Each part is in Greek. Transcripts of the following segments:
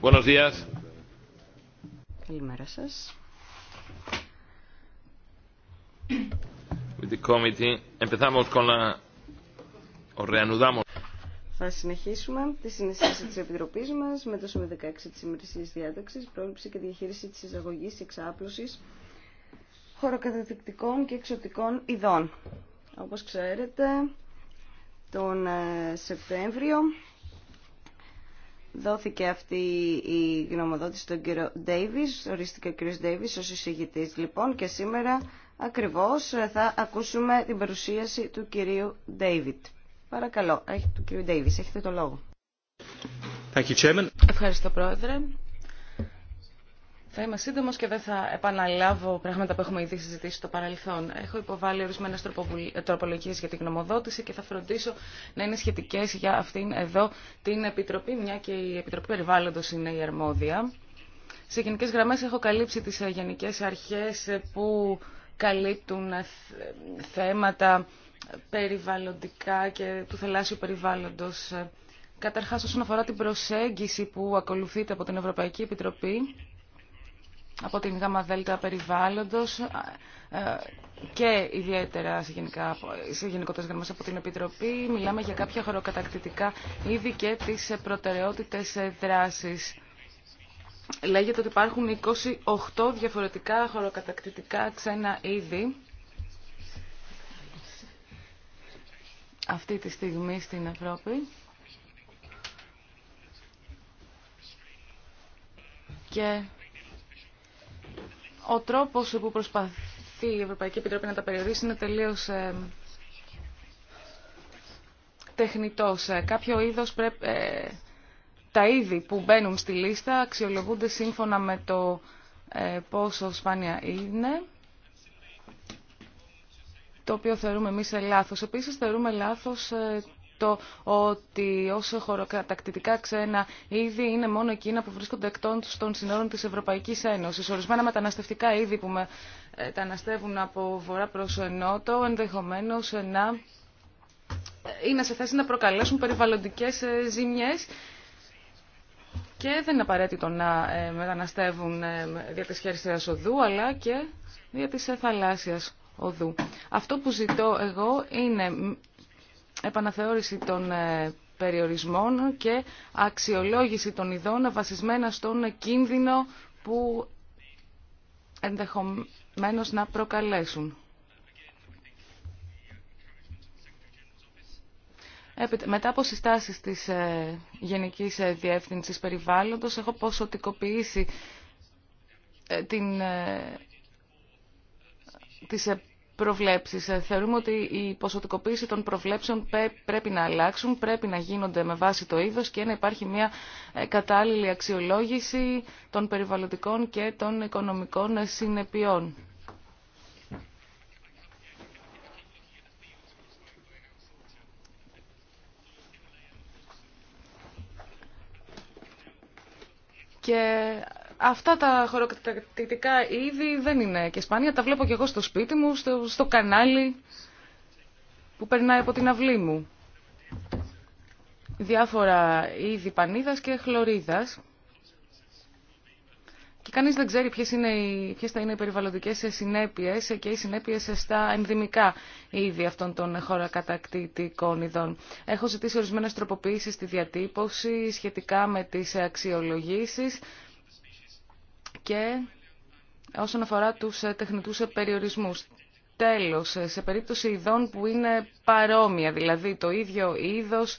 Καλημέρα σας. Θα συνεχίσουμε τη συναισθήση της Επιτροπής μας με το σημείο 16 της ημερησίας διάταξης, πρόληψη και διαχείριση της εισαγωγής εξάπλωσης χωροκαταθεκτικών και εξωτικών ειδών. Όπως ξέρετε, τον ε, Σεπτέμβριο δόθηκε αυτή η γνωμοδότηση στον κύριο Ντέιβις, ορίστηκε ο κύριος Ντέιβις ως εισηγητής λοιπόν και σήμερα ακριβώς θα ακούσουμε την παρουσίαση του κυρίου Ντέιβιτ. Παρακαλώ, του κύριου Ντέιβις, έχετε το λόγο. Thank you, Chairman. Ευχαριστώ Πρόεδρε. Θα είμαι σύντομο και δεν θα επαναλάβω πράγματα που έχουμε ήδη συζητήσει στο παρελθόν. Έχω υποβάλει ορισμένε τροπολογίε για την γνωμοδότηση και θα φροντίσω να είναι σχετικέ για αυτήν εδώ την Επιτροπή, μια και η Επιτροπή Περιβάλλοντο είναι η αρμόδια. Σε γενικέ γραμμέ έχω καλύψει τι ε, γενικέ αρχέ που καλύπτουν ε, θέματα περιβαλλοντικά και του θελάσσιου περιβάλλοντο. Ε, Καταρχά όσον αφορά την προσέγγιση που ακολουθείται από την Ευρωπαϊκή Επιτροπή, από την ΓΔ περιβάλλοντος ε, και ιδιαίτερα σε, γενικά, σε γενικότερες γραμμές από την Επιτροπή. Μιλάμε για κάποια χωροκατακτητικά είδη και τις προτεραιότητες δράσης. Λέγεται ότι υπάρχουν 28 διαφορετικά χωροκατακτητικά ξένα είδη. αυτή τη στιγμή στην Ευρώπη. Και ο τρόπος που προσπαθεί η Ευρωπαϊκή Επιτροπή να τα περιορίσει είναι τελείως ε, τεχνητός. Ε, κάποιο είδος ε, τα είδη που μπαίνουν στη λίστα αξιολογούνται σύμφωνα με το ε, πόσο σπάνια είναι, το οποίο θεωρούμε εμείς λάθος. Επίσης θεωρούμε λάθος το ότι όσο χωροκατακτητικά ξένα είδη είναι μόνο εκείνα που βρίσκονται εκτό των συνόρων τη Ευρωπαϊκή Ένωση. Ορισμένα μεταναστευτικά είδη που ε, μεταναστεύουν από βορρά προς νότο ενδεχομένως ε, να ε, είναι σε θέση να προκαλέσουν περιβαλλοντικές ζημιές και δεν είναι απαραίτητο να μεταναστεύουν δια της οδού, αλλά και δια της θαλάσσιας οδού. Αυτό που ζητώ εγώ είναι επαναθεώρηση των ε, περιορισμών και αξιολόγηση των ειδών βασισμένα στον κίνδυνο που ενδεχομένως να προκαλέσουν. Μετά από συστάσεις της ε, Γενικής ε, Διεύθυνσης Περιβάλλοντος έχω ποσοτικοποιήσει την, τις προβλέψεις. Ε, θεωρούμε ότι η ποσοτικοποίηση των προβλέψεων πρέπει να αλλάξουν, πρέπει να γίνονται με βάση το είδος και να υπάρχει μια ε, κατάλληλη αξιολόγηση των περιβαλλοντικών και των οικονομικών ε, συνεπειών. Και Αυτά τα χωροκατακτητικά είδη δεν είναι και σπάνια. Τα βλέπω και εγώ στο σπίτι μου, στο, κανάλι που περνάει από την αυλή μου. Διάφορα είδη πανίδας και χλωρίδας. Και κανείς δεν ξέρει ποιες, είναι θα είναι οι περιβαλλοντικές συνέπειες και οι συνέπειες στα ενδυμικά είδη αυτών των χωρακατακτητικών ειδών. Έχω ζητήσει ορισμένες τροποποιήσεις στη διατύπωση σχετικά με τις αξιολογήσεις και όσον αφορά τους ε, τεχνητούς ε, περιορισμούς. Τέλος, ε, σε περίπτωση ειδών που είναι παρόμοια, δηλαδή το ίδιο είδος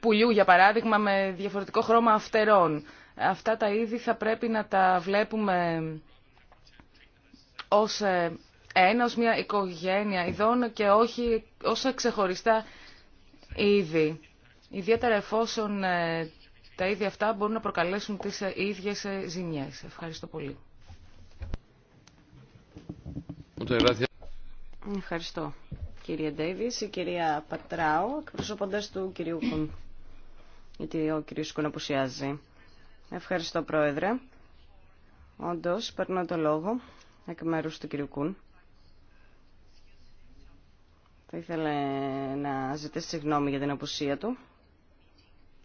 πουλιού, για παράδειγμα, με διαφορετικό χρώμα αυτερών. Αυτά τα είδη θα πρέπει να τα βλέπουμε ως ένα, ως μια οικογένεια ειδών και όχι ως ξεχωριστά είδη. Ιδιαίτερα εφόσον τα ίδια αυτά μπορούν να προκαλέσουν τις ε, ίδιες ε, ζημιές. Ευχαριστώ πολύ. Ευχαριστώ κύριε Ντέιβις, η κυρία Πατράου, εκπροσωπώντας του κυρίου Κουν, γιατί ο κύριος Κουν απουσιάζει. Ευχαριστώ πρόεδρε. Όντως, παίρνω το λόγο εκ μέρους του κυρίου Κουν. Θα ήθελα να ζητήσει συγγνώμη για την απουσία του.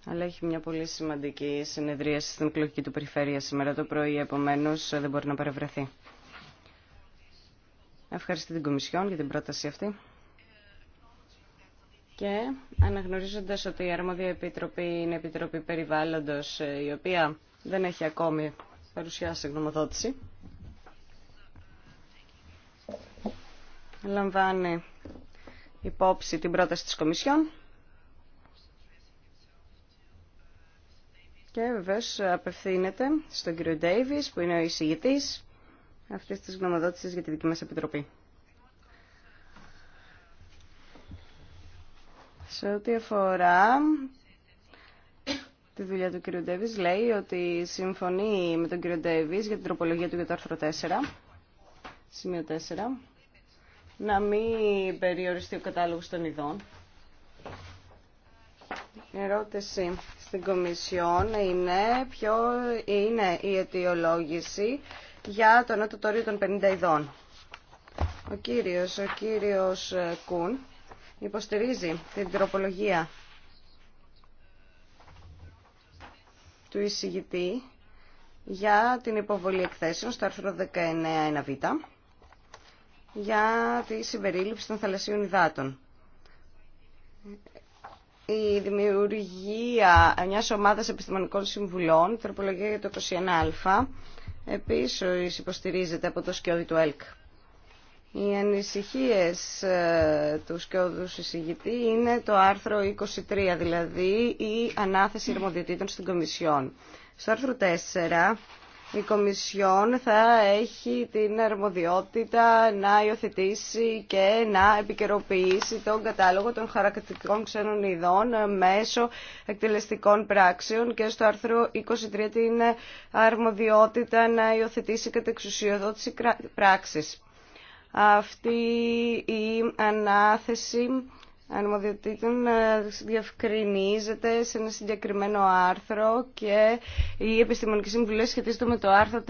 Αλλά έχει μια πολύ σημαντική συνεδρίαση στην εκλογική του περιφέρεια σήμερα το πρωί, επομένω ε, δεν μπορεί να παρευρεθεί. Ευχαριστώ την Κομισιόν για την πρόταση αυτή. Και αναγνωρίζοντας ότι η αρμόδια επιτροπή είναι επιτροπή περιβάλλοντος, ε, η οποία δεν έχει ακόμη παρουσιάσει γνωμοδότηση, λαμβάνει υπόψη την πρόταση της Κομισιόν Και βεβαίω απευθύνεται στον κύριο Ντέιβις που είναι ο εισηγητή αυτής της γνωμοδότηση για τη δική μας επιτροπή. Σε ό,τι αφορά τη δουλειά του κύριου Ντέβις, λέει ότι συμφωνεί με τον κύριο Ντέβις για την τροπολογία του για το άρθρο 4, σημείο 4, να μην περιοριστεί ο κατάλογος των ειδών. Η ερώτηση στην Κομισιόν είναι ποιο είναι η αιτιολόγηση για το νότο των 50 ειδών. Ο κύριος, ο κύριος Κούν υποστηρίζει την τροπολογία του εισηγητή για την υποβολή εκθέσεων στο άρθρο 19.1β για τη συμπερίληψη των θαλασσίων υδάτων η δημιουργία μια ομάδα επιστημονικών συμβουλών, τροπολογία για το 21α, επίσης υποστηρίζεται από το σκιώδη του ΕΛΚ. Οι ανησυχίες ε, του σκιώδους εισηγητή είναι το άρθρο 23, δηλαδή η ανάθεση αρμοδιοτήτων στην Κομισιόν. Στο άρθρο 4 η Κομισιόν θα έχει την αρμοδιότητα να υιοθετήσει και να επικαιροποιήσει τον κατάλογο των χαρακτηριστικών ξένων ειδών μέσω εκτελεστικών πράξεων και στο άρθρο 23 την αρμοδιότητα να υιοθετήσει εξουσιοδότηση πράξης. Αυτή η ανάθεση αρμοδιοτήτων ε, διευκρινίζεται σε ένα συγκεκριμένο άρθρο και η επιστημονική συμβουλή σχετίζεται με το άρθρο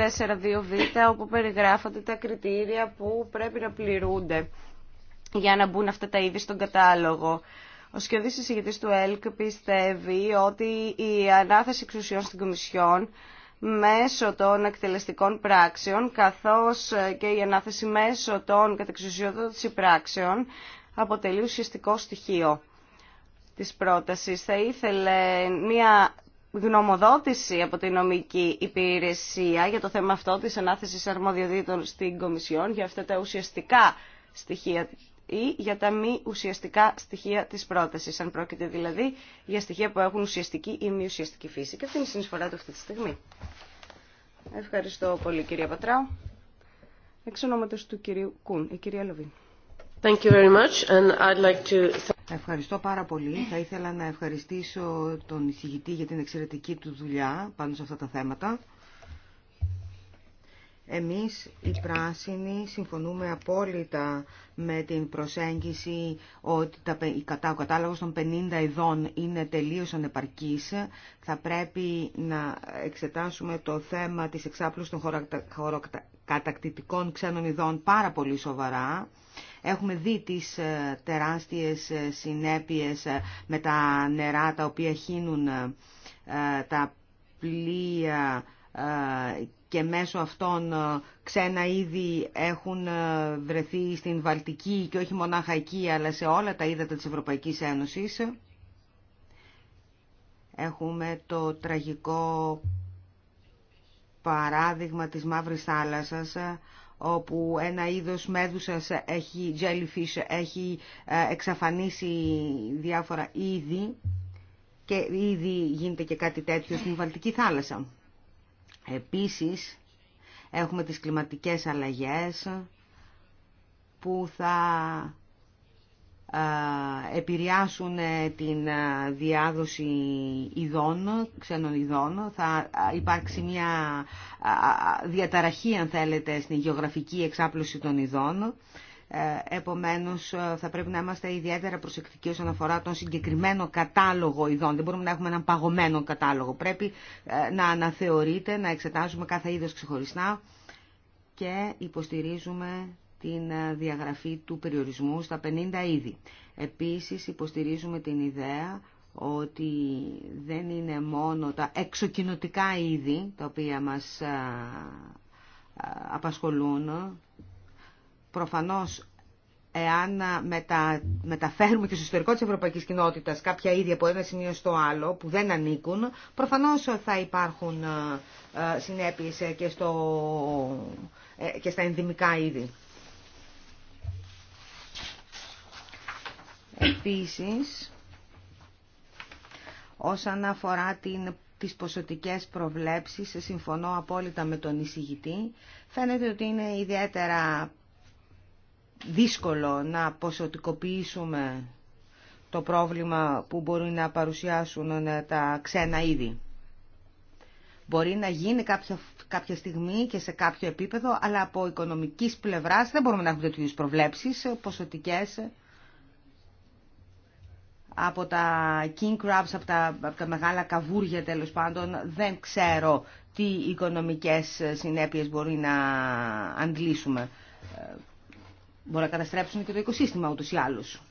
όπου περιγράφονται τα κριτήρια που πρέπει να πληρούνται για να μπουν αυτά τα είδη στον κατάλογο. Ο σκιωδής εισηγητής του ΕΛΚ πιστεύει ότι η ανάθεση εξουσιών στην Κομισιόν μέσω των εκτελεστικών πράξεων καθώς και η ανάθεση μέσω των κατεξουσιοδότηση πράξεων αποτελεί ουσιαστικό στοιχείο της πρότασης. Θα ήθελε μια γνωμοδότηση από την νομική υπηρεσία για το θέμα αυτό της ανάθεσης αρμοδιοδίτων στην Κομισιόν για αυτά τα ουσιαστικά στοιχεία ή για τα μη ουσιαστικά στοιχεία της πρότασης, αν πρόκειται δηλαδή για στοιχεία που έχουν ουσιαστική ή μη ουσιαστική φύση. Και αυτή είναι η συνεισφορά του αυτή τη στιγμή. Ευχαριστώ πολύ κυρία Πατράου. Εξ ονόματος του κυρίου Κούν, η κυρία εξ του κυριου κουν η κυρια λοβιν Ευχαριστώ πάρα πολύ. Θα ήθελα να ευχαριστήσω τον εισηγητή για την εξαιρετική του δουλειά πάνω σε αυτά τα θέματα. Εμείς οι πράσινοι συμφωνούμε απόλυτα με την προσέγγιση ότι τα, ο κατάλογος των 50 ειδών είναι τελείως ανεπαρκής. Θα πρέπει να εξετάσουμε το θέμα της εξάπλωσης των χωροκατακτητικών ξένων ειδών πάρα πολύ σοβαρά. Έχουμε δει τις ε, τεράστιες ε, συνέπειες ε, με τα νερά τα οποία χύνουν τα πλοία και μέσω αυτών ε, ξένα είδη έχουν ε, βρεθεί στην Βαλτική και όχι μονάχα εκεί αλλά σε όλα τα είδατα της Ευρωπαϊκής Ένωσης. Έχουμε το τραγικό παράδειγμα της Μαύρης Θάλασσας ε, όπου ένα είδος μέδουσας έχει, jellyfish, έχει εξαφανίσει διάφορα είδη και ήδη γίνεται και κάτι τέτοιο στην Βαλτική θάλασσα. Επίσης, έχουμε τις κλιματικές αλλαγές που θα επηρεάσουν ε, την διάδοση ειδών, ξένων ειδών. Θα υπάρξει μια διαταραχή, αν θέλετε, στην γεωγραφική εξάπλωση των ειδών. Ε, επομένως ε, θα πρέπει να είμαστε ιδιαίτερα προσεκτικοί όσον αφορά τον συγκεκριμένο κατάλογο ειδών. Δεν μπορούμε να έχουμε έναν παγωμένο κατάλογο. Πρέπει ε, να αναθεωρείται, να εξετάζουμε κάθε είδος ξεχωριστά και υποστηρίζουμε την διαγραφή του περιορισμού στα 50 είδη. Επίσης υποστηρίζουμε την ιδέα ότι δεν είναι μόνο τα εξοκοινωτικά είδη τα οποία μας απασχολούν Προφανώς, εάν ε, μεταφέρουμε και στο ιστορικό της ευρωπαϊκής κοινότητας κάποια ίδια από ένα σημείο στο άλλο που δεν ανήκουν, προφανώς θα υπάρχουν ε, ε, συνέπειες και, και στα ενδυμικά είδη. Επίσης, όσον αφορά την τις ποσοτικές προβλέψεις, συμφωνώ απόλυτα με τον εισηγητή. Φαίνεται ότι είναι ιδιαίτερα δύσκολο να ποσοτικοποιήσουμε το πρόβλημα που μπορεί να παρουσιάσουν τα ξένα είδη. Μπορεί να γίνει κάποια, κάποια στιγμή και σε κάποιο επίπεδο, αλλά από οικονομικής πλευράς δεν μπορούμε να έχουμε τέτοιου προβλέψεις ποσοτικές από τα king crabs, από τα, μεγάλα καβούρια τέλος πάντων, δεν ξέρω τι οικονομικές συνέπειες μπορεί να αντλήσουμε. Μπορεί να καταστρέψουν και το οικοσύστημα ούτως ή άλλως.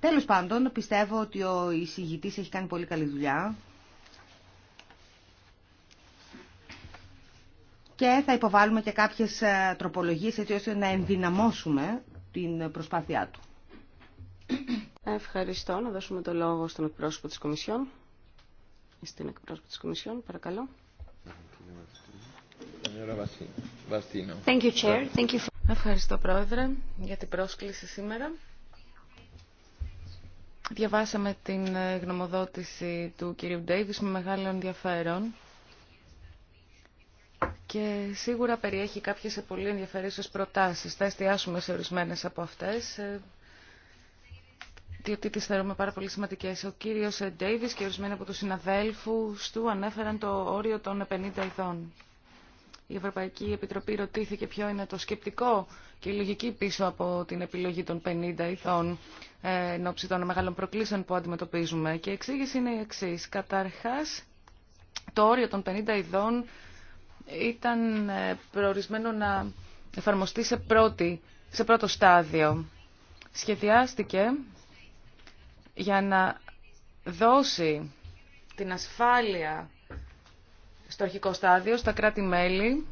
Τέλος πάντων, πιστεύω ότι ο εισηγητής έχει κάνει πολύ καλή δουλειά. Και θα υποβάλουμε και κάποιες ε, τροπολογίες έτσι ώστε να ενδυναμώσουμε την προσπάθειά του. Ευχαριστώ. Να δώσουμε το λόγο στον εκπρόσωπο της Κομισιόν. Στην εκπρόσωπο της Κομισιόν, παρακαλώ. Thank you, Chair. Thank you Ευχαριστώ, Πρόεδρε, για την πρόσκληση σήμερα. Διαβάσαμε την ε, γνωμοδότηση του κυρίου Ντέιβις με μεγάλο ενδιαφέρον και σίγουρα περιέχει κάποιες πολύ ενδιαφέρουσες προτάσεις. Θα εστιάσουμε σε ορισμένες από αυτές, ε, διότι τις θεωρούμε πάρα πολύ σημαντικές. Ο κύριος ε, Ντέιβις και ορισμένοι από τους συναδέλφους του ανέφεραν το όριο των 50 ειδών. Η Ευρωπαϊκή Επιτροπή ρωτήθηκε ποιο είναι το σκεπτικό και η λογική πίσω από την επιλογή των 50 ηθών ε, εν ώψη των μεγάλων προκλήσεων που αντιμετωπίζουμε. Και η εξήγηση είναι η εξή. Καταρχά, το όριο των 50 ειδών ήταν ε, προορισμένο να εφαρμοστεί σε, πρώτη, σε πρώτο στάδιο. Σχεδιάστηκε για να δώσει την ασφάλεια στο αρχικό στάδιο, στα κράτη-μέλη,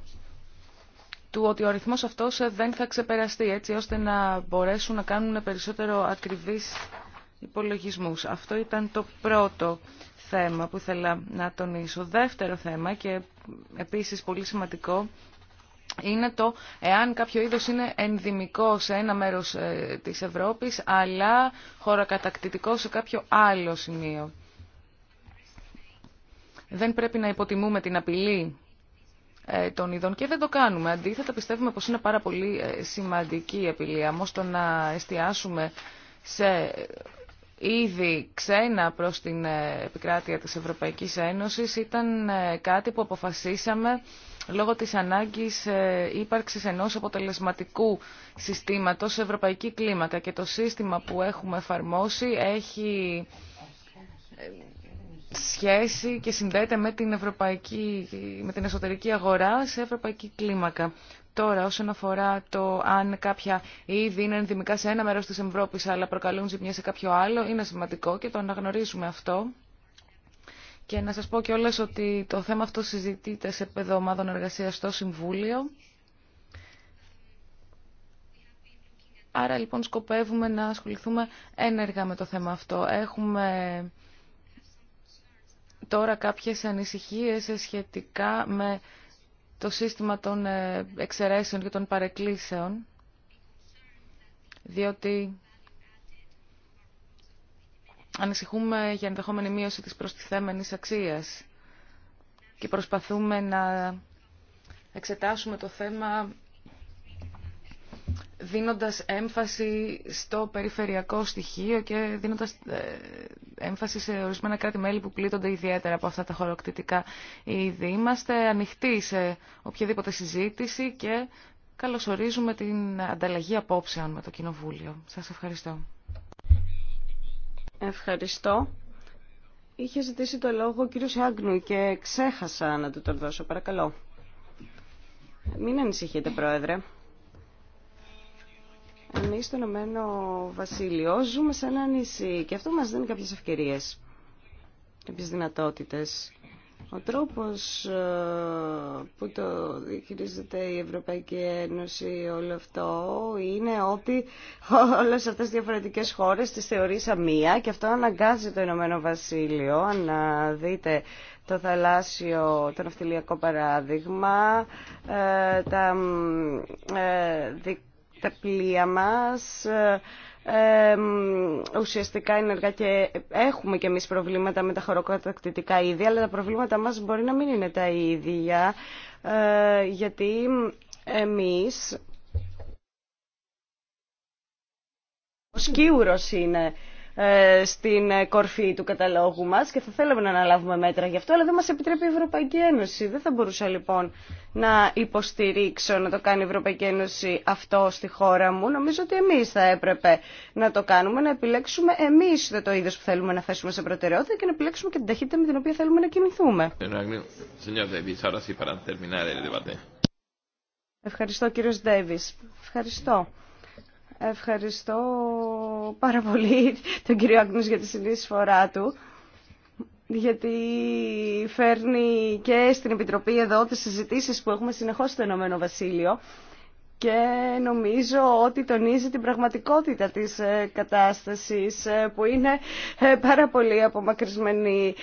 του ότι ο αριθμός αυτός δεν θα ξεπεραστεί, έτσι ώστε να μπορέσουν να κάνουν περισσότερο ακριβείς υπολογισμούς. Αυτό ήταν το πρώτο θέμα που ήθελα να τονίσω. Δεύτερο θέμα και επίσης πολύ σημαντικό είναι το εάν κάποιο είδος είναι ενδυμικό σε ένα μέρος ε, της Ευρώπης αλλά χωροκατακτητικό σε κάποιο άλλο σημείο. Δεν πρέπει να υποτιμούμε την απειλή ε, των ειδών και δεν το κάνουμε. Αντίθετα πιστεύουμε πως είναι πάρα πολύ ε, σημαντική η απειλή. Όμως το να εστιάσουμε σε ήδη ε, ξένα προς την επικράτεια της Ευρωπαϊκής Ένωσης ήταν κάτι που αποφασίσαμε λόγω της ανάγκης ύπαρξης ενός αποτελεσματικού συστήματος σε ευρωπαϊκή κλίμακα και το σύστημα που έχουμε εφαρμόσει έχει σχέση και συνδέεται με την, ευρωπαϊκή, με την εσωτερική αγορά σε ευρωπαϊκή κλίμακα. Τώρα, όσον αφορά το αν κάποια είδη είναι ενδημικά σε ένα μέρος της Ευρώπης αλλά προκαλούν ζημιά σε κάποιο άλλο, είναι σημαντικό και το αναγνωρίζουμε αυτό. Και να σας πω όλες ότι το θέμα αυτό συζητείται σε πεδομάδων ομάδων εργασίας στο Συμβούλιο. Άρα λοιπόν σκοπεύουμε να ασχοληθούμε ένεργα με το θέμα αυτό. Έχουμε τώρα κάποιες ανησυχίες σχετικά με το σύστημα των ε, εξαιρέσεων και των παρεκκλήσεων, διότι ανησυχούμε για ενδεχόμενη μείωση της προστιθέμενης αξίας και προσπαθούμε να εξετάσουμε το θέμα δίνοντας έμφαση στο περιφερειακό στοιχείο και δίνοντας ε, έμφαση σε ορισμένα κράτη-μέλη που πλήττονται ιδιαίτερα από αυτά τα χωροκτητικά είδη. Είμαστε ανοιχτοί σε οποιαδήποτε συζήτηση και καλωσορίζουμε την ανταλλαγή απόψεων με το Κοινοβούλιο. Σας ευχαριστώ. Ευχαριστώ. Είχε ζητήσει το λόγο ο κύριος Άγγνου και ξέχασα να του το δώσω. Παρακαλώ. Μην ανησυχείτε, Πρόεδρε. Εμείς στο Ηνωμένο Βασίλειο ζούμε σε ένα νησί και αυτό μας δίνει κάποιες ευκαιρίες, κάποιες δυνατότητες. Ο τρόπος ε, που το διαχειρίζεται η Ευρωπαϊκή Ένωση όλο αυτό είναι ότι όλες αυτές τις διαφορετικές χώρες τις θεωρήσαμε μία και αυτό αναγκάζει το Ηνωμένο Βασίλειο. να δείτε το θαλάσσιο, το ναυτιλιακό παράδειγμα, ε, τα ε, τα πλοία μας ε, ουσιαστικά είναι αργά και έχουμε και εμείς προβλήματα με τα χωροκατακτητικά ίδια, αλλά τα προβλήματα μας μπορεί να μην είναι τα ίδια, ε, γιατί εμείς... Ο σκίουρος είναι ε, στην κορφή του καταλόγου μας και θα θέλαμε να αναλάβουμε μέτρα γι' αυτό, αλλά δεν μας επιτρέπει η Ευρωπαϊκή Ένωση. Δεν θα μπορούσα λοιπόν να υποστηρίξω να το κάνει η Ευρωπαϊκή Ένωση αυτό στη χώρα μου. Νομίζω ότι εμείς θα έπρεπε να το κάνουμε, να επιλέξουμε εμείς το είδος που θέλουμε να θέσουμε σε προτεραιότητα και να επιλέξουμε και την ταχύτητα με την οποία θέλουμε να κινηθούμε. Ευχαριστώ κύριος Ντέβις. Ευχαριστώ. Ευχαριστώ πάρα πολύ τον κύριο Άγνους για τη συνεισφορά του γιατί φέρνει και στην Επιτροπή εδώ τις συζητήσεις που έχουμε συνεχώς στο Ενωμένο και νομίζω ότι τονίζει την πραγματικότητα της ε, κατάστασης ε, που είναι ε, πάρα πολύ απομακρυσμένη.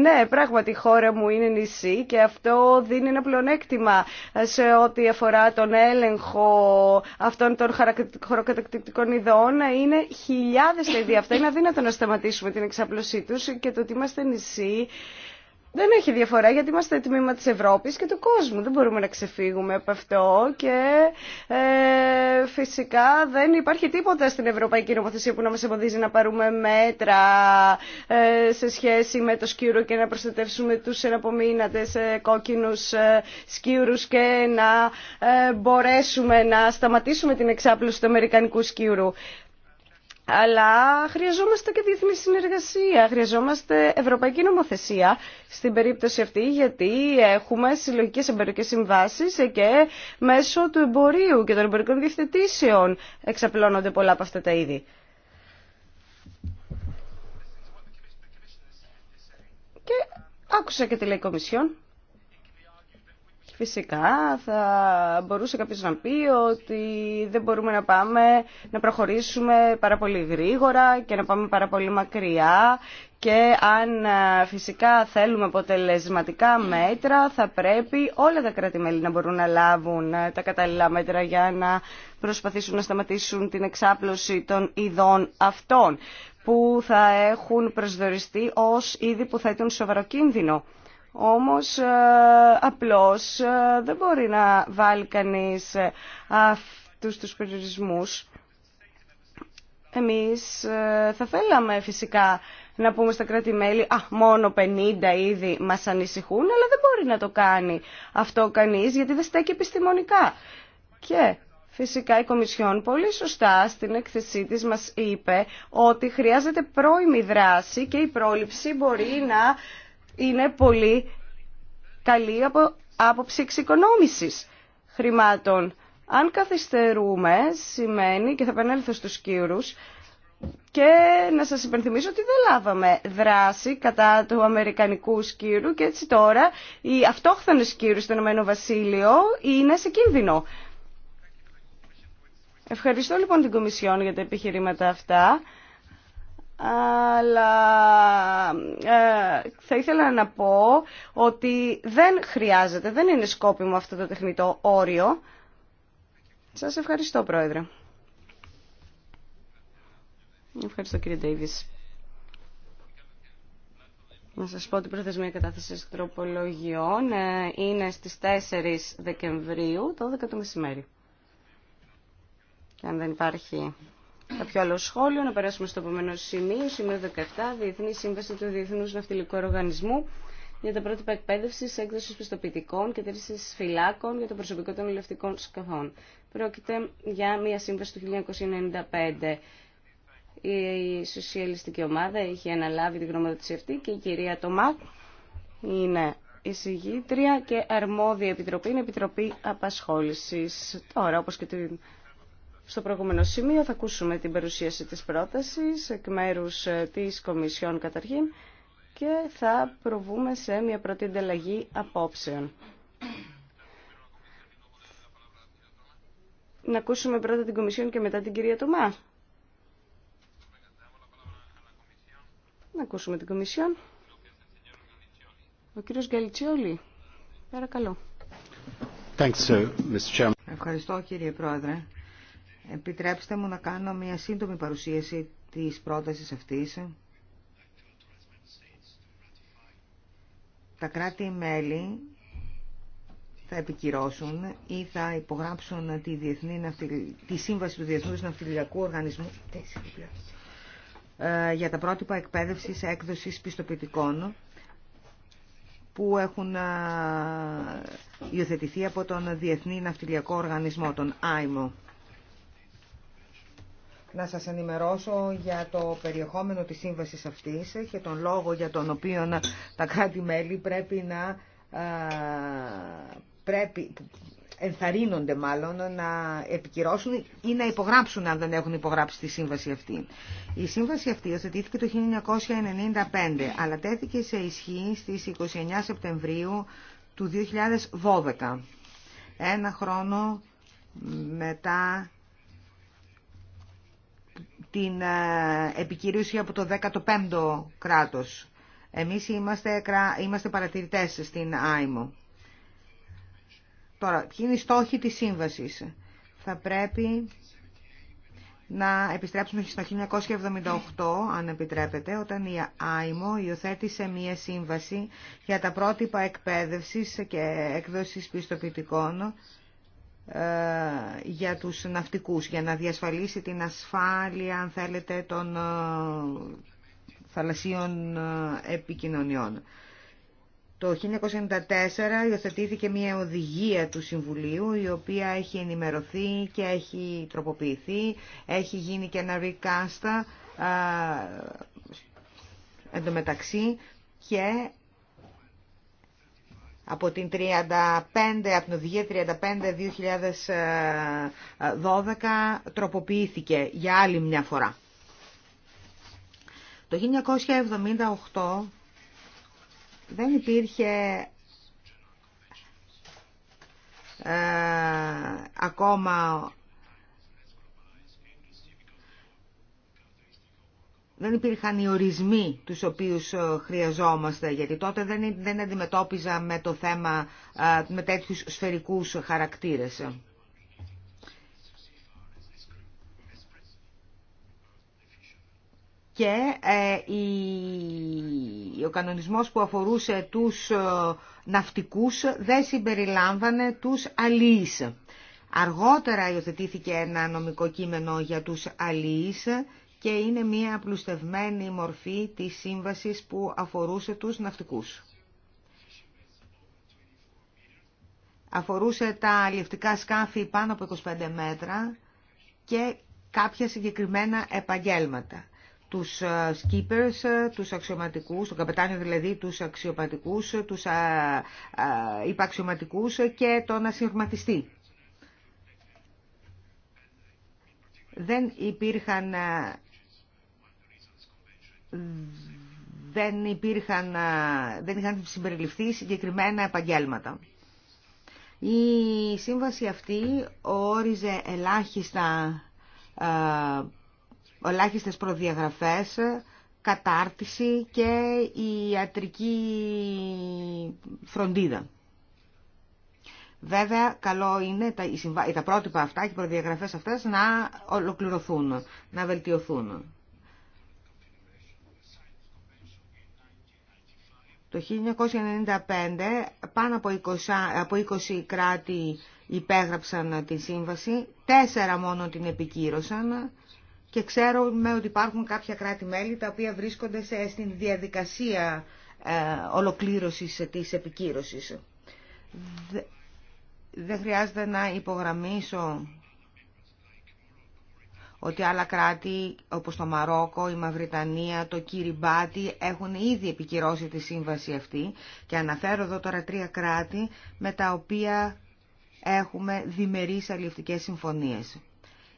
Ναι, πράγματι η χώρα μου είναι νησί και αυτό δίνει ένα πλονέκτημα σε ό,τι αφορά τον έλεγχο αυτών των χωροκατακτητικών ειδών. Είναι χιλιάδες τα αυτά. Είναι αδύνατο να σταματήσουμε την εξαπλωσή τους και το ότι είμαστε νησί δεν έχει διαφορά γιατί είμαστε τμήμα της Ευρώπης και του κόσμου. Δεν μπορούμε να ξεφύγουμε από αυτό και ε, φυσικά δεν υπάρχει τίποτα στην Ευρωπαϊκή Νομοθεσία που να μας εμποδίζει να πάρουμε μέτρα ε, σε σχέση με το σκύρο και να προστατεύσουμε τους εναπομείνατες ε, κόκκινους ε, σκύρους και να ε, μπορέσουμε να σταματήσουμε την εξάπλωση του Αμερικανικού σκύρου αλλά χρειαζόμαστε και διεθνή συνεργασία, χρειαζόμαστε ευρωπαϊκή νομοθεσία στην περίπτωση αυτή, γιατί έχουμε συλλογικέ εμπορικέ συμβάσει και μέσω του εμπορίου και των εμπορικών διευθετήσεων εξαπλώνονται πολλά από αυτά τα είδη. Και άκουσα και τη λέει Κομισιόν. Φυσικά θα μπορούσε κάποιος να πει ότι δεν μπορούμε να πάμε να προχωρήσουμε πάρα πολύ γρήγορα και να πάμε πάρα πολύ μακριά και αν ε, φυσικά θέλουμε αποτελεσματικά μέτρα θα πρέπει όλα τα κράτη-μέλη να μπορούν να λάβουν ε, τα κατάλληλα μέτρα για να προσπαθήσουν να σταματήσουν την εξάπλωση των ειδών αυτών που θα έχουν προσδοριστεί ως είδη που ήταν σοβαρό κίνδυνο όμως ε, απλώς ε, δεν μπορεί να βάλει κανείς ε, αυτούς τους περιορισμούς. Εμείς θα θέλαμε φυσικά να πούμε στα κράτη-μέλη «Α, μόνο 50 ήδη μας ανησυχούν», αλλά δεν μπορεί να το κάνει αυτό κανείς, γιατί δεν στέκει επιστημονικά. Και Φυσικά η Κομισιόν πολύ σωστά στην έκθεσή της μας είπε ότι χρειάζεται πρώιμη δράση και η πρόληψη μπορεί να είναι πολύ καλή από άποψη εξοικονόμησης χρημάτων. Αν καθυστερούμε, σημαίνει, και θα επανέλθω στους κύρους, και να σας υπενθυμίσω ότι δεν λάβαμε δράση κατά του Αμερικανικού σκύρου και έτσι τώρα οι αυτόχθονες σκύρου στο Ηνωμένο Βασίλειο είναι σε κίνδυνο. Ευχαριστώ λοιπόν την Κομισιόν για τα επιχειρήματα αυτά αλλά ε, θα ήθελα να πω ότι δεν χρειάζεται, δεν είναι σκόπιμο αυτό το τεχνητό όριο. Σας ευχαριστώ, Πρόεδρε. Ευχαριστώ, κύριε Ντέιβις. Να σας πω ότι η προθεσμία κατάθεση τροπολογιών ε, είναι στις 4 Δεκεμβρίου, το 12 το μεσημέρι. Και αν δεν υπάρχει Κάποιο άλλο σχόλιο, να περάσουμε στο επόμενο σημείο, σημείο 17, Διεθνή Σύμβαση του Διεθνούς Ναυτιλικού Οργανισμού για τα πρότυπα εκπαίδευση, έκδοση πιστοποιητικών και τήρηση φυλάκων για το προσωπικό των ελευτικών σκαφών. Πρόκειται για μια σύμβαση του 1995. Η σοσιαλιστική ομάδα είχε αναλάβει την γνωμοδότηση αυτή και η κυρία Τομάκ είναι εισηγήτρια και αρμόδια επιτροπή είναι επιτροπή απασχόληση Τώρα, όπως και την στο προηγούμενο σημείο θα ακούσουμε την παρουσίαση της πρότασης εκ μέρους ε, της Κομισιόν καταρχήν και θα προβούμε σε μια πρώτη ανταλλαγή απόψεων. Να ακούσουμε πρώτα την Κομισιόν και μετά την κυρία Τομά. Να ακούσουμε την Κομισιόν. Ο κύριος Γκαλιτσιόλη. Παρακαλώ. Ευχαριστώ κύριε Πρόεδρε. Επιτρέψτε μου να κάνω μια σύντομη παρουσίαση της πρότασης αυτής. Τα κράτη-μέλη θα επικυρώσουν ή θα υπογράψουν τη, Διεθνή τη Σύμβαση του Διεθνούς Ναυτιλιακού Οργανισμού ε, ε, για τα πρότυπα εκπαίδευσης έκδοσης πιστοποιητικών που έχουν ε, υιοθετηθεί από τον Διεθνή Ναυτιλιακό Οργανισμό, τον Άιμο να σας ενημερώσω για το περιεχόμενο της σύμβασης αυτής και τον λόγο για τον οποίο τα κράτη-μέλη πρέπει να πρέπει, ενθαρρύνονται μάλλον να επικυρώσουν ή να υπογράψουν αν δεν έχουν υπογράψει τη σύμβαση αυτή. Η σύμβαση αυτή οθετήθηκε το 1995 αλλά τέθηκε σε ισχύ στις 29 Σεπτεμβρίου του 2012. Ένα χρόνο μετά την ε, επικυρίωση από το 15ο κράτος. Εμείς είμαστε, είμαστε παρατηρητές στην ΆΙΜΟ. Τώρα, ποιοι είναι οι στόχοι της σύμβασης. Θα πρέπει να επιστρέψουμε στο 1978, αν επιτρέπετε, όταν η ΆΙΜΟ υιοθέτησε μία σύμβαση για τα πρότυπα εκπαίδευσης και έκδοσης πιστοποιητικών ε, για τους ναυτικούς, για να διασφαλίσει την ασφάλεια, αν θέλετε, των ε, θαλασσίων ε, επικοινωνιών. Το 1994 υιοθετήθηκε μια οδηγία του Συμβουλίου η οποία έχει ενημερωθεί και έχει τροποποιηθεί, έχει γίνει και ένα recast εντωμεταξύ και από την 35, από την οδηγία 35-2012 τροποποιήθηκε για άλλη μια φορά. Το 1978 δεν υπήρχε ε, ακόμα δεν υπήρχαν οι ορισμοί τους οποίους ε, χρειαζόμαστε, γιατί τότε δεν, δεν αντιμετώπιζα με το θέμα ε, με τέτοιους σφαιρικούς χαρακτήρες. Και ε, ο κανονισμός που αφορούσε τους ε, ναυτικούς δεν συμπεριλάμβανε τους αλείς. Αργότερα υιοθετήθηκε ένα νομικό κείμενο για τους αλείς και είναι μια απλουστευμένη μορφή της σύμβασης που αφορούσε τους ναυτικούς. Αφορούσε τα αλληλευτικά σκάφη πάνω από 25 μέτρα και κάποια συγκεκριμένα επαγγέλματα. Τους skippers, ε, ε, τους αξιωματικούς, τον καπετάνιο δηλαδή, τους αξιωματικούς, τους ε, υπαξιωματικούς και τον ασυρματιστή. δεν υπήρχαν δεν, υπήρχαν, δεν είχαν συμπεριληφθεί συγκεκριμένα επαγγέλματα. Η σύμβαση αυτή όριζε ελάχιστα, ελάχιστες προδιαγραφές, κατάρτιση και η ιατρική φροντίδα. Βέβαια, καλό είναι τα, τα πρότυπα αυτά και οι προδιαγραφές αυτές να ολοκληρωθούν, να βελτιωθούν. Το 1995 πάνω από 20, από 20 κράτη υπέγραψαν τη σύμβαση, τέσσερα μόνο την επικύρωσαν και ξέρουμε ότι υπάρχουν κάποια κράτη-μέλη τα οποία βρίσκονται σε, στην διαδικασία ε, ολοκλήρωσης της επικύρωσης. Δεν χρειάζεται να υπογραμμίσω ότι άλλα κράτη όπως το Μαρόκο, η Μαυριτανία, το Κυριμπάτι έχουν ήδη επικυρώσει τη σύμβαση αυτή και αναφέρω εδώ τώρα τρία κράτη με τα οποία έχουμε διμερείς αλληλευτικές συμφωνίες.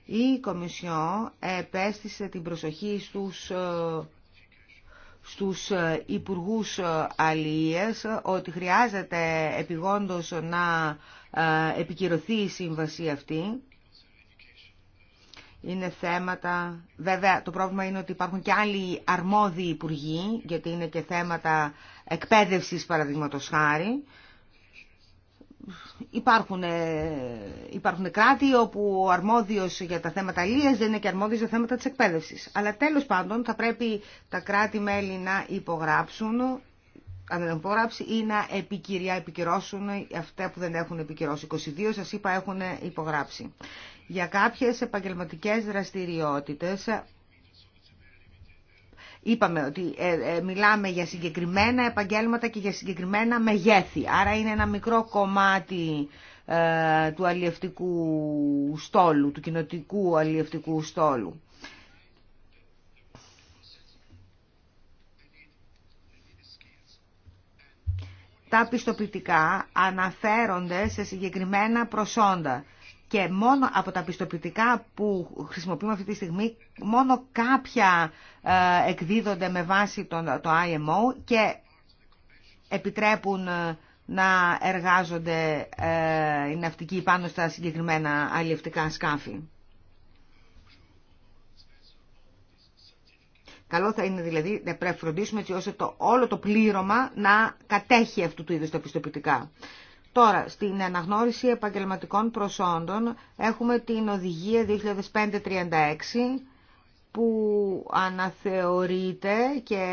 Η Κομισιό επέστησε την προσοχή στους, ε, στους ε, υπουργούς ε, αλληλείας ότι χρειάζεται επιγόντως να επικυρωθεί η σύμβαση αυτή είναι θέματα... Βέβαια, το πρόβλημα είναι ότι υπάρχουν και άλλοι αρμόδιοι υπουργοί, γιατί είναι και θέματα εκπαίδευσης, παραδείγματο χάρη. Ε, υπάρχουν, κράτη όπου ο αρμόδιος για τα θέματα λίας δεν είναι και αρμόδιος για θέματα της εκπαίδευσης. Αλλά τέλος πάντων θα πρέπει τα κράτη-μέλη να υπογράψουν αν δεν ή να επικυριά επικυρώσουν αυτά που δεν έχουν επικυρώσει. 22 σας είπα έχουν υπογράψει για κάποιες επαγγελματικές δραστηριότητες Είπαμε ότι ε, ε, μιλάμε για συγκεκριμένα επαγγέλματα και για συγκεκριμένα μεγέθη. Άρα είναι ένα μικρό κομμάτι ε, του αλλιευτικού στόλου, του κοινοτικού αλλιευτικού στόλου. Τα πιστοποιητικά αναφέρονται σε συγκεκριμένα προσόντα και μόνο από τα πιστοποιητικά που χρησιμοποιούμε αυτή τη στιγμή, μόνο κάποια ε, εκδίδονται με βάση το IMO και επιτρέπουν ε, να εργάζονται ε, οι ναυτικοί πάνω στα συγκεκριμένα αλληλευτικά σκάφη. Καλό θα είναι δηλαδή να πρέπει φροντίσουμε έτσι ώστε το, όλο το πλήρωμα να κατέχει αυτού του είδους τα πιστοποιητικά. Τώρα, στην αναγνώριση επαγγελματικών προσόντων έχουμε την οδηγία 2035-36 που αναθεωρείται και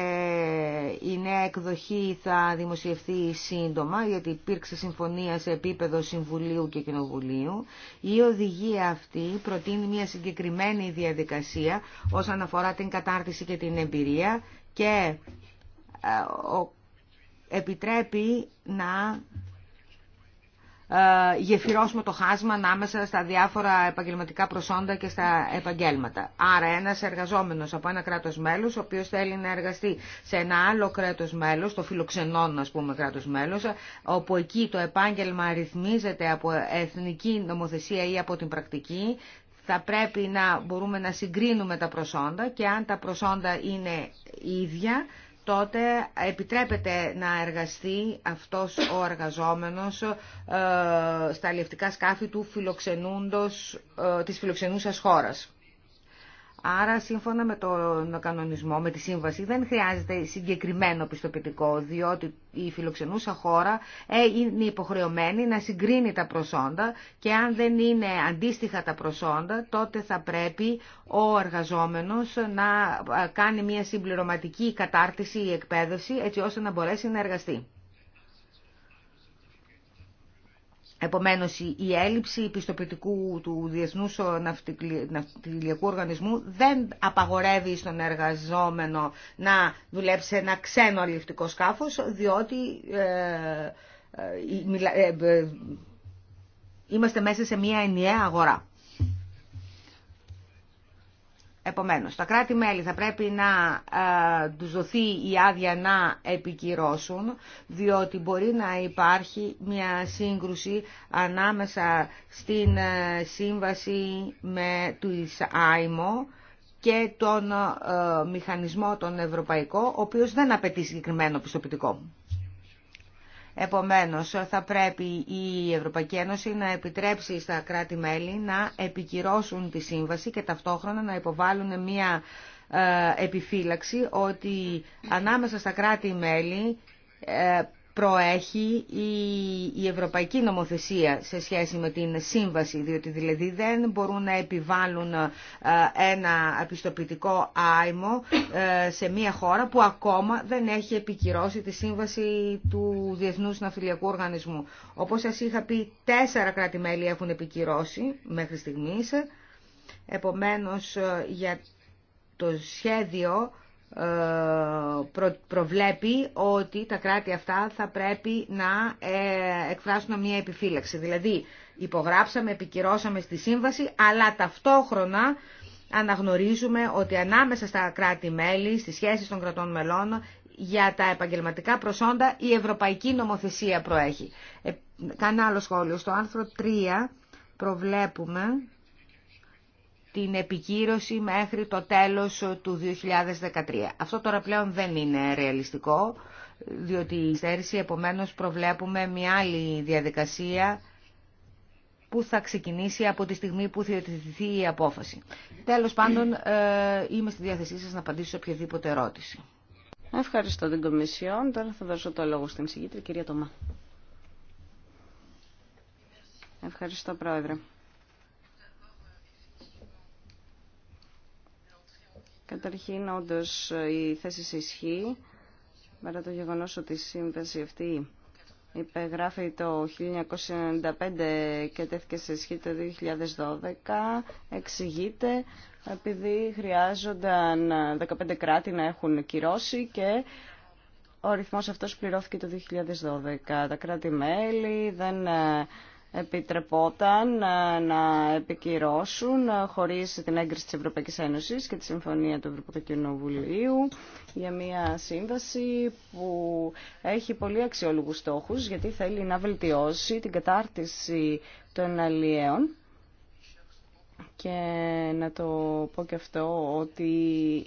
η νέα εκδοχή θα δημοσιευθεί σύντομα γιατί υπήρξε συμφωνία σε επίπεδο Συμβουλίου και Κοινοβουλίου. Η οδηγία αυτή προτείνει μια συγκεκριμένη διαδικασία όσον αφορά την κατάρτιση και την εμπειρία και ε, επιτρέπει να ε, γεφυρώσουμε το χάσμα ανάμεσα στα διάφορα επαγγελματικά προσόντα και στα επαγγέλματα. Άρα ένας εργαζόμενος από ένα κράτος μέλος, ο οποίος θέλει να εργαστεί σε ένα άλλο κράτος μέλος, το φιλοξενών ας πούμε κράτος μέλος, όπου εκεί το επάγγελμα αριθμίζεται από εθνική νομοθεσία ή από την πρακτική, θα πρέπει να μπορούμε να συγκρίνουμε τα προσόντα και αν τα προσόντα είναι ίδια, τότε επιτρέπεται να εργαστεί αυτός ο εργαζόμενος ε, στα αλληλευτικά σκάφη του φιλοξενούντος, ε, της φιλοξενούσας χώρας. Άρα σύμφωνα με τον κανονισμό, με τη σύμβαση, δεν χρειάζεται συγκεκριμένο πιστοποιητικό, διότι η φιλοξενούσα χώρα ε, είναι υποχρεωμένη να συγκρίνει τα προσόντα και αν δεν είναι αντίστοιχα τα προσόντα, τότε θα πρέπει ο εργαζόμενος να ε, κάνει μια συμπληρωματική κατάρτιση ή εκπαίδευση έτσι ώστε να μπορέσει να εργαστεί. Επομένως η έλλειψη πιστοποιητικού του Διεθνούς Ναυτιλιακού Οργανισμού δεν απαγορεύει στον εργαζόμενο να δουλέψει σε ένα ξένο αλληλευτικό σκάφος διότι ε, ε, ε, ε είμαστε μέσα σε μια ενιαία αγορά. Επομένως, τα κράτη-μέλη θα πρέπει να ε, τους δοθεί η άδεια να επικυρώσουν, διότι μπορεί να υπάρχει μια σύγκρουση ανάμεσα στην ε, σύμβαση με του ΙΣΑΙΜΟ και τον ε, μηχανισμό τον ευρωπαϊκό, ο οποίος δεν απαιτεί συγκεκριμένο πιστοποιητικό. Επομένως, θα πρέπει η Ευρωπαϊκή Ένωση να επιτρέψει στα κράτη-μέλη να επικυρώσουν τη σύμβαση και ταυτόχρονα να υποβάλουν μια ε, επιφύλαξη ότι ανάμεσα στα κράτη-μέλη ε, προέχει η, ευρωπαϊκή νομοθεσία σε σχέση με την σύμβαση, διότι δηλαδή δεν μπορούν να επιβάλλουν ε, ένα επιστοποιητικό άιμο ε, σε μια χώρα που ακόμα δεν έχει επικυρώσει τη σύμβαση του Διεθνούς Ναυτιλιακού Οργανισμού. Όπως σας είχα πει, τέσσερα κράτη-μέλη έχουν επικυρώσει μέχρι στιγμής. Επομένως, ε, για το σχέδιο ε, προβλέπει ότι τα κράτη αυτά θα πρέπει να ε, εκφράσουν μια επιφύλαξη. Δηλαδή υπογράψαμε, επικυρώσαμε στη σύμβαση, αλλά ταυτόχρονα αναγνωρίζουμε ότι ανάμεσα στα κράτη-μέλη, στις σχέσεις των κρατών μελών, για τα επαγγελματικά προσόντα η ευρωπαϊκή νομοθεσία προέχει. Ε, κανένα άλλο σχόλιο. Στο άρθρο 3 προβλέπουμε την επικύρωση μέχρι το τέλος του 2013. Αυτό τώρα πλέον δεν είναι ρεαλιστικό, διότι η στέρηση επομένως προβλέπουμε μια άλλη διαδικασία που θα ξεκινήσει από τη στιγμή που θεωρηθεί η απόφαση. Τέλος πάντων, ε, είμαι στη διάθεσή σας να απαντήσω σε οποιαδήποτε ερώτηση. Ευχαριστώ την Κομισιόν. Τώρα θα δώσω το λόγο στην συγκίτρια, κυρία Τωμά. Ευχαριστώ, Πρόεδρε. Καταρχήν, όντω η θέση σε ισχύ, παρά το γεγονός ότι η σύμβαση αυτή υπεγράφει το 1995 και τέθηκε σε ισχύ το 2012, εξηγείται επειδή χρειάζονταν 15 κράτη να έχουν κυρώσει και ο ρυθμός αυτός πληρώθηκε το 2012. Τα κράτη-μέλη δεν ε, επιτρεπόταν ε, να επικυρώσουν ε, χωρίς την έγκριση της Ευρωπαϊκής Ένωσης και τη Συμφωνία του Ευρωπαϊκού Κοινοβουλίου για μια σύμβαση που έχει πολύ αξιόλογους στόχους γιατί θέλει να βελτιώσει την κατάρτιση των αλλιέων και να το πω και αυτό ότι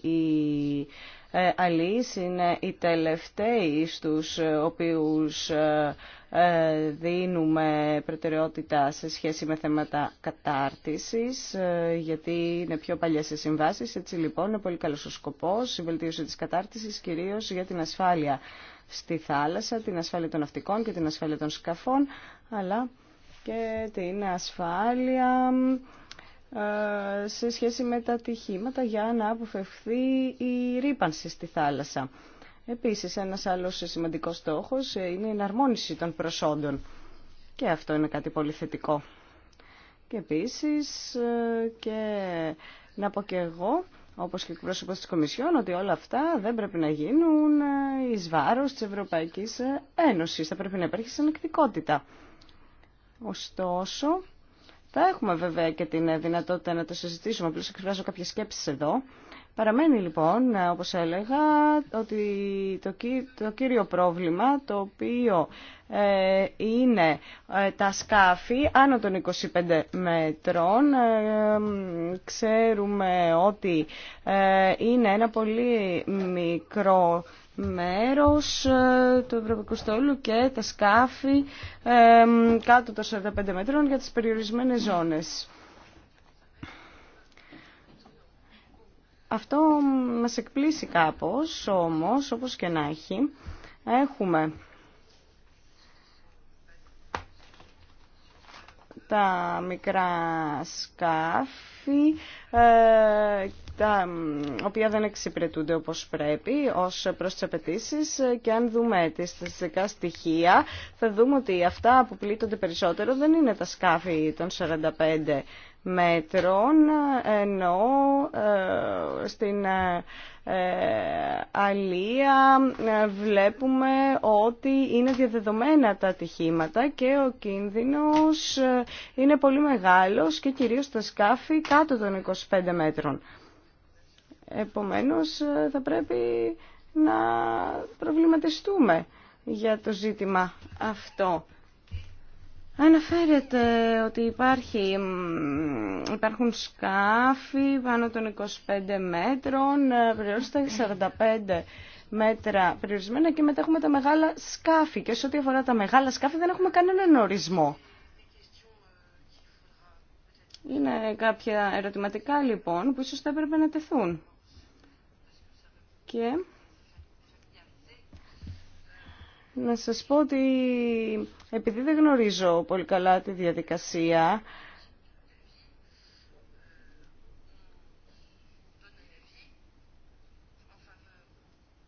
η ε, αλληλείς είναι οι τελευταίοι στους ε, οποίους ε, δίνουμε προτεραιότητα σε σχέση με θέματα κατάρτισης, γιατί είναι πιο παλιές οι συμβάσεις. Έτσι λοιπόν είναι πολύ καλός ο σκοπός, η βελτίωση της κατάρτισης κυρίως για την ασφάλεια στη θάλασσα, την ασφάλεια των ναυτικών και την ασφάλεια των σκαφών, αλλά και την ασφάλεια ε, σε σχέση με τα ατυχήματα για να αποφευθεί η ρήπανση στη θάλασσα. Επίσης, ένας άλλος σημαντικός στόχος ε, είναι η εναρμόνιση των προσόντων. Και αυτό είναι κάτι πολύ θετικό. Και επίσης, ε, και να πω και εγώ, όπως και εκπρόσωπος της Κομισιόν, ότι όλα αυτά δεν πρέπει να γίνουν εις βάρος της Ευρωπαϊκής Ένωσης. Θα πρέπει να υπάρχει συνεκτικότητα. Ωστόσο, θα έχουμε βέβαια και την δυνατότητα να το συζητήσουμε, απλώς εκφράζω κάποιες σκέψεις εδώ. Παραμένει λοιπόν, όπως έλεγα, ότι το, το κύριο πρόβλημα το οποίο ε, είναι ε, τα σκάφη άνω των 25 μέτρων. Ε, ξέρουμε ότι ε, είναι ένα πολύ μικρό μέρος ε, του Ευρωπαϊκού Στόλου και τα σκάφη ε, κάτω των 45 μέτρων για τις περιορισμένες ζώνες. Αυτό μας εκπλήσει κάπως, όμως, όπως και να έχει, έχουμε τα μικρά σκάφη ε, τα οποία δεν εξυπηρετούνται όπως πρέπει ως προς τις απαιτήσει και αν δούμε τις στατιστικά στοιχεία θα δούμε ότι αυτά που πλήττονται περισσότερο δεν είναι τα σκάφη των 45 μέτρων ενώ ε, στην ε, ε, αλία βλέπουμε ότι είναι διαδεδομένα τα ατυχήματα και ο κίνδυνος είναι πολύ μεγάλος και κυρίως τα σκάφη κάτω των 25 μέτρων. Επομένως θα πρέπει να προβληματιστούμε για το ζήτημα αυτό. Αναφέρεται ότι υπάρχει, υπάρχουν σκάφη πάνω των 25 μέτρων, περιορίζονται 45 μέτρα περιορισμένα και μετά έχουμε τα μεγάλα σκάφη. Και σε ό,τι αφορά τα μεγάλα σκάφη δεν έχουμε κανέναν ορισμό. Είναι κάποια ερωτηματικά λοιπόν που ίσως θα έπρεπε να τεθούν. Και να σας πω ότι επειδή δεν γνωρίζω πολύ καλά τη διαδικασία,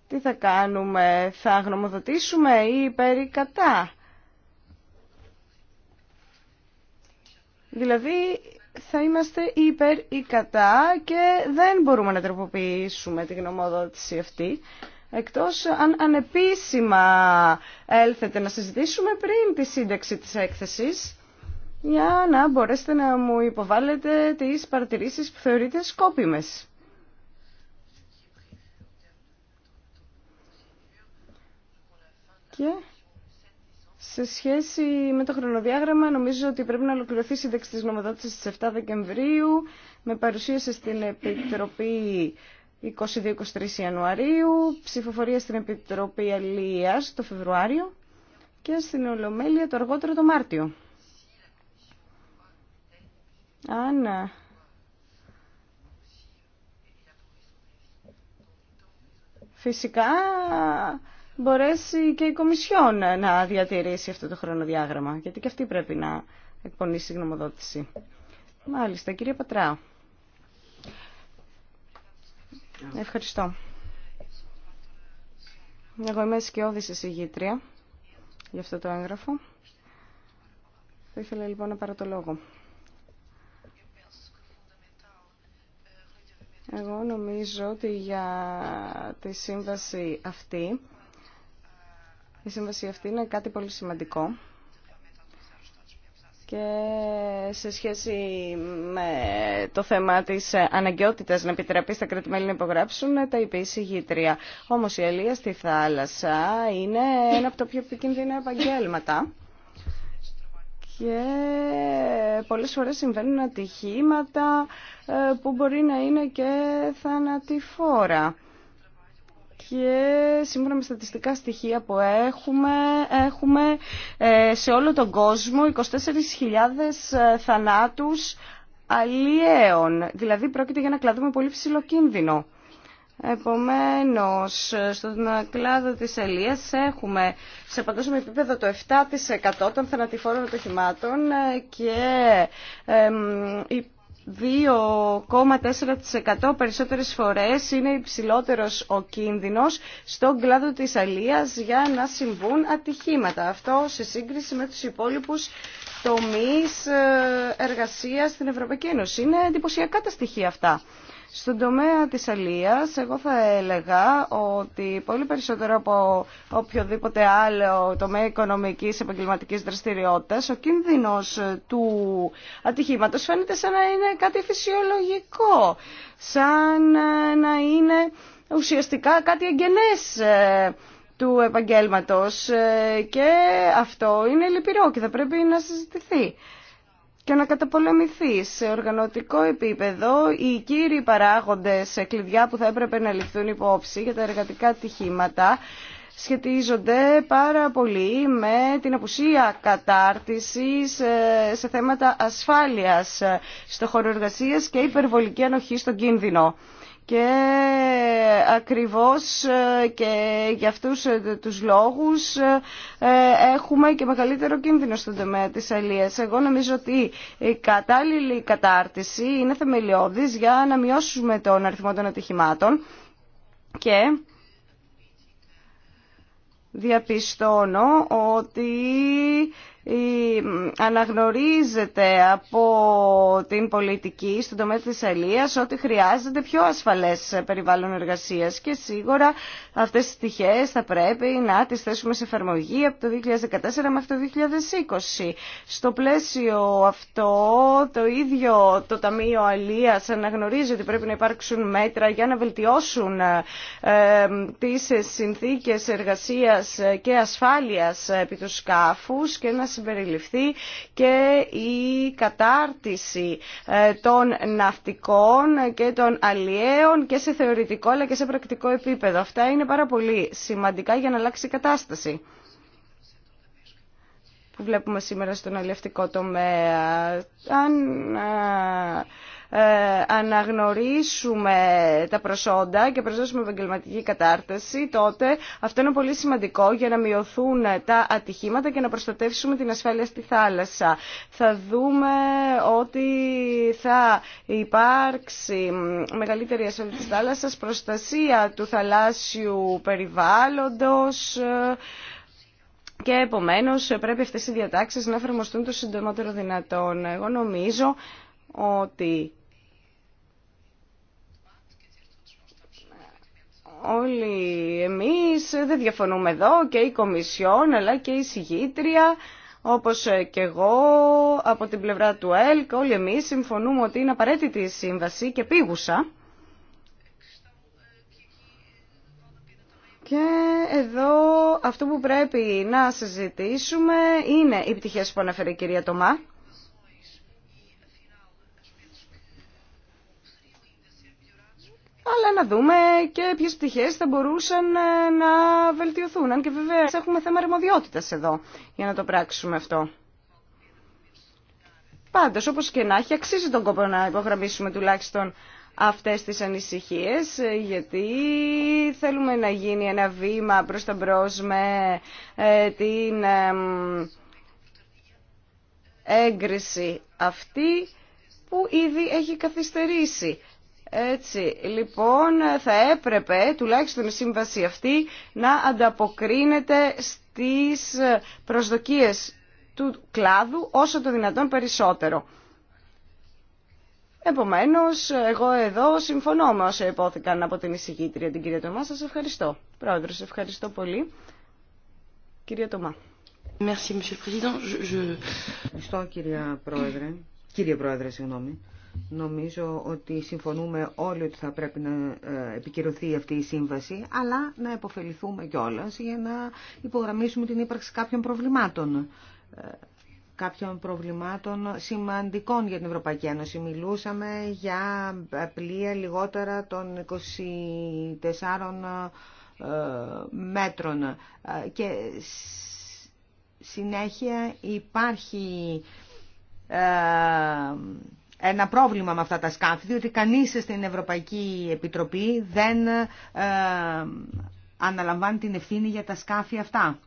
τι θα κάνουμε, θα γνωμοδοτήσουμε ή υπέρ κατά. Δηλαδή, θα είμαστε υπέρ ή κατά και δεν μπορούμε να τροποποιήσουμε τη γνωμοδότηση αυτή εκτός αν ανεπίσημα έλθετε να συζητήσουμε πριν τη σύνταξη της έκθεσης για να μπορέσετε να μου υποβάλλετε τις παρατηρήσεις που θεωρείτε σκόπιμες. Και σε σχέση με το χρονοδιάγραμμα, νομίζω ότι πρέπει να ολοκληρωθεί η σύνταξη της νομοδότησης στις 7 Δεκεμβρίου, με παρουσίαση στην Επιτροπή 22-23 Ιανουαρίου, ψηφοφορία στην Επιτροπή αλληλιά το Φεβρουάριο και στην Ολομέλεια το αργότερο το Μάρτιο. Άννα... Ε, φυσικά μπορέσει και η Κομισιόν να διατηρήσει αυτό το χρονοδιάγραμμα, γιατί και αυτή πρέπει να εκπονήσει γνωμοδότηση. Μάλιστα, κύριε Πατρά. Ευχαριστώ. Εγώ είμαι σκιώδης εισηγήτρια για αυτό το έγγραφο. Θα ήθελα λοιπόν να πάρω το λόγο. Εγώ νομίζω ότι για τη σύμβαση αυτή η σύμβαση αυτή είναι κάτι πολύ σημαντικό και σε σχέση με το θέμα της αναγκαιότητας να επιτραπεί στα κρατημέλη να υπογράψουν, τα είπε η Όμως η αλεία στη θάλασσα είναι ένα από τα πιο επικίνδυνα επαγγέλματα. Και πολλές φορές συμβαίνουν ατυχήματα ε, που μπορεί να είναι και θανατηφόρα και σύμφωνα με στατιστικά στοιχεία που έχουμε, έχουμε ε, σε όλο τον κόσμο 24.000 ε, θανάτους αλλιέων. Δηλαδή πρόκειται για ένα κλάδο με πολύ ψηλό κίνδυνο. Επομένως, ε, στον κλάδο της ελίας έχουμε σε παγκόσμιο επίπεδο το 7% των θανατηφόρων ατοχημάτων και 2,4% περισσότερες φορές είναι υψηλότερος ο κίνδυνος στον κλάδο της αλίας για να συμβούν ατυχήματα. Αυτό σε σύγκριση με τους υπόλοιπους τομείς ε, εργασίας στην Ευρωπαϊκή Ένωση. Είναι εντυπωσιακά τα στοιχεία αυτά. Στον τομέα της αλίας, εγώ θα έλεγα ότι πολύ περισσότερο από οποιοδήποτε άλλο τομέα οικονομικής επαγγελματικής δραστηριότητας, ο κίνδυνος του ατυχήματος φαίνεται σαν να είναι κάτι φυσιολογικό, σαν να είναι ουσιαστικά κάτι εγγενές ε, του επαγγέλματος ε, και αυτό είναι λυπηρό και θα πρέπει να συζητηθεί και να καταπολεμηθεί σε οργανωτικό επίπεδο οι κύριοι παράγοντες κλειδιά που θα έπρεπε να ληφθούν υπόψη για τα εργατικά ατυχήματα σχετίζονται πάρα πολύ με την απουσία κατάρτισης ε, σε θέματα ασφάλειας ε, στο χώρο εργασίας και υπερβολική ανοχή στον κίνδυνο και ακριβώς ε, και για αυτούς ε, τους λόγους ε, έχουμε και μεγαλύτερο κίνδυνο στον τομέα της αλίας. Εγώ νομίζω ότι η κατάλληλη κατάρτιση είναι θεμελιώδης για να μειώσουμε τον αριθμό των ατυχημάτων και διαπιστώνω ότι αναγνωρίζεται από την πολιτική στον τομέα της αλίας ότι χρειάζεται πιο ασφαλές περιβάλλον εργασίας και σίγουρα αυτές τις στοιχείες θα πρέπει να τις θέσουμε σε εφαρμογή από το 2014 μέχρι το 2020. Στο πλαίσιο αυτό το ίδιο το Ταμείο Αλίας αναγνωρίζει ότι πρέπει να υπάρξουν μέτρα για να βελτιώσουν ε, τις συνθήκες εργασίας και ασφάλειας επί του σκάφους και να συμπεριληφθεί και η κατάρτιση ε, των ναυτικών και των αλλιέων και σε θεωρητικό αλλά και σε πρακτικό επίπεδο. Αυτά είναι πάρα πολύ σημαντικά για να αλλάξει η κατάσταση που βλέπουμε σήμερα στον αλλιευτικό τομέα. Αν ε, ε, αναγνωρίσουμε τα προσόντα και προσδώσουμε επαγγελματική κατάρτιση, τότε αυτό είναι πολύ σημαντικό για να μειωθούν τα ατυχήματα και να προστατεύσουμε την ασφάλεια στη θάλασσα. Θα δούμε ότι θα υπάρξει μεγαλύτερη ασφάλεια της θάλασσας, προστασία του θαλάσσιου περιβάλλοντος, ε, και επομένω πρέπει αυτέ οι διατάξει να εφαρμοστούν το συντομότερο δυνατόν. Εγώ νομίζω ότι όλοι εμείς δεν διαφωνούμε εδώ και η Κομισιόν αλλά και η Συγήτρια όπως και εγώ από την πλευρά του ΕΛΚ όλοι εμείς συμφωνούμε ότι είναι απαραίτητη η σύμβαση και πήγουσα. Και εδώ αυτό που πρέπει να συζητήσουμε είναι οι πτυχές που αναφέρει η κυρία Τομά αλλά να δούμε και ποιε πτυχέ θα μπορούσαν ε, να βελτιωθούν. Αν και βέβαια έχουμε θέμα αρμοδιότητα εδώ για να το πράξουμε αυτό. Πάντω, όπω και να έχει, αξίζει τον κόπο να υπογραμμίσουμε τουλάχιστον αυτές τις ανησυχίες ε, γιατί θέλουμε να γίνει ένα βήμα προς τα μπρο με ε, την έγκριση αυτή που ήδη έχει καθυστερήσει. Έτσι, λοιπόν, θα έπρεπε τουλάχιστον η σύμβαση αυτή να ανταποκρίνεται στις προσδοκίες του κλάδου όσο το δυνατόν περισσότερο. Επομένως, εγώ εδώ συμφωνώ με όσα υπόθηκαν από την εισηγήτρια την κυρία Τωμά. Σας ευχαριστώ. Πρόεδρος, ευχαριστώ πολύ. Κυρία Τωμά. Ευχαριστώ, κυρία Πρόεδρε. Κύριε Πρόεδρε, συγγνώμη. Νομίζω ότι συμφωνούμε όλοι ότι θα πρέπει να ε, επικυρωθεί αυτή η σύμβαση, αλλά να επωφεληθούμε κιόλα για να υπογραμμίσουμε την ύπαρξη κάποιων προβλημάτων ε, κάποιων προβλημάτων σημαντικών για την Ευρωπαϊκή Ένωση. Μιλούσαμε για ε, πλοία λιγότερα των 24 μέτρων και συνέχεια υπάρχει ένα πρόβλημα με αυτά τα σκάφη, διότι κανείς στην Ευρωπαϊκή Επιτροπή δεν ε, αναλαμβάνει την ευθύνη για τα σκάφη αυτά.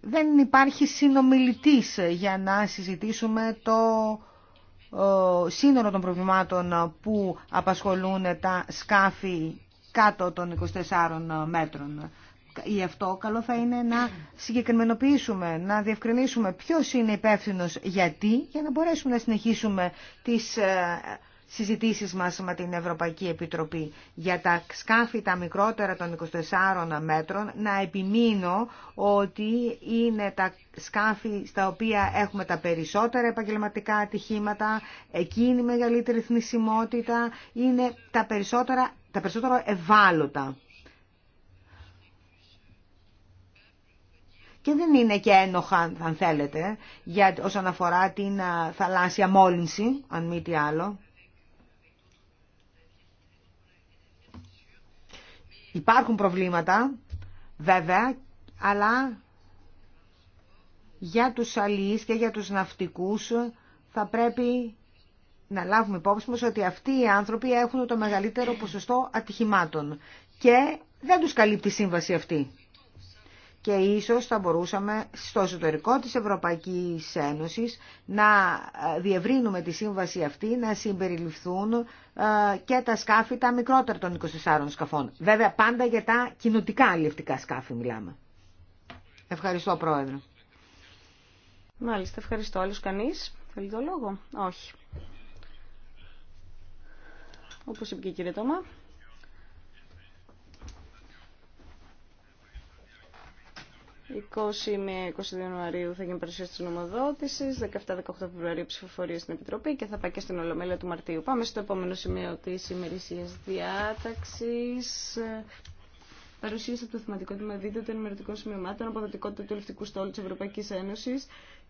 Δεν υπάρχει συνομιλητής για να συζητήσουμε το ε, σύνολο των προβλημάτων που απασχολούν τα σκάφη κάτω των 24 μέτρων γι' αυτό καλό θα είναι να συγκεκριμενοποιήσουμε, να διευκρινίσουμε ποιος είναι υπεύθυνο γιατί, για να μπορέσουμε να συνεχίσουμε τις ε, συζητήσεις μας με την Ευρωπαϊκή Επιτροπή για τα σκάφη τα μικρότερα των 24 μέτρων να επιμείνω ότι είναι τα σκάφη στα οποία έχουμε τα περισσότερα επαγγελματικά ατυχήματα, εκεί η μεγαλύτερη θνησιμότητα, είναι τα περισσότερα, τα περισσότερο ευάλωτα. και δεν είναι και ένοχα, αν θέλετε, για, όσον αφορά την θαλάσσια μόλυνση, αν μη τι άλλο. Υπάρχουν προβλήματα, βέβαια, αλλά για τους αλληλείς και για τους ναυτικούς θα πρέπει να λάβουμε υπόψη μας ότι αυτοί οι άνθρωποι έχουν το μεγαλύτερο ποσοστό ατυχημάτων και δεν τους καλύπτει η σύμβαση αυτή και ίσως θα μπορούσαμε στο εσωτερικό της Ευρωπαϊκής Ένωσης να ε, διευρύνουμε τη σύμβαση αυτή, να συμπεριληφθούν ε, και τα σκάφη τα μικρότερα των 24 σκαφών. Βέβαια πάντα για τα κοινοτικά αλληλευτικά σκάφη μιλάμε. Ευχαριστώ Πρόεδρο. Μάλιστα, ευχαριστώ. Άλλος κανείς θέλει το λόγο. Όχι. Όπως είπε και η κυρία Τόμα, 20 με 22 Ιανουαρίου θα γίνει παρουσίαση τη νομοδότηση, 17-18 Φεβρουαρίου ψηφοφορία στην Επιτροπή και θα πάει και στην Ολομέλεια του Μαρτίου. Πάμε στο επόμενο σημείο τη ημερησία διάταξη. Παρουσίαση από το θεματικό τμήμα των ενημερωτικών σημειωμάτων, αποδοτικότητα του ελευτικού στόλου τη Ευρωπαϊκή Ένωση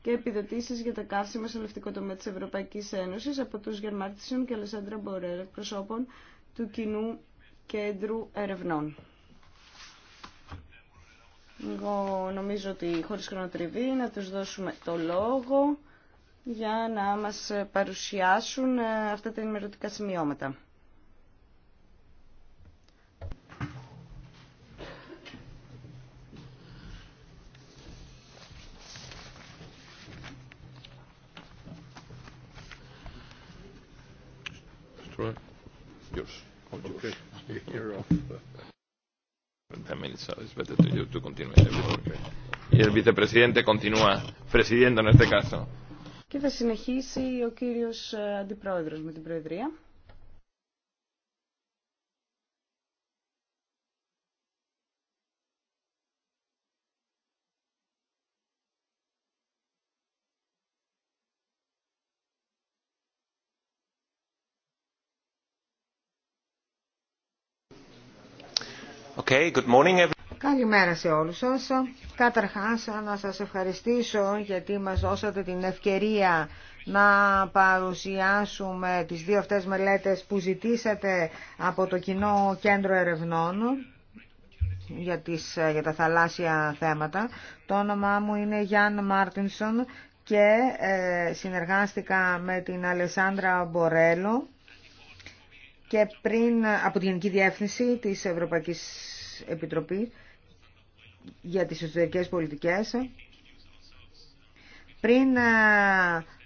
και επιδοτήσει για τα κάρσιμα στο ελευτικό τομέα τη Ευρωπαϊκή Ένωση από του Γερμάρτισον και Αλεσάνδρα Μπορέλ, προσώπων του Κοινού Κέντρου Ερευνών. Εγώ νομίζω ότι χωρίς χρονοτριβή να τους δώσουμε το λόγο για να μας παρουσιάσουν ε, αυτά τα ενημερωτικά σημειώματα. Και θα συνεχίσει ο κύριος ε, Αντιπρόεδρος με την Προεδρία. Okay, good morning. Καλημέρα σε όλους σας. Καταρχάς να σας ευχαριστήσω γιατί μας δώσατε την ευκαιρία να παρουσιάσουμε τις δύο αυτές μελέτες που ζητήσατε από το Κοινό Κέντρο Ερευνών για, τις, για τα θαλάσσια θέματα. Το όνομά μου είναι Γιάν Μάρτινσον και ε, συνεργάστηκα με την Αλεσάνδρα Μπορέλο και πριν από την Γενική Διεύθυνση της Ευρωπαϊκής Επιτροπή για τις εσωτερικές πολιτικές. Πριν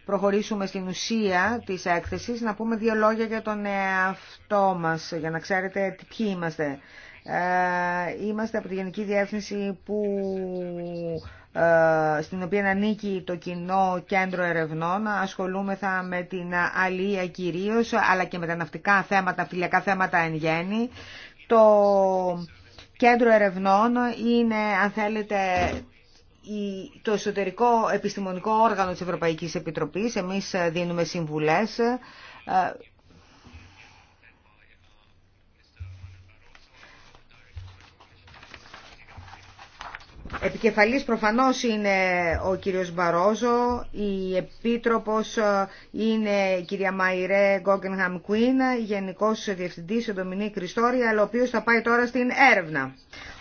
προχωρήσουμε στην ουσία της έκθεσης, να πούμε δύο λόγια για τον εαυτό μας, για να ξέρετε ποιοι είμαστε. Ε, είμαστε από τη Γενική Διεύθυνση που, ε, στην οποία ανήκει το Κοινό Κέντρο Ερευνών. Ασχολούμεθα με την αλία κυρίως, αλλά και με τα ναυτικά θέματα, φιλιακά θέματα εν γέννη. Το κέντρο ερευνών είναι, αν θέλετε, το εσωτερικό επιστημονικό όργανο της Ευρωπαϊκής Επιτροπής. Εμείς ε, δίνουμε συμβουλές ε, επικεφαλής προφανώς είναι ο κύριος Μπαρόζο, η επίτροπος ε, είναι η κυρία Μαϊρέ Γκόγκενχαμ Κουίν, γενικός διευθυντής ο Ντομινίκ Κριστόρια, αλλά ο οποίος θα πάει τώρα στην έρευνα.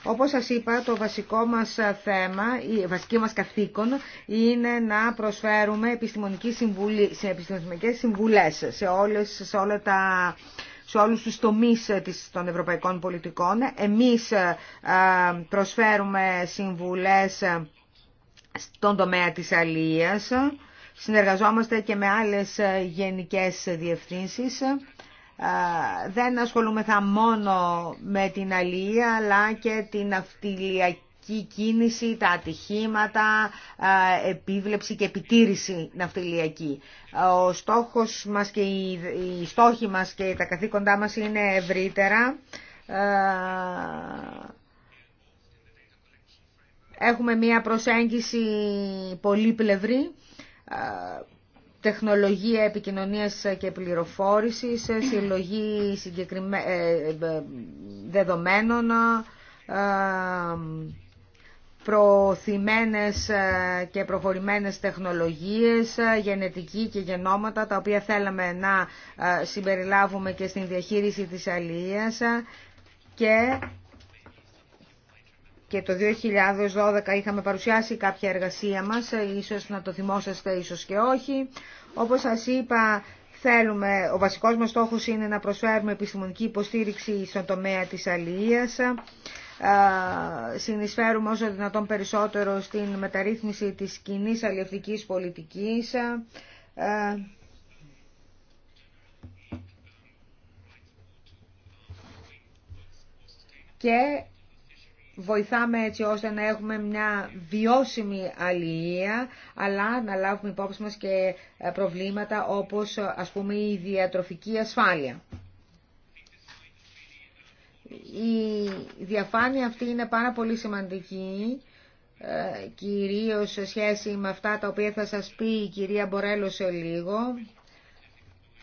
Όπως σας είπα, το βασικό μας ε, θέμα, η βασική μας καθήκον είναι να προσφέρουμε επιστημονική συμβουλή, σε επιστημονικές συμβουλές σε, όλες, σε όλα τα σε όλους τους τομείς ε, των ευρωπαϊκών πολιτικών. Εμείς ε, ε, προσφέρουμε συμβουλές στον τομέα της αλληλείας. Συνεργαζόμαστε και με άλλες γενικές διευθύνσεις. Δεν ασχολούμεθα μόνο με την αλληλεία αλλά και την αυτιλιακή κίνηση, τα ατυχήματα, επίβλεψη και επιτήρηση ναυτιλιακή. Ο στόχος μας και οι στόχοι μας και τα καθήκοντά μας είναι ευρύτερα. Έχουμε μία προσέγγιση πολύπλευρη, τεχνολογία επικοινωνίας και πληροφόρησης, συλλογή ε, ε, δεδομένων, προωθημένες ε, και προχωρημένες τεχνολογίες, ε, γενετική και γενόματα, τα οποία θέλαμε να ε, συμπεριλάβουμε και στην διαχείριση της αλληλείας και και το 2012 είχαμε παρουσιάσει κάποια εργασία μας, ίσως να το θυμόσαστε, ίσως και όχι. Όπως σας είπα, θέλουμε, ο βασικός μας στόχος είναι να προσφέρουμε επιστημονική υποστήριξη στον τομέα της αλληλείας συνεισφέρουμε όσο δυνατόν περισσότερο στην μεταρρύθμιση της κοινή αλληλευτικής πολιτικής. Και βοηθάμε έτσι ώστε να έχουμε μια βιώσιμη αλληλεία, αλλά να λάβουμε υπόψη μας και ε, προβλήματα όπως ας πούμε η διατροφική ασφάλεια η διαφάνεια αυτή είναι πάρα πολύ σημαντική, ε, κυρίως σε σχέση με αυτά τα οποία θα σας πει η κυρία Μπορέλο σε λίγο.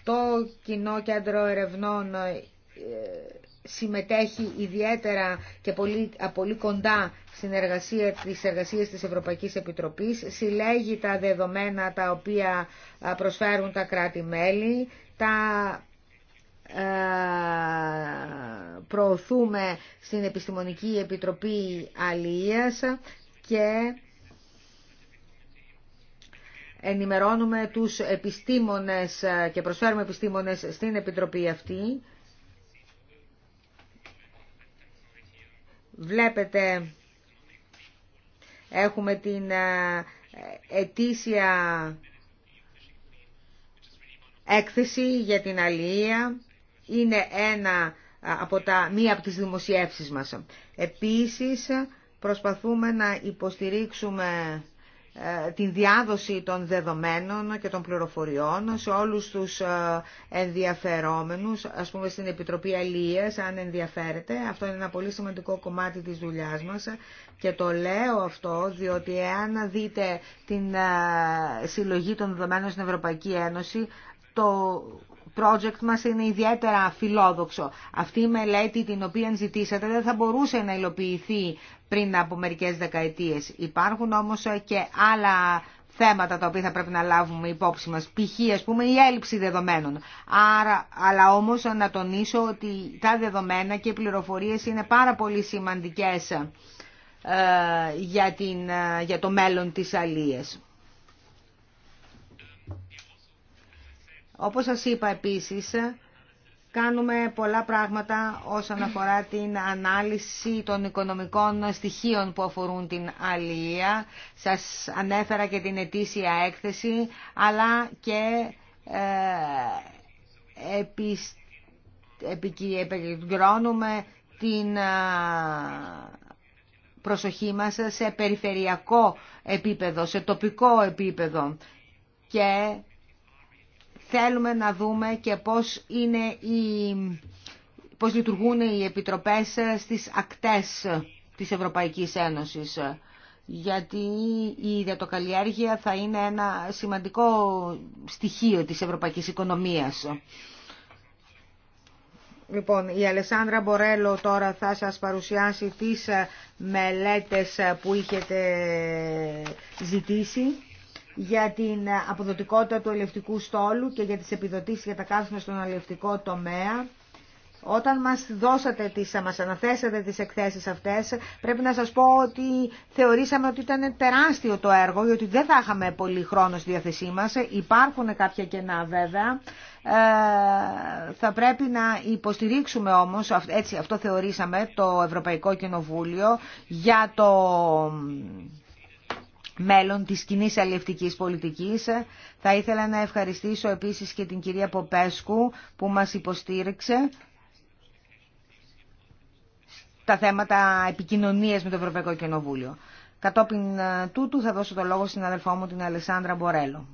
Το Κοινό Κέντρο Ερευνών ε, συμμετέχει ιδιαίτερα και πολύ, πολύ κοντά στην εργασία της εργασίας της Ευρωπαϊκής Επιτροπής, συλλέγει τα δεδομένα τα οποία προσφέρουν τα κράτη-μέλη, τα ε, προωθούμε στην Επιστημονική Επιτροπή Αλίας και ενημερώνουμε τους επιστήμονες και προσφέρουμε επιστήμονες στην Επιτροπή αυτή. Βλέπετε, έχουμε την ε, ετήσια έκθεση για την αλληλεία είναι ένα από τα, μία από τις δημοσιεύσεις μας. Επίσης, προσπαθούμε να υποστηρίξουμε ε, την διάδοση των δεδομένων και των πληροφοριών σε όλους τους ε, ενδιαφερόμενους, ας πούμε στην Επιτροπή Αλίας, αν ενδιαφέρεται. Αυτό είναι ένα πολύ σημαντικό κομμάτι της δουλειάς μας και το λέω αυτό διότι εάν δείτε την ε, συλλογή των δεδομένων στην Ευρωπαϊκή Ένωση, project μας είναι ιδιαίτερα φιλόδοξο. Αυτή η μελέτη την οποία ζητήσατε δεν θα μπορούσε να υλοποιηθεί πριν από μερικές δεκαετίες. Υπάρχουν όμως και άλλα θέματα τα οποία θα πρέπει να λάβουμε υπόψη μας, π.χ. ας πούμε η έλλειψη δεδομένων. Άρα, αλλά όμως να τονίσω ότι τα δεδομένα και οι πληροφορίες είναι πάρα πολύ σημαντικές ε, για, την, ε, για το μέλλον της αλίας. Όπως σας είπα επίσης, κάνουμε πολλά πράγματα όσον αφορά την ανάλυση των οικονομικών στοιχείων που αφορούν την αλληλεία. Σας ανέφερα και την ετήσια έκθεση, αλλά και ε, την ε, προσοχή μας σε περιφερειακό επίπεδο, σε τοπικό επίπεδο και Θέλουμε να δούμε και πώς, είναι οι, πώς λειτουργούν οι επιτροπές στις ακτές της Ευρωπαϊκής Ένωσης γιατί η ιδιατοκαλλιέργεια θα είναι ένα σημαντικό στοιχείο της ευρωπαϊκής οικονομίας. Λοιπόν, η Αλεσάνδρα Μπορέλο τώρα θα σας παρουσιάσει τις μελέτες που είχετε ζητήσει για την αποδοτικότητα του ελευτικού στόλου και για τις επιδοτήσεις για τα κάθισμα στον ελευτικό τομέα. Όταν μας, δώσατε τις, μας αναθέσατε τις εκθέσεις αυτές, πρέπει να σας πω ότι θεωρήσαμε ότι ήταν τεράστιο το έργο, γιατί δεν θα είχαμε πολύ χρόνο στη διάθεσή μας. Υπάρχουν κάποια κενά βέβαια. Ε, θα πρέπει να υποστηρίξουμε όμως, έτσι αυτό θεωρήσαμε, το Ευρωπαϊκό Κοινοβούλιο για το μέλλον της κοινή αλληλευτικής πολιτικής. Θα ήθελα να ευχαριστήσω επίσης και την κυρία Ποπέσκου που μας υποστήριξε τα θέματα επικοινωνίας με το Ευρωπαϊκό Κοινοβούλιο. Κατόπιν ε, τούτου θα δώσω το λόγο στην αδελφό μου την Αλεσάνδρα Μπορέλο.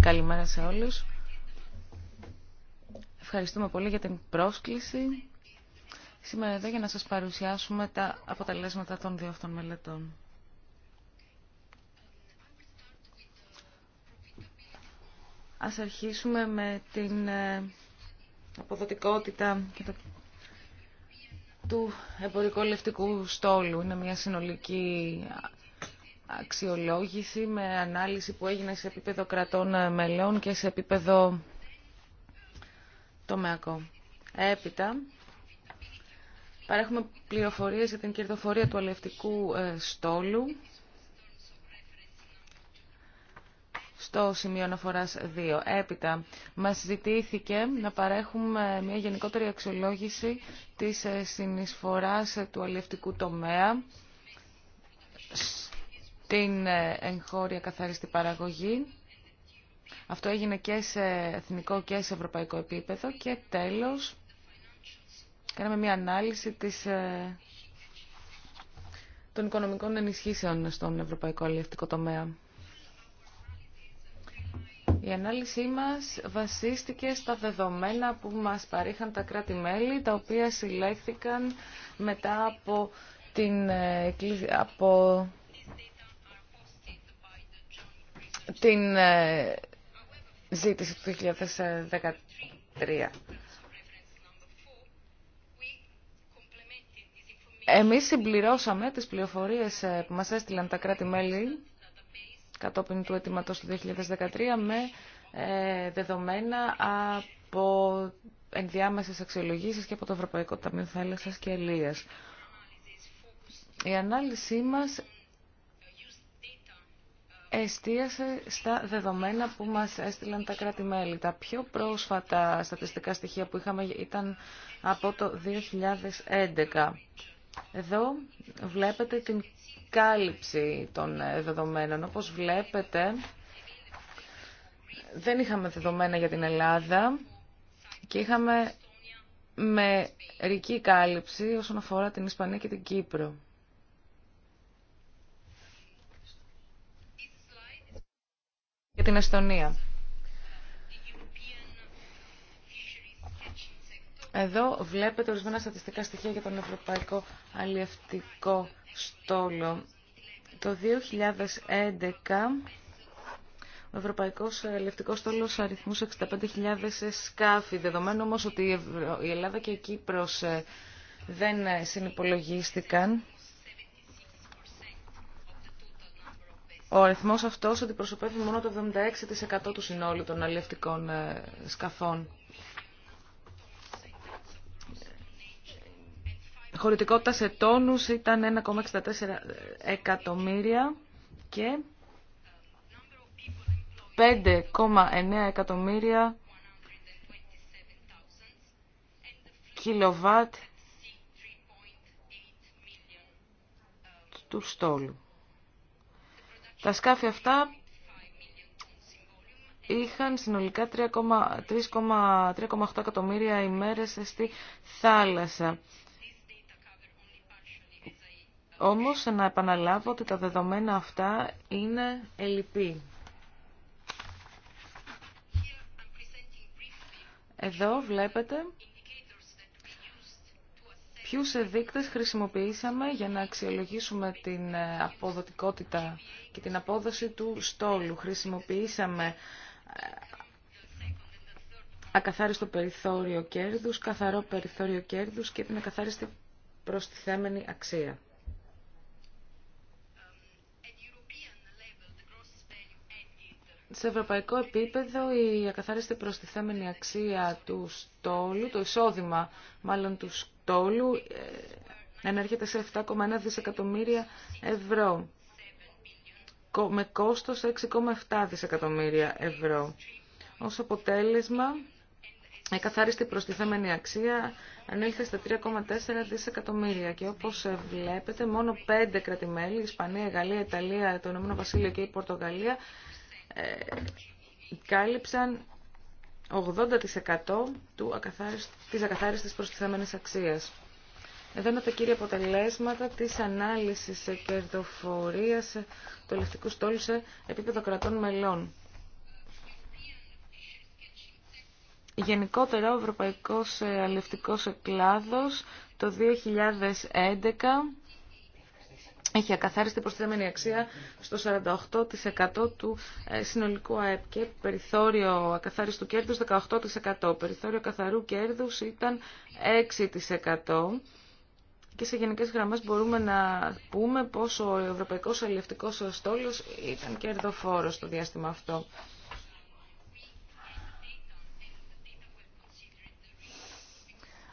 Καλημέρα σε όλους. Ευχαριστούμε πολύ για την πρόσκληση. Σήμερα εδώ για να σας παρουσιάσουμε τα αποτελέσματα των δύο αυτών μελετών. Ας αρχίσουμε με την ε, αποδοτικότητα και του εμπορικού λευτικού στόλου. Είναι μια συνολική αξιολόγηση με ανάλυση που έγινε σε επίπεδο κρατών μελών και σε επίπεδο τομεακό. Έπειτα, παρέχουμε πληροφορίες για την κερδοφορία του αλευτικού ε, στόλου στο σημείο αναφορά 2. Έπειτα, μας ζητήθηκε να παρέχουμε μια γενικότερη αξιολόγηση της ε, συνεισφοράς του αλληλευτικού τομέα την ε, εγχώρια καθαριστή παραγωγή. Αυτό έγινε και σε εθνικό και σε ευρωπαϊκό επίπεδο. Και τέλος, κάναμε μια ανάλυση της, ε, των οικονομικών ενισχύσεων στον ευρωπαϊκό αλληλευτικό τομέα. Η ανάλυση μας βασίστηκε στα δεδομένα που μας παρήχαν τα κράτη-μέλη, τα οποία συλλέχθηκαν μετά από, την, ε, από την ε, ζήτηση του 2013. Εμείς συμπληρώσαμε τις πληροφορίες ε, που μας έστειλαν τα κράτη-μέλη κατόπιν του αιτήματος του 2013 με ε, δεδομένα από ενδιάμεσες αξιολογήσεις και από το Ευρωπαϊκό Ταμείο Θάλασσας και Ελίας. Η ανάλυση μας εστίασε στα δεδομένα που μας έστειλαν τα κράτη-μέλη. Τα πιο πρόσφατα στατιστικά στοιχεία που είχαμε ήταν από το 2011. Εδώ βλέπετε την κάλυψη των δεδομένων. Όπως βλέπετε, δεν είχαμε δεδομένα για την Ελλάδα και είχαμε μερική κάλυψη όσον αφορά την Ισπανία και την Κύπρο. την Εστονία. Εδώ βλέπετε ορισμένα στατιστικά στοιχεία για τον Ευρωπαϊκό Αλλιευτικό Στόλο. Το 2011 ο Ευρωπαϊκός Αλλιευτικός Στόλος αριθμούσε 65.000 σκάφη. Δεδομένου όμως ότι η Ελλάδα και η Κύπρος ε, δεν ε, συνυπολογίστηκαν, Ο αριθμό αυτό αντιπροσωπεύει μόνο το 76% του συνόλου των αλληλευτικών ε, σκαφών. Χωρητικότητα σε τόνου ήταν 1,64 εκατομμύρια και 5,9 εκατομμύρια κιλοβάτ του στόλου. Τα σκάφη αυτά είχαν συνολικά 3,8 εκατομμύρια ημέρες στη θάλασσα. Όμως να επαναλάβω ότι τα δεδομένα αυτά είναι ελλειπή. Εδώ βλέπετε Ποιού δείκτε χρησιμοποιήσαμε για να αξιολογήσουμε την ε, αποδοτικότητα και την απόδοση του στόλου. Χρησιμοποιήσαμε ε, ακαθάριστο περιθώριο κέρδους, καθαρό περιθώριο κέρδους και την ακαθάριστη προστιθέμενη αξία. σε ευρωπαϊκό επίπεδο η ακαθάριστη προστιθέμενη αξία του στόλου, το εισόδημα μάλλον του στόλου, ε, ενέρχεται σε 7,1 δισεκατομμύρια ευρώ, με κόστος 6,7 δισεκατομμύρια ευρώ. Ως αποτέλεσμα, η καθάριστη προστιθέμενη αξία ανήλθε στα 3,4 δισεκατομμύρια και όπως βλέπετε μόνο 5 κρατημέλη, Ισπανία, Γαλλία, Ιταλία, το Ηνωμένο Βασίλειο και η Πορτογαλία ε, κάλυψαν 80% του της ακαθάριστης προστιθέμενης αξίας. Εδώ είναι τα κύρια αποτελέσματα της ανάλυσης κερδοφορία του αλληλευτικού στόλου σε επίπεδο κρατών μελών. Γενικότερα ο Ευρωπαϊκός Αλληλευτικός Εκλάδος το 2011 έχει ακαθάριστη προσθέμενη αξία στο 48% του ε, συνολικού ΑΕΠ και περιθώριο ακαθάριστου κέρδους 18%. Περιθώριο καθαρού κέρδους ήταν 6% και σε γενικές γραμμές μπορούμε να πούμε πόσο ο Ευρωπαϊκός Αλληλευτικός Στόλος ήταν κερδοφόρος στο διάστημα αυτό.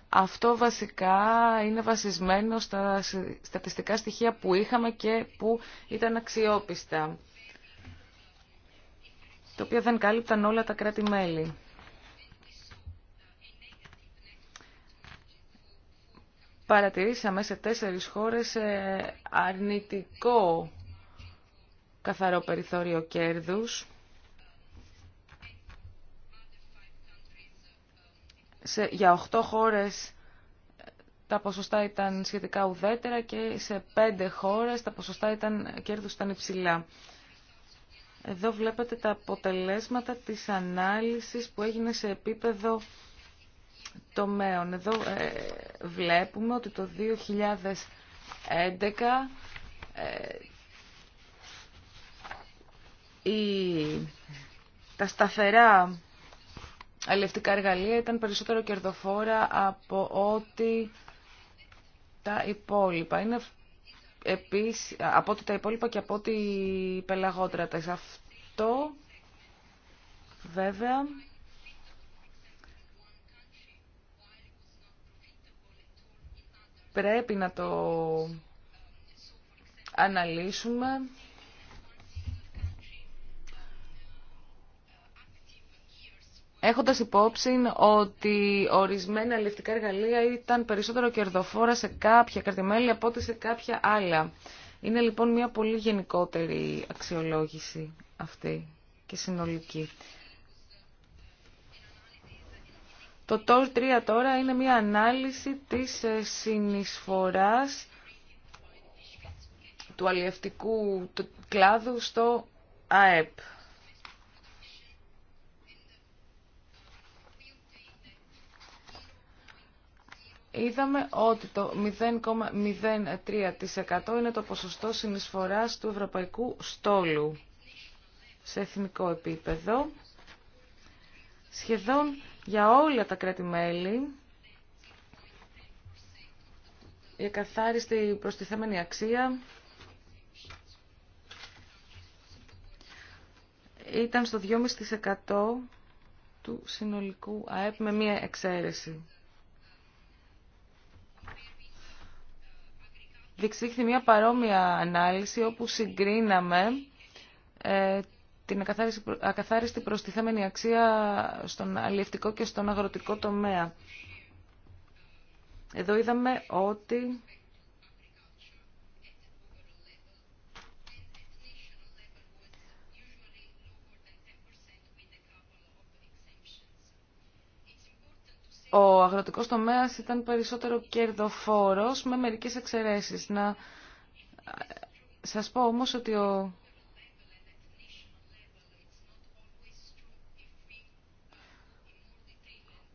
Αυτό βασικά είναι βασισμένο στα στατιστικά στοιχεία που είχαμε και που ήταν αξιόπιστα, το οποίο δεν κάλυπταν όλα τα κράτη-μέλη. Παρατηρήσαμε σε τέσσερις χώρες ε, αρνητικό καθαρό περιθώριο κέρδους σε, για 8 χώρες τα ποσοστά ήταν σχετικά ουδέτερα και σε 5 χώρες τα ποσοστά ήταν, κέρδους ήταν υψηλά. Εδώ βλέπετε τα αποτελέσματα της ανάλυσης που έγινε σε επίπεδο τομέων. Εδώ ε, βλέπουμε ότι το 2011 ε, η, τα σταθερά αλληλευτικά εργαλεία ήταν περισσότερο κερδοφόρα από ό,τι τα υπόλοιπα. Είναι από ό,τι τα υπόλοιπα και από ό,τι πελαγότρατες. Αυτό βέβαια πρέπει να το αναλύσουμε Έχοντα υπόψη ότι ορισμένα αλληλευτικά εργαλεία ήταν περισσότερο κερδοφόρα σε κάποια κρατημέλη από ό,τι σε κάποια άλλα. Είναι λοιπόν μια πολύ γενικότερη αξιολόγηση αυτή και συνολική. Το TOR 3 τώρα είναι μια ανάλυση της ε, συνεισφοράς του αλλιευτικού κλάδου στο ΑΕΠ. είδαμε ότι το 0,03% είναι το ποσοστό συνεισφοράς του ευρωπαϊκού στόλου σε εθνικό επίπεδο. Σχεδόν για όλα τα κράτη-μέλη η εκαθάριστη προστιθέμενη αξία ήταν στο 2,5% του συνολικού ΑΕΠ με μία εξαίρεση. διεξήχθη μια παρόμοια ανάλυση όπου συγκρίναμε ε, την ακαθάριστη προστιθέμενη αξία στον αλληλευτικό και στον αγροτικό τομέα. Εδώ είδαμε ότι ο αγροτικός τομέας ήταν περισσότερο κερδοφόρος με μερικές εξαιρέσεις. Να σας πω όμως ότι ο...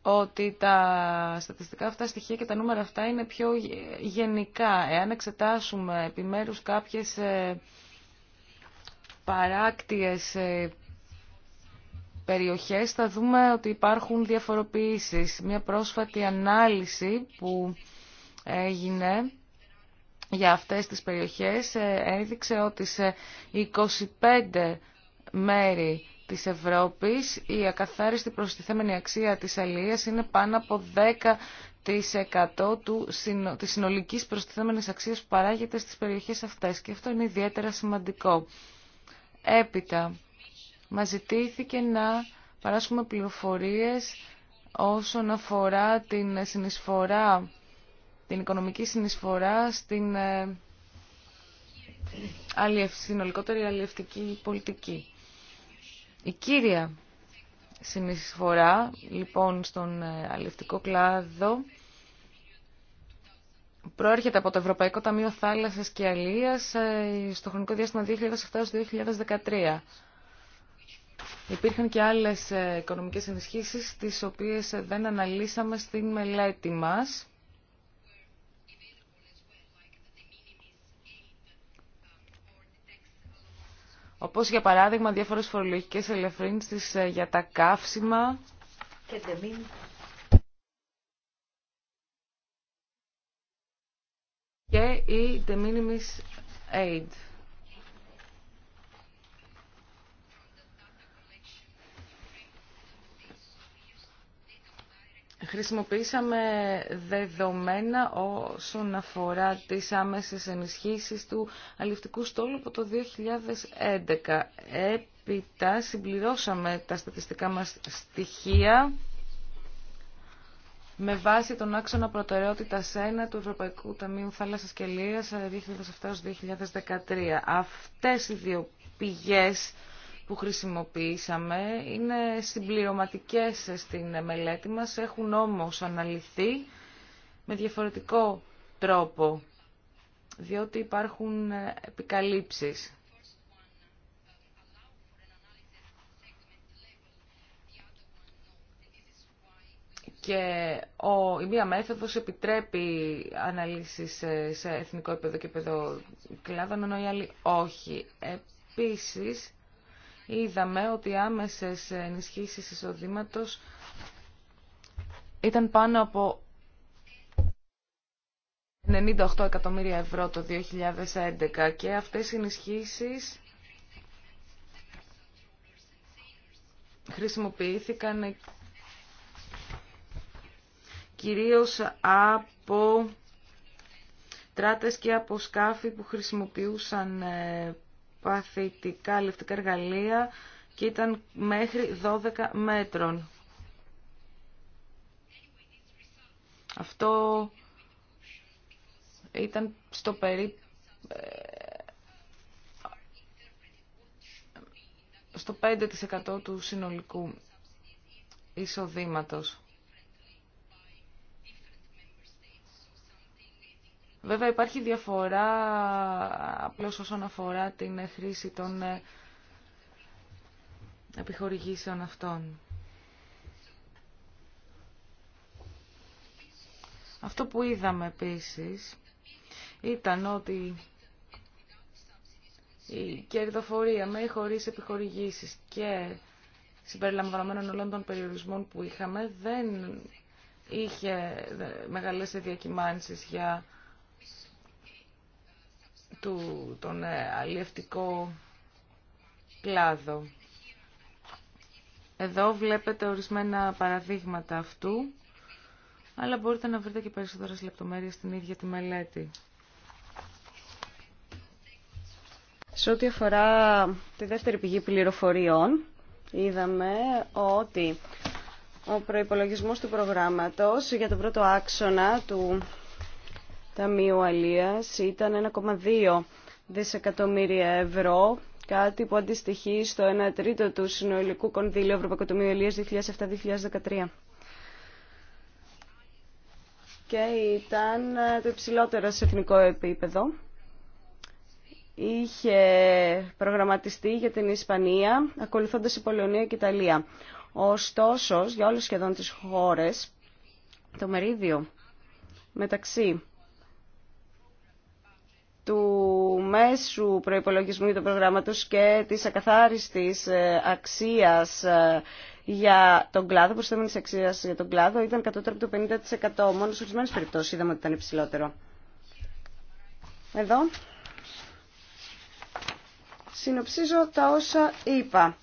ότι τα στατιστικά αυτά στοιχεία και τα νούμερα αυτά είναι πιο γενικά. Εάν εξετάσουμε επιμέρους κάποιες ε, παράκτιες ε, περιοχές θα δούμε ότι υπάρχουν διαφοροποιήσεις. Μια πρόσφατη ανάλυση που έγινε για αυτές τις περιοχές ε, έδειξε ότι σε 25 μέρη της Ευρώπης η ακαθάριστη προστιθέμενη αξία της αλίας είναι πάνω από 10% του, της συνολικής προστιθέμενης αξίας που παράγεται στις περιοχές αυτές και αυτό είναι ιδιαίτερα σημαντικό. Έπειτα, μας ζητήθηκε να παράσχουμε πληροφορίες όσον αφορά την συνεισφορά, την οικονομική συνεισφορά στην ε, συνολικότερη αλληλευτική πολιτική. Η κύρια συνεισφορά λοιπόν στον ε, αλληλευτικό κλάδο προέρχεται από το Ευρωπαϊκό Ταμείο Θάλασσας και Αλίας ε, στο χρονικό διάστημα 2007-2013. Υπήρχαν και άλλες ε, οικονομικές ενισχύσεις, τις οποίες ε, δεν αναλύσαμε στην μελέτη μας. Όπως για παράδειγμα διάφορες φορολογικές ελευθερίνσεις ε, για τα καύσιμα και και η de minimis aid. Χρησιμοποίησαμε δεδομένα όσον αφορά τις άμεσες ενισχύσεις του αληφτικού στόλου από το 2011. Έπειτα συμπληρώσαμε τα στατιστικά μας στοιχεία με βάση τον άξονα προτεραιότητας 1 του Ευρωπαϊκού Ταμείου Θάλασσας και Λίας 2007-2013. Αυτές οι δύο πηγές που χρησιμοποιήσαμε είναι συμπληρωματικές στην μελέτη μας, έχουν όμως αναλυθεί με διαφορετικό τρόπο, διότι υπάρχουν επικαλύψεις. Και ο, η μία μέθοδος επιτρέπει αναλύσεις σε, εθνικό επίπεδο και επίπεδο κλάδων, ενώ η όχι. Επίσης, είδαμε ότι οι άμεσες ενισχύσεις εισοδήματος ήταν πάνω από 98 εκατομμύρια ευρώ το 2011 και αυτές οι ενισχύσεις χρησιμοποιήθηκαν κυρίως από τράτες και από σκάφη που χρησιμοποιούσαν ε, παθητικά λεφτικά εργαλεία και ήταν μέχρι 12 μέτρων. Αυτό ήταν στο περί... στο 5% του συνολικού εισοδήματος. Βέβαια υπάρχει διαφορά απλώς όσον αφορά την χρήση των ε, επιχορηγήσεων αυτών. Αυτό που είδαμε επίσης ήταν ότι η κερδοφορία με ή χωρίς επιχορηγήσεις και συμπεριλαμβανομένων όλων των περιορισμών που είχαμε δεν είχε μεγαλές διακυμάνσεις για του, τον ε, αλλιευτικό κλάδο. Εδώ βλέπετε ορισμένα παραδείγματα αυτού, αλλά μπορείτε να βρείτε και περισσότερες λεπτομέρειες στην ίδια τη μελέτη. Σε ό,τι αφορά τη δεύτερη πηγή πληροφοριών, είδαμε ότι ο προϋπολογισμός του προγράμματος για τον πρώτο άξονα του Ταμείο Αλίας ήταν 1,2 δισεκατομμύρια ευρώ, κάτι που αντιστοιχεί στο 1 τρίτο του συνολικού κονδύλου Ευρωπαϊκού Ταμείου Αλίας 2007-2013 και ήταν το υψηλότερο σε εθνικό επίπεδο. Είχε προγραμματιστεί για την Ισπανία, ακολουθώντας η Πολωνία και η Ιταλία. Ωστόσο, για όλες σχεδόν τις χώρες, το μερίδιο μεταξύ του μέσου προϋπολογισμού του προγράμματος και της ακαθάριστης ε, αξίας ε, για τον κλάδο, προσθέμενης αξία για τον κλάδο, ήταν κατώτερο από το 50%. Μόνο σε ορισμένες περιπτώσεις είδαμε ότι ήταν υψηλότερο. Εδώ συνοψίζω τα όσα είπα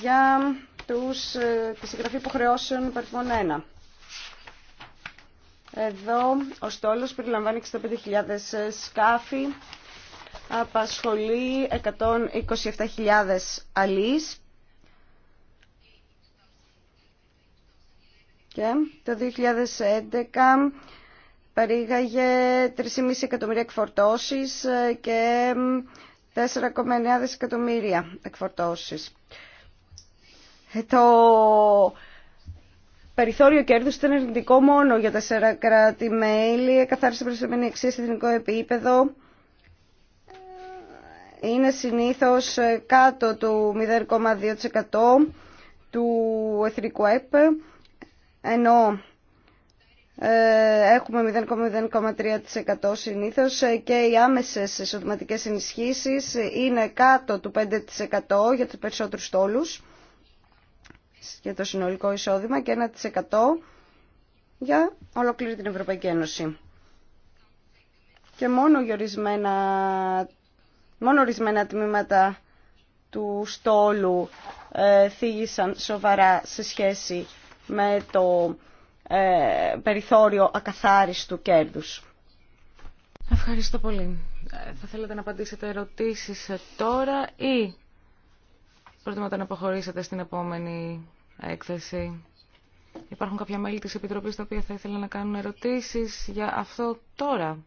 για τους, ε, τη συγγραφή υποχρεώσεων υπαριθμών 1. Εδώ ο στόλος περιλαμβάνει 65.000 σκάφη, απασχολεί 127.000 αλείς και το 2011 παρήγαγε 3,5 εκατομμύρια εκφορτώσεις και 4,9 δισεκατομμύρια εκφορτώσεις. Ε, το περιθώριο κέρδους ήταν αρνητικό μόνο για τα σέρα κράτη-μέλη, καθάριση προσωπική εξής σε εθνικό επίπεδο είναι συνήθως κάτω του 0,2% του εθνικού ΕΠ, ενώ ε, έχουμε 0,03% συνήθως και οι άμεσες εισοδηματικές ενισχύσεις είναι κάτω του 5% για τους περισσότερους τόλους για το συνολικό εισόδημα και 1% για ολόκληρη την Ευρωπαϊκή Ένωση. Και μόνο, ορισμένα, μόνο τμήματα του στόλου ε, θίγησαν σοβαρά σε σχέση με το ε, περιθώριο ακαθάριστου κέρδους. Ευχαριστώ πολύ. Ε, θα θέλετε να απαντήσετε ερωτήσεις τώρα ή προτιμάτε να προχωρήσετε στην επόμενη έκθεση. Υπάρχουν κάποια μέλη της Επιτροπής τα οποία θα ήθελα να κάνουν ερωτήσεις για αυτό τώρα.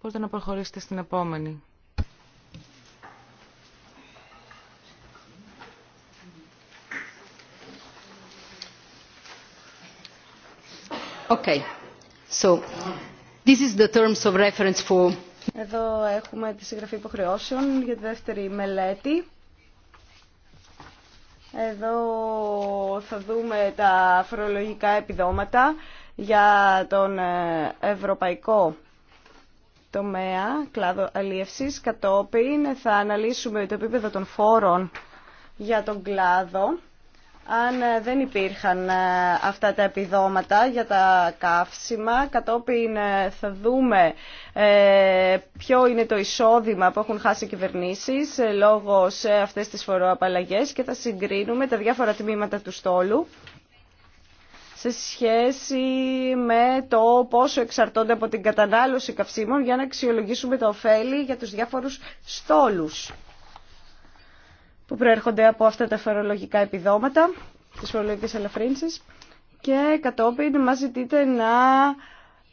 Μπορείτε να προχωρήσετε στην επόμενη. Okay. So, this is the terms of reference for εδώ έχουμε τη συγγραφή υποχρεώσεων για τη δεύτερη μελέτη. Εδώ θα δούμε τα φορολογικά επιδόματα για τον ε, ευρωπαϊκό τομέα κλάδο αλίευσης. Κατόπιν θα αναλύσουμε το επίπεδο των φόρων για τον κλάδο αν ε, δεν υπήρχαν ε, αυτά τα επιδόματα για τα καύσιμα. Κατόπιν ε, θα δούμε ποιο είναι το εισόδημα που έχουν χάσει οι κυβερνήσεις λόγω σε αυτές τις φοροαπαλλαγές και θα συγκρίνουμε τα διάφορα τμήματα του στόλου σε σχέση με το πόσο εξαρτώνται από την κατανάλωση καυσίμων για να αξιολογήσουμε το ωφέλη για τους διάφορους στόλους που προέρχονται από αυτά τα φορολογικά επιδόματα, της φορολογικής ελαφρύνσης και κατόπιν μας ζητείτε να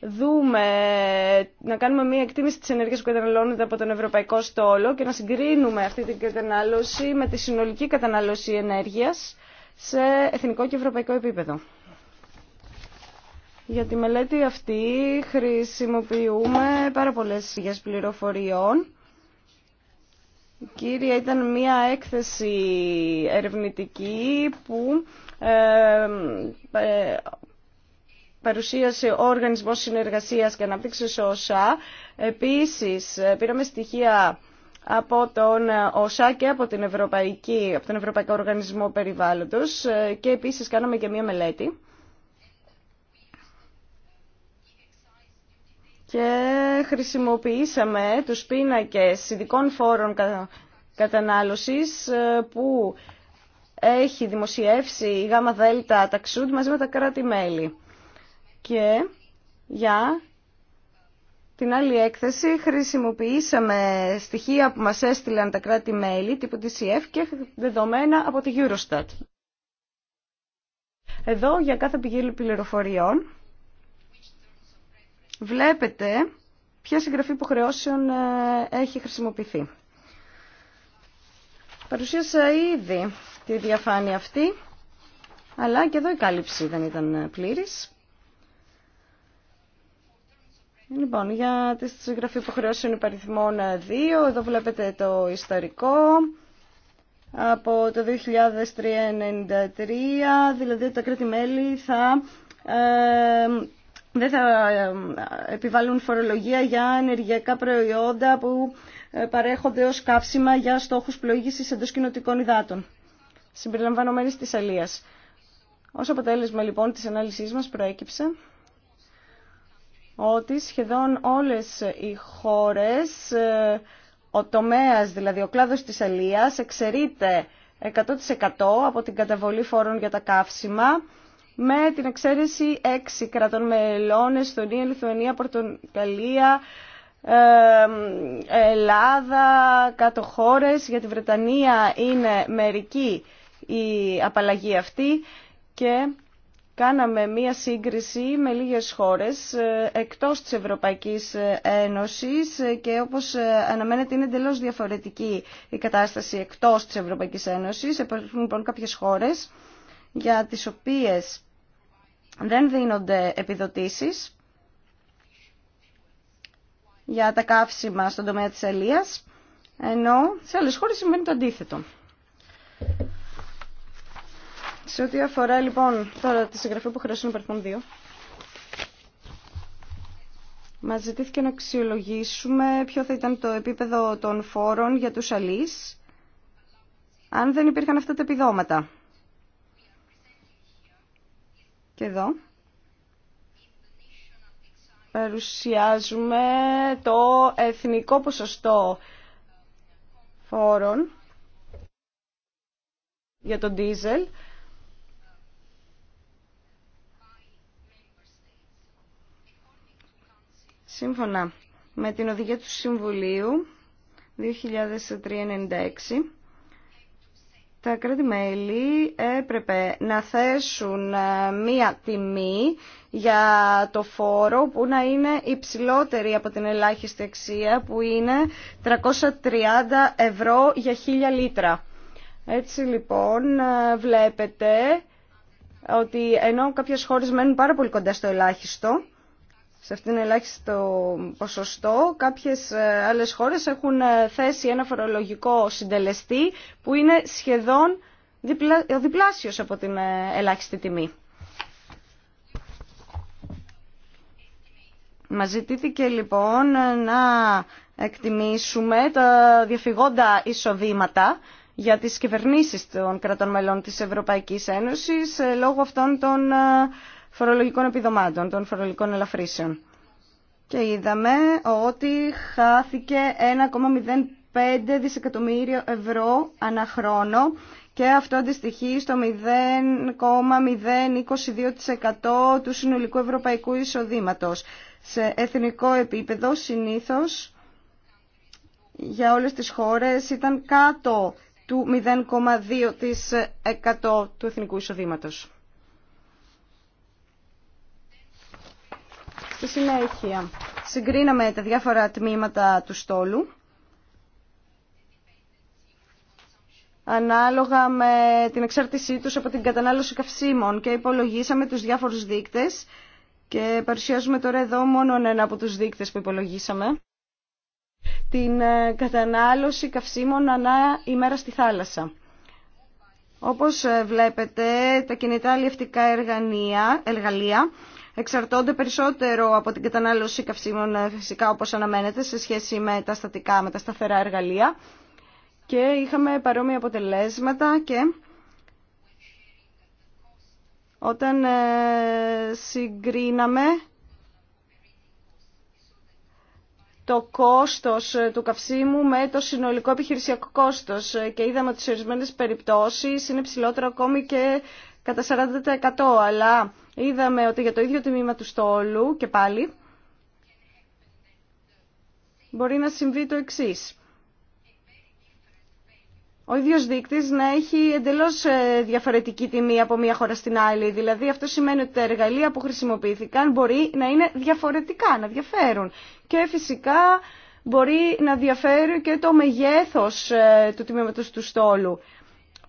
δούμε, να κάνουμε μια εκτίμηση της ενέργειας που καταναλώνεται από τον Ευρωπαϊκό Στόλο και να συγκρίνουμε αυτή την κατανάλωση με τη συνολική κατανάλωση ενέργειας σε εθνικό και ευρωπαϊκό επίπεδο. Για τη μελέτη αυτή χρησιμοποιούμε πάρα πολλές πληροφοριών Κύριε, ήταν μια έκθεση ερευνητική που ε, ε, παρουσίασε ο Οργανισμός Συνεργασίας και Αναπτύξης ΟΣΑ. Επίσης, ε, πήραμε στοιχεία από τον ΟΣΑ και από, την Ευρωπαϊκή, από τον Ευρωπαϊκό Οργανισμό Περιβάλλοντος και επίσης κάναμε και μία μελέτη και χρησιμοποιήσαμε τους πίνακες ειδικών φόρων κατανάλωσης ε, που έχει δημοσιεύσει η ΓΑΜΑ ΔΕΛΤΑ ταξούντ μαζί με τα κράτη-μέλη. Και για την άλλη έκθεση χρησιμοποιήσαμε στοιχεία που μας έστειλαν τα κράτη-μέλη τύπου TCF και δεδομένα από τη Eurostat. Εδώ για κάθε πηγή πληροφοριών βλέπετε ποια συγγραφή υποχρεώσεων ε, έχει χρησιμοποιηθεί. Παρουσίασα ήδη τη διαφάνεια αυτή, αλλά και εδώ η κάλυψη δεν ήταν ε, πλήρης. Λοιπόν, για τη συγγραφή υποχρεώσεων υπαριθμών 2, ε, εδώ βλέπετε το ιστορικό από το 2003 1993 δηλαδή τα κράτη-μέλη θα δεν θα επιβάλλουν φορολογία για ενεργειακά προϊόντα που ε, παρέχονται ως καύσιμα για στόχους πλοήγησης εντός κοινοτικών υδάτων, συμπεριλαμβανομένης της αλίας. Ως αποτέλεσμα λοιπόν της ανάλυσής μας προέκυψε ότι σχεδόν όλες οι χώρες, ε, ο τομέας δηλαδή ο κλάδος της αλίας εξαιρείται 100% από την καταβολή φόρων για τα καύσιμα με την εξαίρεση έξι κρατών μελών, Εστονία, Λιθουανία, Πορτοκαλία, Ελλάδα, κάτω χώρες. Για τη Βρετανία είναι μερική η απαλλαγή αυτή και κάναμε μία σύγκριση με λίγες χώρες ε, εκτός της Ευρωπαϊκής Ένωσης και όπως ε, αναμένεται είναι εντελώς διαφορετική η κατάσταση εκτός της Ευρωπαϊκής Ένωσης. Υπάρχουν λοιπόν κάποιες χώρες για τις οποίες δεν δίνονται επιδοτήσεις για τα καύσιμα στον τομέα της έλίας, ενώ σε άλλες χώρες συμβαίνει το αντίθετο. Σε ό,τι αφορά λοιπόν τώρα τη συγγραφή που χρειάζεται παρθούν δύο. μας ζητήθηκε να αξιολογήσουμε ποιο θα ήταν το επίπεδο των φόρων για τους αλείς, αν δεν υπήρχαν αυτά τα επιδόματα. Και εδώ παρουσιάζουμε το εθνικό ποσοστό φόρων για τον ντίζελ. Σύμφωνα με την οδηγία του Συμβουλίου 2003-96 τα κράτη-μέλη έπρεπε να θέσουν ε, μία τιμή για το φόρο που να είναι υψηλότερη από την ελάχιστη αξία που είναι 330 ευρώ για χίλια λίτρα. Έτσι λοιπόν ε, βλέπετε ότι ενώ κάποιες χώρες μένουν πάρα πολύ κοντά στο ελάχιστο, σε αυτήν την ελάχιστο ποσοστό. Κάποιες ε, άλλες χώρες έχουν ε, θέσει ένα φορολογικό συντελεστή που είναι σχεδόν ο ε, διπλάσιος από την ελάχιστη τιμή. Μας ζητήθηκε λοιπόν να εκτιμήσουμε τα διαφυγόντα εισοδήματα για τις κυβερνήσεις των κρατών μελών της Ευρωπαϊκής Ένωσης λόγω αυτών των φορολογικών επιδομάτων, των φορολογικών ελαφρύσεων. Και είδαμε ότι χάθηκε 1,05 δισεκατομμύριο ευρώ αναχρόνο και αυτό αντιστοιχεί στο 0,022% του συνολικού ευρωπαϊκού εισοδήματος. Σε εθνικό επίπεδο συνήθως για όλες τις χώρες ήταν κάτω του 0,2% του εθνικού εισοδήματος. Στη συνέχεια, συγκρίναμε τα διάφορα τμήματα του στόλου ανάλογα με την εξάρτησή τους από την κατανάλωση καυσίμων και υπολογίσαμε τους διάφορους δείκτες και παρουσιάζουμε τώρα εδώ μόνο ένα από τους δείκτες που υπολογίσαμε την ε, κατανάλωση καυσίμων ανά ημέρα στη θάλασσα. Όπως ε, βλέπετε, τα κινητά αλλιευτικά εργαλεία εξαρτώνται περισσότερο από την κατανάλωση καυσίμων ε, φυσικά όπως αναμένεται σε σχέση με τα στατικά, με τα σταθερά εργαλεία και είχαμε παρόμοια αποτελέσματα και όταν ε, συγκρίναμε το κόστος ε, του καυσίμου με το συνολικό επιχειρησιακό κόστος και είδαμε ότι σε ορισμένε περιπτώσεις είναι ψηλότερο ακόμη και κατά 40% αλλά είδαμε ότι για το ίδιο τμήμα του στόλου και πάλι μπορεί να συμβεί το εξή. Ο ίδιος δείκτης να έχει εντελώς ε, διαφορετική τιμή από μία χώρα στην άλλη. Δηλαδή αυτό σημαίνει ότι τα εργαλεία που χρησιμοποιήθηκαν μπορεί να είναι διαφορετικά, να διαφέρουν. Και φυσικά μπορεί να διαφέρει και το μεγέθος ε, του τμήματος του στόλου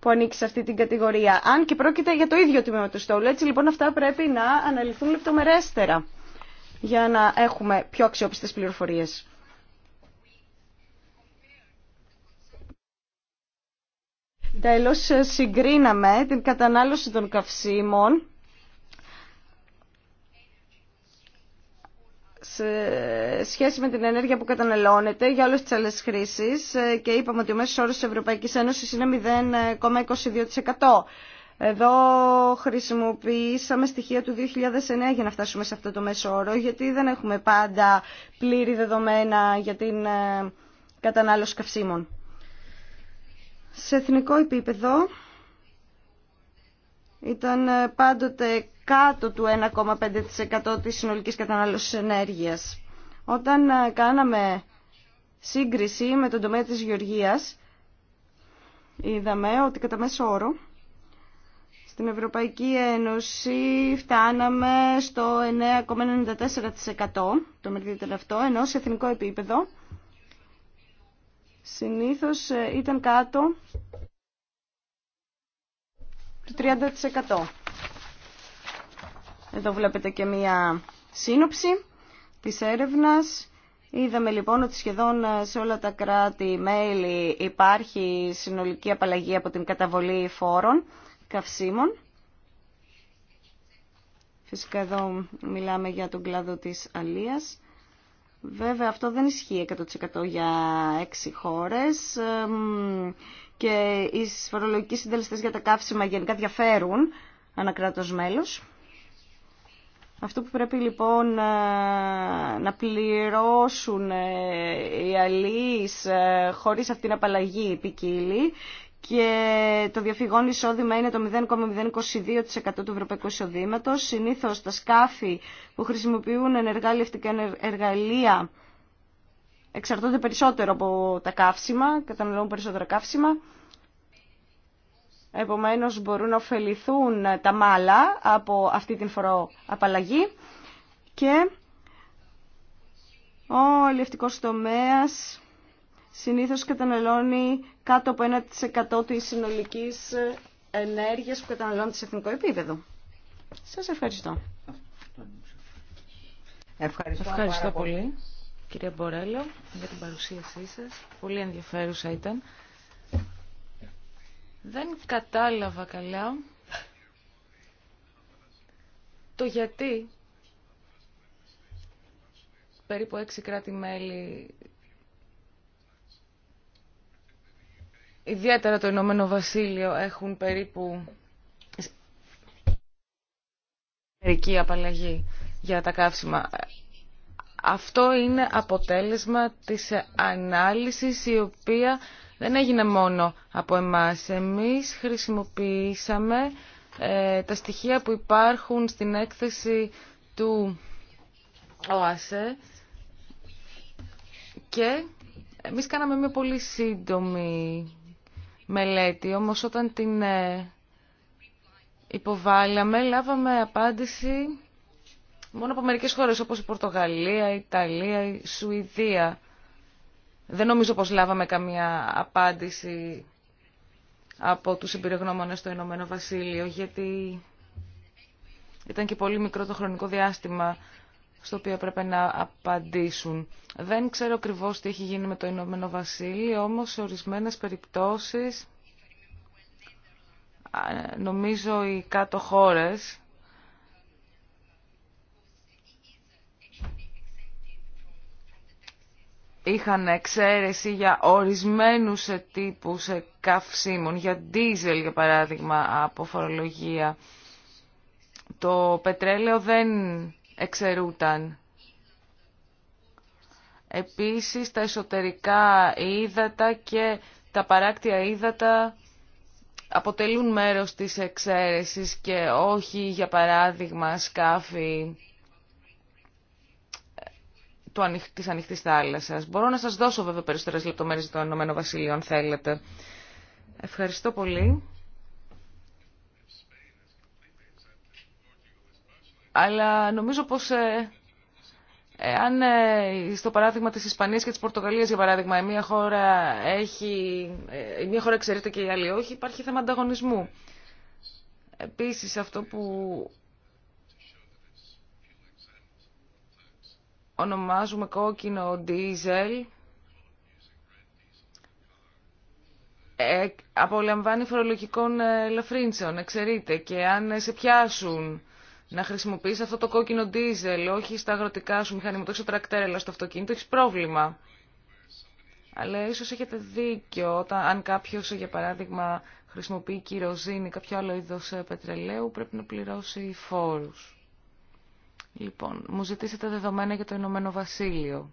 που ανήκει σε αυτή την κατηγορία. Αν και πρόκειται για το ίδιο τμήμα του στόλου. Έτσι λοιπόν αυτά πρέπει να αναλυθούν λεπτομερέστερα για να έχουμε πιο αξιόπιστες πληροφορίες. Τέλος, συγκρίναμε την κατανάλωση των καυσίμων σε σχέση με την ενέργεια που καταναλώνεται για όλες τις άλλες χρήσεις ε, και είπαμε ότι ο μέσος όρος της Ευρωπαϊκής Ένωσης είναι 0,22%. Εδώ χρησιμοποιήσαμε στοιχεία του 2009 για να φτάσουμε σε αυτό το μέσο όρο, γιατί δεν έχουμε πάντα πλήρη δεδομένα για την ε, κατανάλωση καυσίμων. Σε εθνικό επίπεδο ήταν ε, πάντοτε κάτω του 1,5% της συνολικής κατανάλωσης ενέργειας. Όταν ε, κάναμε σύγκριση με τον τομέα της γεωργίας, είδαμε ότι κατά μέσο όρο στην Ευρωπαϊκή Ένωση φτάναμε στο 9,94% το μερίδιο αυτό, ενώ σε εθνικό επίπεδο συνήθως ε, ήταν κάτω του 30%. Εδώ βλέπετε και μία σύνοψη της έρευνας. Είδαμε λοιπόν ότι σχεδόν ε, σε όλα τα κράτη-μέλη υπάρχει συνολική απαλλαγή από την καταβολή φόρων καυσίμων. Φυσικά εδώ μιλάμε για τον κλάδο της αλίας. Βέβαια αυτό δεν ισχύει 100% για 6 χώρες και οι φορολογικοί συντελεστές για τα καύσιμα γενικά διαφέρουν ανά κράτος αυτό που πρέπει λοιπόν ε, να πληρώσουν ε, οι αλείς ε, χωρίς αυτήν την απαλλαγή επικύλη και το διαφυγόν εισόδημα είναι το 0,022% του ευρωπαϊκού εισοδήματο. Συνήθως τα σκάφη που χρησιμοποιούν ενεργά εργαλεία εξαρτώνται περισσότερο από τα καύσιμα, καταναλώνουν περισσότερα καύσιμα Επομένως μπορούν να ωφεληθούν τα μάλα από αυτή την φοροαπαλλαγή και ο ελευτικός τομέας συνήθως καταναλώνει κάτω από 1% της συνολικής ενέργειας που καταναλώνει σε εθνικό επίπεδο. Σας ευχαριστώ. Ευχαριστώ, ευχαριστώ πολύ, πολύ, κύριε Μπορέλο, για την παρουσίασή σας. Πολύ ενδιαφέρουσα ήταν. Δεν κατάλαβα καλά το γιατί περίπου έξι κράτη-μέλη, ιδιαίτερα το Ηνωμένο Βασίλειο, έχουν περίπου μερική απαλλαγή για τα καύσιμα. Αυτό είναι αποτέλεσμα της ανάλυσης η οποία δεν έγινε μόνο από εμάς. Εμείς χρησιμοποιήσαμε ε, τα στοιχεία που υπάρχουν στην έκθεση του ΟΑΣΕ και εμείς κάναμε μια πολύ σύντομη μελέτη, όμως όταν την ε, υποβάλαμε λάβαμε απάντηση μόνο από μερικές χώρες όπως η Πορτογαλία, η Ιταλία, η Σουηδία. Δεν νομίζω πως λάβαμε καμία απάντηση από τους εμπειρογνώμονες στο Ηνωμένο Βασίλειο, γιατί ήταν και πολύ μικρό το χρονικό διάστημα στο οποίο έπρεπε να απαντήσουν. Δεν ξέρω ακριβώ τι έχει γίνει με το Ηνωμένο Βασίλειο, όμως σε ορισμένες περιπτώσεις νομίζω οι κάτω χώρες είχαν εξαίρεση για ορισμένους ε, τύπους ε, καυσίμων, για ντίζελ για παράδειγμα από φορολογία. Το πετρέλαιο δεν εξαιρούταν. Επίσης τα εσωτερικά ύδατα και τα παράκτια ύδατα αποτελούν μέρος της εξαίρεσης και όχι για παράδειγμα σκάφη του, της ανοιχτής θάλασσας. Μπορώ να σας δώσω βέβαια περισσότερες λεπτομέρειες των Ηνωμένων αν θέλετε. Ευχαριστώ πολύ. Αλλά νομίζω πως ε, ε αν ε, στο παράδειγμα της Ισπανίας και της Πορτογαλίας, για παράδειγμα, η μία χώρα, έχει, ε, μία χώρα εξαιρείται και η άλλη όχι, υπάρχει θέμα ανταγωνισμού. Επίσης, αυτό που ονομάζουμε κόκκινο ντίζελ ε, απολαμβάνει φορολογικών ε, ελαφρύνσεων, εξαιρείτε. Και αν ε, σε πιάσουν να χρησιμοποιείς αυτό το κόκκινο ντίζελ, όχι στα αγροτικά σου μηχανήματα, όχι στο τρακτέρ, αλλά στο αυτοκίνητο, έχεις πρόβλημα. Αλλά ίσως έχετε δίκιο, όταν, αν κάποιος, για παράδειγμα, χρησιμοποιεί κυροζίνη ή κάποιο άλλο είδος ε, πετρελαίου, πρέπει να πληρώσει φόρους. Λοιπόν, μου ζητήσετε δεδομένα για το Ηνωμένο Βασίλειο.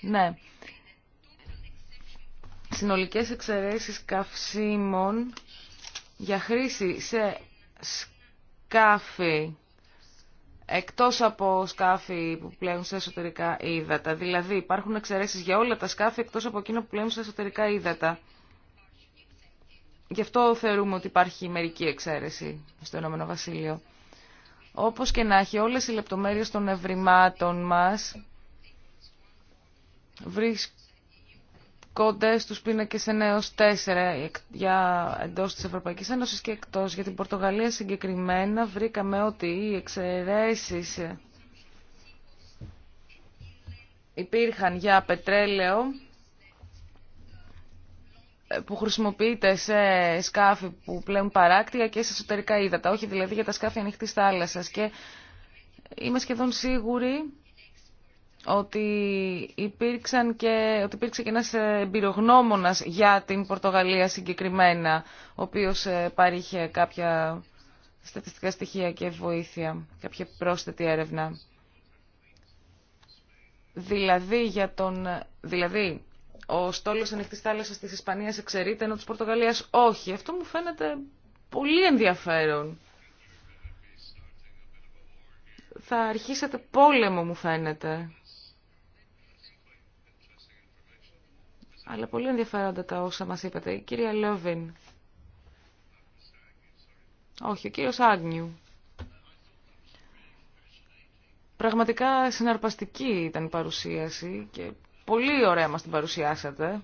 Ναι. Συνολικές εξαιρέσεις καυσίμων για χρήση σε σκάφη εκτός από σκάφη που πλέουν σε εσωτερικά ύδατα. Δηλαδή υπάρχουν εξαιρέσεις για όλα τα σκάφη εκτός από εκείνα που πλέουν σε εσωτερικά ύδατα. Γι' αυτό θεωρούμε ότι υπάρχει μερική εξαίρεση στο Ηνωμένο Βασίλειο. Όπως και να έχει όλες οι λεπτομέρειες των ευρημάτων μας βρίσκονται στους πίνακες 9 4 για εντός της Ευρωπαϊκής Ένωσης και εκτός. Για την Πορτογαλία συγκεκριμένα βρήκαμε ότι οι εξαιρέσεις υπήρχαν για πετρέλαιο που χρησιμοποιείται σε σκάφη που πλέουν παράκτια και σε εσωτερικά ύδατα, όχι δηλαδή για τα σκάφη ανοιχτή θάλασσα. Και είμαι σχεδόν σίγουρη ότι, υπήρξαν και, ότι υπήρξε και ένας εμπειρογνώμονας για την Πορτογαλία συγκεκριμένα, ο οποίος ε, παρήχε κάποια στατιστικά στοιχεία και βοήθεια, κάποια πρόσθετη έρευνα. Δηλαδή, για τον, δηλαδή ο στόλος ανοιχτής θάλασσας της Ισπανίας εξαιρείται ενώ της Πορτογαλίας όχι. Αυτό μου φαίνεται πολύ ενδιαφέρον. Θα αρχίσετε πόλεμο μου φαίνεται. Αλλά πολύ ενδιαφέροντα τα όσα μας είπατε. Η κυρία Λόβιν. Όχι, ο κύριος Άγνιου. Πραγματικά συναρπαστική ήταν η παρουσίαση και Πολύ ωραία μας την παρουσιάσατε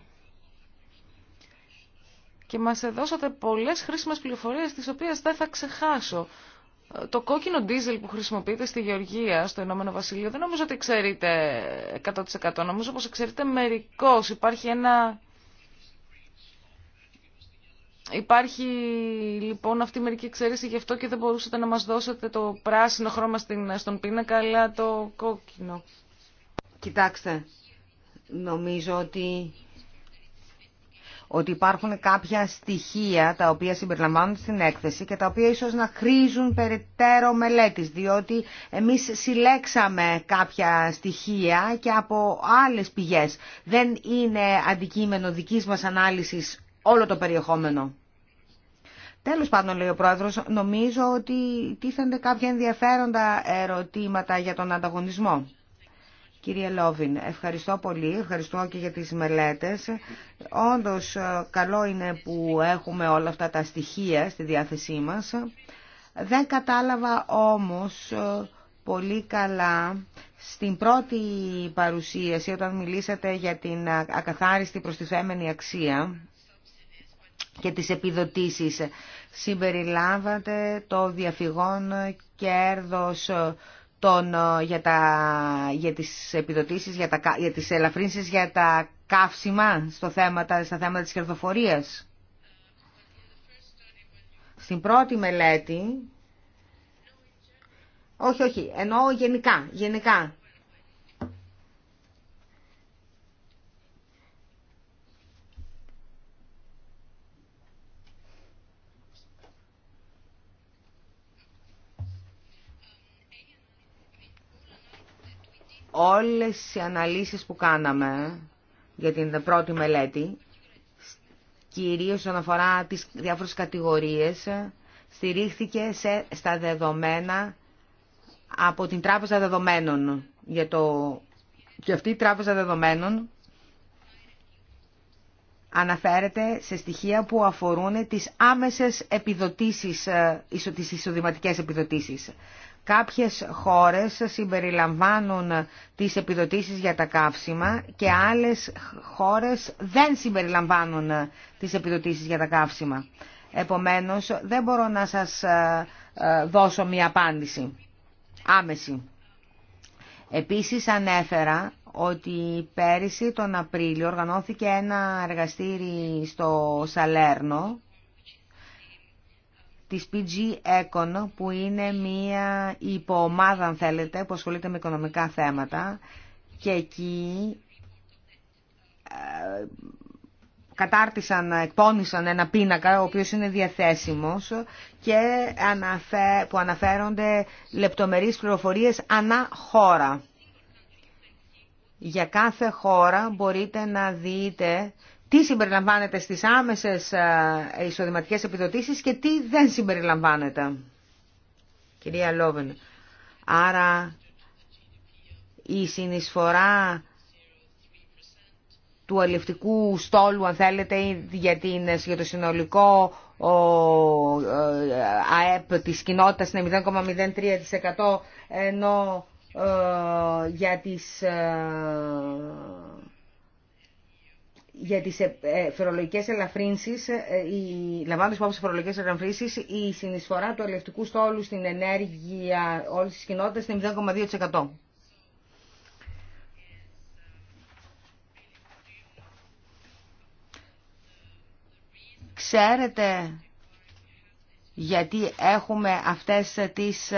και μας δώσατε πολλές χρήσιμες πληροφορίες τις οποίες δεν θα ξεχάσω. Το κόκκινο ντίζελ που χρησιμοποιείται στη Γεωργία, στο Ηνωμένο Βασίλειο, δεν νομίζω ότι ξέρετε 100%. Νομίζω πως ξέρετε μερικώς. Υπάρχει ένα... Υπάρχει λοιπόν αυτή η μερική εξαίρεση γι' αυτό και δεν μπορούσατε να μας δώσετε το πράσινο χρώμα στην, στον πίνακα αλλά το κόκκινο. Κοιτάξτε, Νομίζω ότι ότι υπάρχουν κάποια στοιχεία τα οποία συμπεριλαμβάνονται στην έκθεση και τα οποία ίσως να χρήζουν περαιτέρω μελέτης, διότι εμείς συλλέξαμε κάποια στοιχεία και από άλλες πηγές. Δεν είναι αντικείμενο δικής μας ανάλυσης όλο το περιεχόμενο. Τέλος πάντων, λέει ο Πρόεδρος, νομίζω ότι τίθενται κάποια ενδιαφέροντα ερωτήματα για τον ανταγωνισμό. Κύριε Λόβιν, ευχαριστώ πολύ, ευχαριστώ και για τις μελέτες. Όντως, ε, καλό είναι που έχουμε όλα αυτά τα στοιχεία στη διάθεσή μας. Δεν κατάλαβα όμως ε, πολύ καλά στην πρώτη παρουσίαση όταν μιλήσατε για την ακαθάριστη προστιθέμενη αξία και τις επιδοτήσεις. Συμπεριλάβατε το διαφυγόν κέρδος ε, τον ε, για, τα, για τις επιδοτήσεις, για, τα, για τις ελαφρύνσεις, για τα καύσιμα στο θέμα, στα θέματα της κερδοφορίας. Στην πρώτη μελέτη, όχι, όχι, εννοώ γενικά, γενικά, όλες οι αναλύσεις που κάναμε για την πρώτη μελέτη, κυρίως όσον αφορά τις διάφορες κατηγορίες, στηρίχθηκε σε, στα δεδομένα από την Τράπεζα Δεδομένων. Για το... Και αυτή η Τράπεζα Δεδομένων αναφέρεται σε στοιχεία που αφορούν τις άμεσες επιδοτήσεις, ε, τις εισοδηματικές επιδοτήσεις. Κάποιες χώρες συμπεριλαμβάνουν τις επιδοτήσεις για τα καύσιμα και άλλες χώρες δεν συμπεριλαμβάνουν τις επιδοτήσεις για τα καύσιμα. Επομένως, δεν μπορώ να σας ε, ε, δώσω μία απάντηση άμεση. Επίσης ανέφερα ότι πέρυσι τον Απρίλιο οργανώθηκε ένα εργαστήρι στο Σαλέρνο της PG Econ που είναι μια υποομάδα αν θέλετε που ασχολείται με οικονομικά θέματα και εκεί ε, κατάρτισαν, εκπώνησαν ένα πίνακα ο οποίος είναι διαθέσιμος και που αναφέρονται λεπτομερείς πληροφορίες ανά χώρα. Για κάθε χώρα μπορείτε να δείτε τι συμπεριλαμβάνεται στις άμεσες ε, εισοδηματικές επιδοτήσεις και τι δεν συμπεριλαμβάνεται. Κυρία Λόβεν, άρα η συνεισφορά του αλληλευτικού στόλου, αν θέλετε, για, την, για το συνολικό ε, ΑΕΠ της κοινότητας είναι 0,03% ενώ ε, για τις για τις ε, ε, φορολογικές ελαφρύνσεις, οι, ε, λαμβάνοντας υπόψη φορολογικές ελαφρύνσεις, η συνεισφορά του ελευτικού στόλου στην ενέργεια όλης της κοινότητας είναι 0,2%. Ξέρετε γιατί έχουμε αυτές τις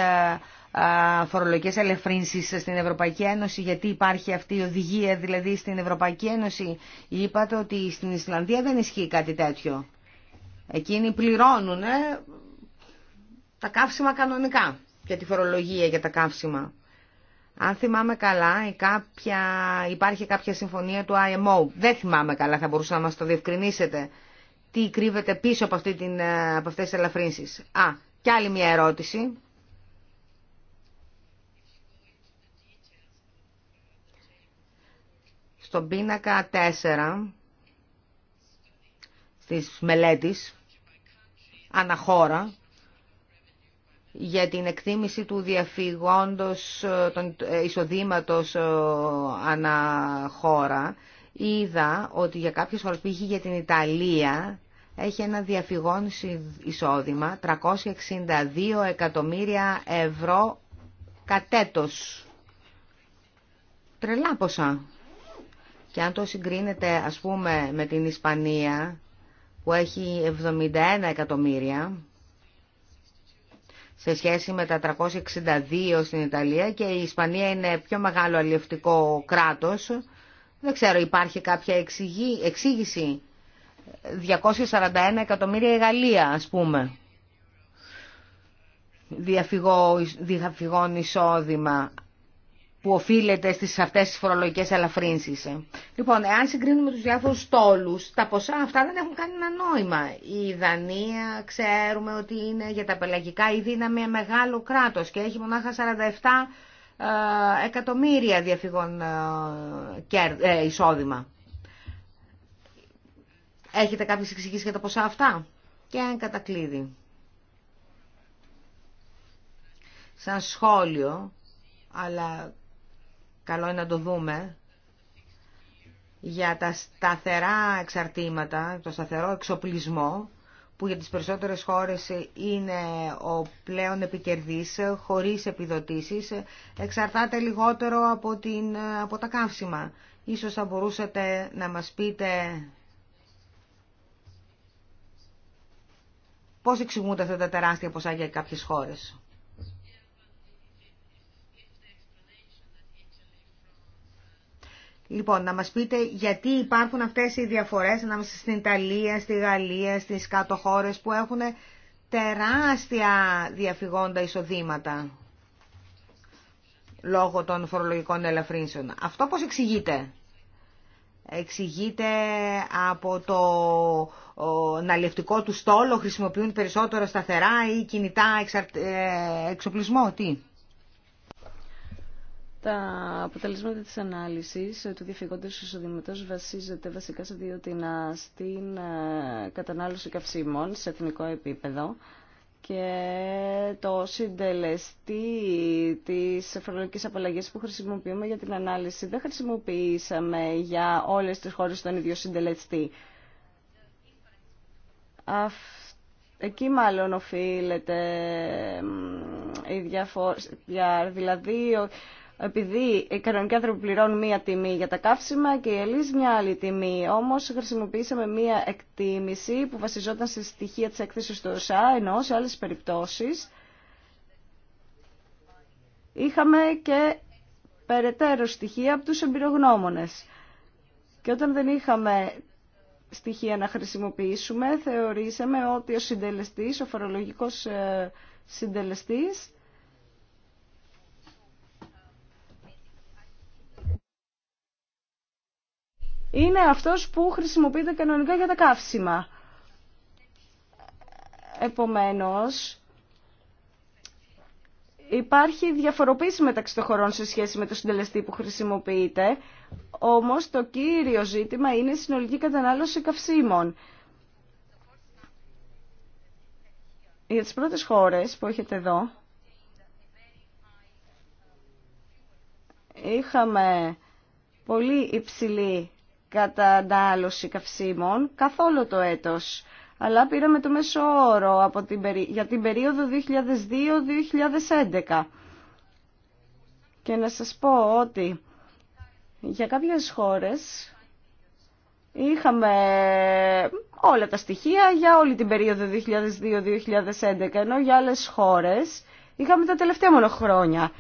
φορολογικές ελευθερίνσεις στην Ευρωπαϊκή Ένωση, γιατί υπάρχει αυτή η οδηγία δηλαδή στην Ευρωπαϊκή Ένωση. Είπατε ότι στην Ισλανδία δεν ισχύει κάτι τέτοιο. Εκείνοι πληρώνουν ε, τα καύσιμα κανονικά και τη φορολογία για τα καύσιμα. Αν θυμάμαι καλά, κάποια, υπάρχει κάποια συμφωνία του IMO. Δεν θυμάμαι καλά, θα μπορούσα να μας το διευκρινίσετε. Τι κρύβεται πίσω από, αυτή την, ε, από αυτές τις ελαφρύνσεις. Α, και άλλη μια ερώτηση Στον πίνακα 4 της μελέτης αναχώρα για την εκτίμηση του διαφυγόντος ε, των ε, εισοδήματος ε, αναχώρα είδα ότι για κάποιες χώρες πήγε για την Ιταλία έχει ένα διαφυγόν εισόδημα 362 εκατομμύρια ευρώ κατέτος. Τρελά ποσά. Και αν το συγκρίνετε ας πούμε με την Ισπανία που έχει 71 εκατομμύρια σε σχέση με τα 362 στην Ιταλία και η Ισπανία είναι πιο μεγάλο αλληλευτικό κράτος. Δεν ξέρω, υπάρχει κάποια εξήγηση. 241 εκατομμύρια η Γαλλία, ας πούμε. διαφυγών εισόδημα που οφείλεται στις αυτές τις φορολογικές ελαφρύνσεις. Λοιπόν, εάν συγκρίνουμε τους διάφορους τόλους, τα ποσά αυτά δεν έχουν κανένα νόημα. Η Δανία ξέρουμε ότι είναι για τα πελαγικά η δύναμη μεγάλο κράτος και έχει μονάχα 47 ε, εκατομμύρια διαφυγών ε, ε, εισόδημα. Έχετε κάποιες εξηγήσεις για τα ποσά αυτά και αν κατακλείδη. Σαν σχόλιο, αλλά καλό είναι να το δούμε, για τα σταθερά εξαρτήματα, το σταθερό εξοπλισμό, που για τις περισσότερες χώρες είναι ο πλέον επικερδής, χωρίς επιδοτήσεις, εξαρτάται λιγότερο από, την, από τα καύσιμα. Ίσως θα μπορούσατε να μας πείτε πώς εξηγούνται αυτά τα τεράστια ποσά για κάποιες χώρες. Λοιπόν, να μας πείτε γιατί υπάρχουν αυτές οι διαφορές ανάμεσα στην Ιταλία, στη Γαλλία, στις κάτω χώρες που έχουν τεράστια διαφυγόντα εισοδήματα λόγω των φορολογικών ελαφρύνσεων. Αυτό πώς εξηγείται. Εξηγείται από το ο, του στόλο, χρησιμοποιούν περισσότερο σταθερά ή κινητά ε, εξοπλισμό, τι. Τα αποτελέσματα της ανάλυσης ε, του διαφυγόντου εισοδηματός βασίζεται βασικά σε δύο τεινά στην ε, κατανάλωση καυσίμων σε εθνικό επίπεδο και το συντελεστή της φορολογικής απαλλαγής που χρησιμοποιούμε για την ανάλυση δεν χρησιμοποιήσαμε για όλες τις χώρες τον ίδιο συντελεστή. Εκεί μάλλον οφείλεται η διαφορά, δηλαδή επειδή οι κανονικοί άνθρωποι πληρώνουν μία τιμή για τα καύσιμα και οι μία άλλη τιμή. Όμως χρησιμοποιήσαμε μία εκτίμηση που βασιζόταν σε στοιχεία τη εκθέση του ΩΣΑ, ενώ σε άλλες περιπτώσεις είχαμε και περαιτέρω στοιχεία από τους εμπειρογνώμονε. Και όταν δεν είχαμε στοιχεία να χρησιμοποιήσουμε, θεωρήσαμε ότι ο συντελεστής, ο φορολογικός ε, συντελεστής, είναι αυτός που χρησιμοποιείται κανονικά για τα καύσιμα. Επομένως, υπάρχει διαφοροποίηση μεταξύ των χωρών σε σχέση με το συντελεστή που χρησιμοποιείται, όμως το κύριο ζήτημα είναι η συνολική κατανάλωση καυσίμων. Για τις πρώτες χώρες που έχετε εδώ, είχαμε πολύ υψηλή κατανάλωση καυσίμων καθόλου το έτος. Αλλά πήραμε το μέσο όρο από την, για την περίοδο 2002-2011. Και να σας πω ότι για κάποιες χώρες είχαμε όλα τα στοιχεία για όλη την περίοδο 2002-2011, ενώ για άλλες χώρες είχαμε τα τελευταία μόνο χρόνια.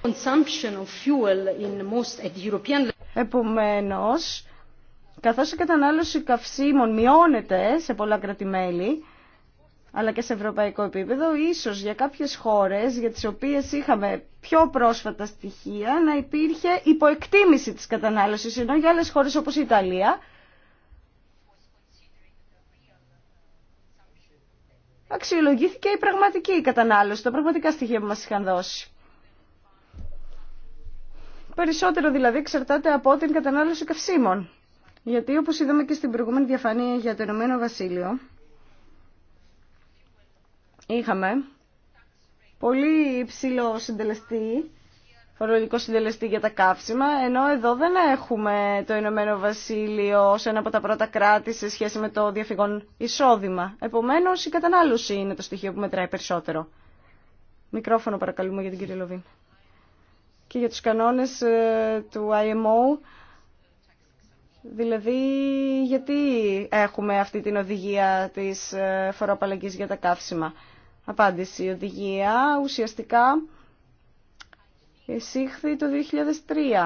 Επομένως, Καθώς η κατανάλωση καυσίμων μειώνεται σε πολλά κρατημέλη, αλλά και σε ευρωπαϊκό επίπεδο, ίσως για κάποιες χώρες για τις οποίες είχαμε πιο πρόσφατα στοιχεία να υπήρχε υποεκτίμηση της κατανάλωσης, ενώ για άλλες χώρες όπως η Ιταλία αξιολογήθηκε η πραγματική κατανάλωση, τα πραγματικά στοιχεία που μας είχαν δώσει. Περισσότερο δηλαδή εξαρτάται από την κατανάλωση καυσίμων. Γιατί όπως είδαμε και στην προηγούμενη διαφάνεια για το Ηνωμένο Βασίλειο, είχαμε πολύ υψηλό συντελεστή, φορολογικό συντελεστή για τα καύσιμα, ενώ εδώ δεν έχουμε το Ηνωμένο Βασίλειο σε ένα από τα πρώτα κράτη σε σχέση με το διαφυγόν εισόδημα. Επομένως, η κατανάλωση είναι το στοιχείο που μετράει περισσότερο. Μικρόφωνο παρακαλούμε για την κυρία Λοβίν. Και για τους κανόνες ε, του IMO, Δηλαδή, γιατί έχουμε αυτή την οδηγία της ε, φοροαπαλλαγής για τα καύσιμα. Απάντηση, η οδηγία ουσιαστικά εισήχθη το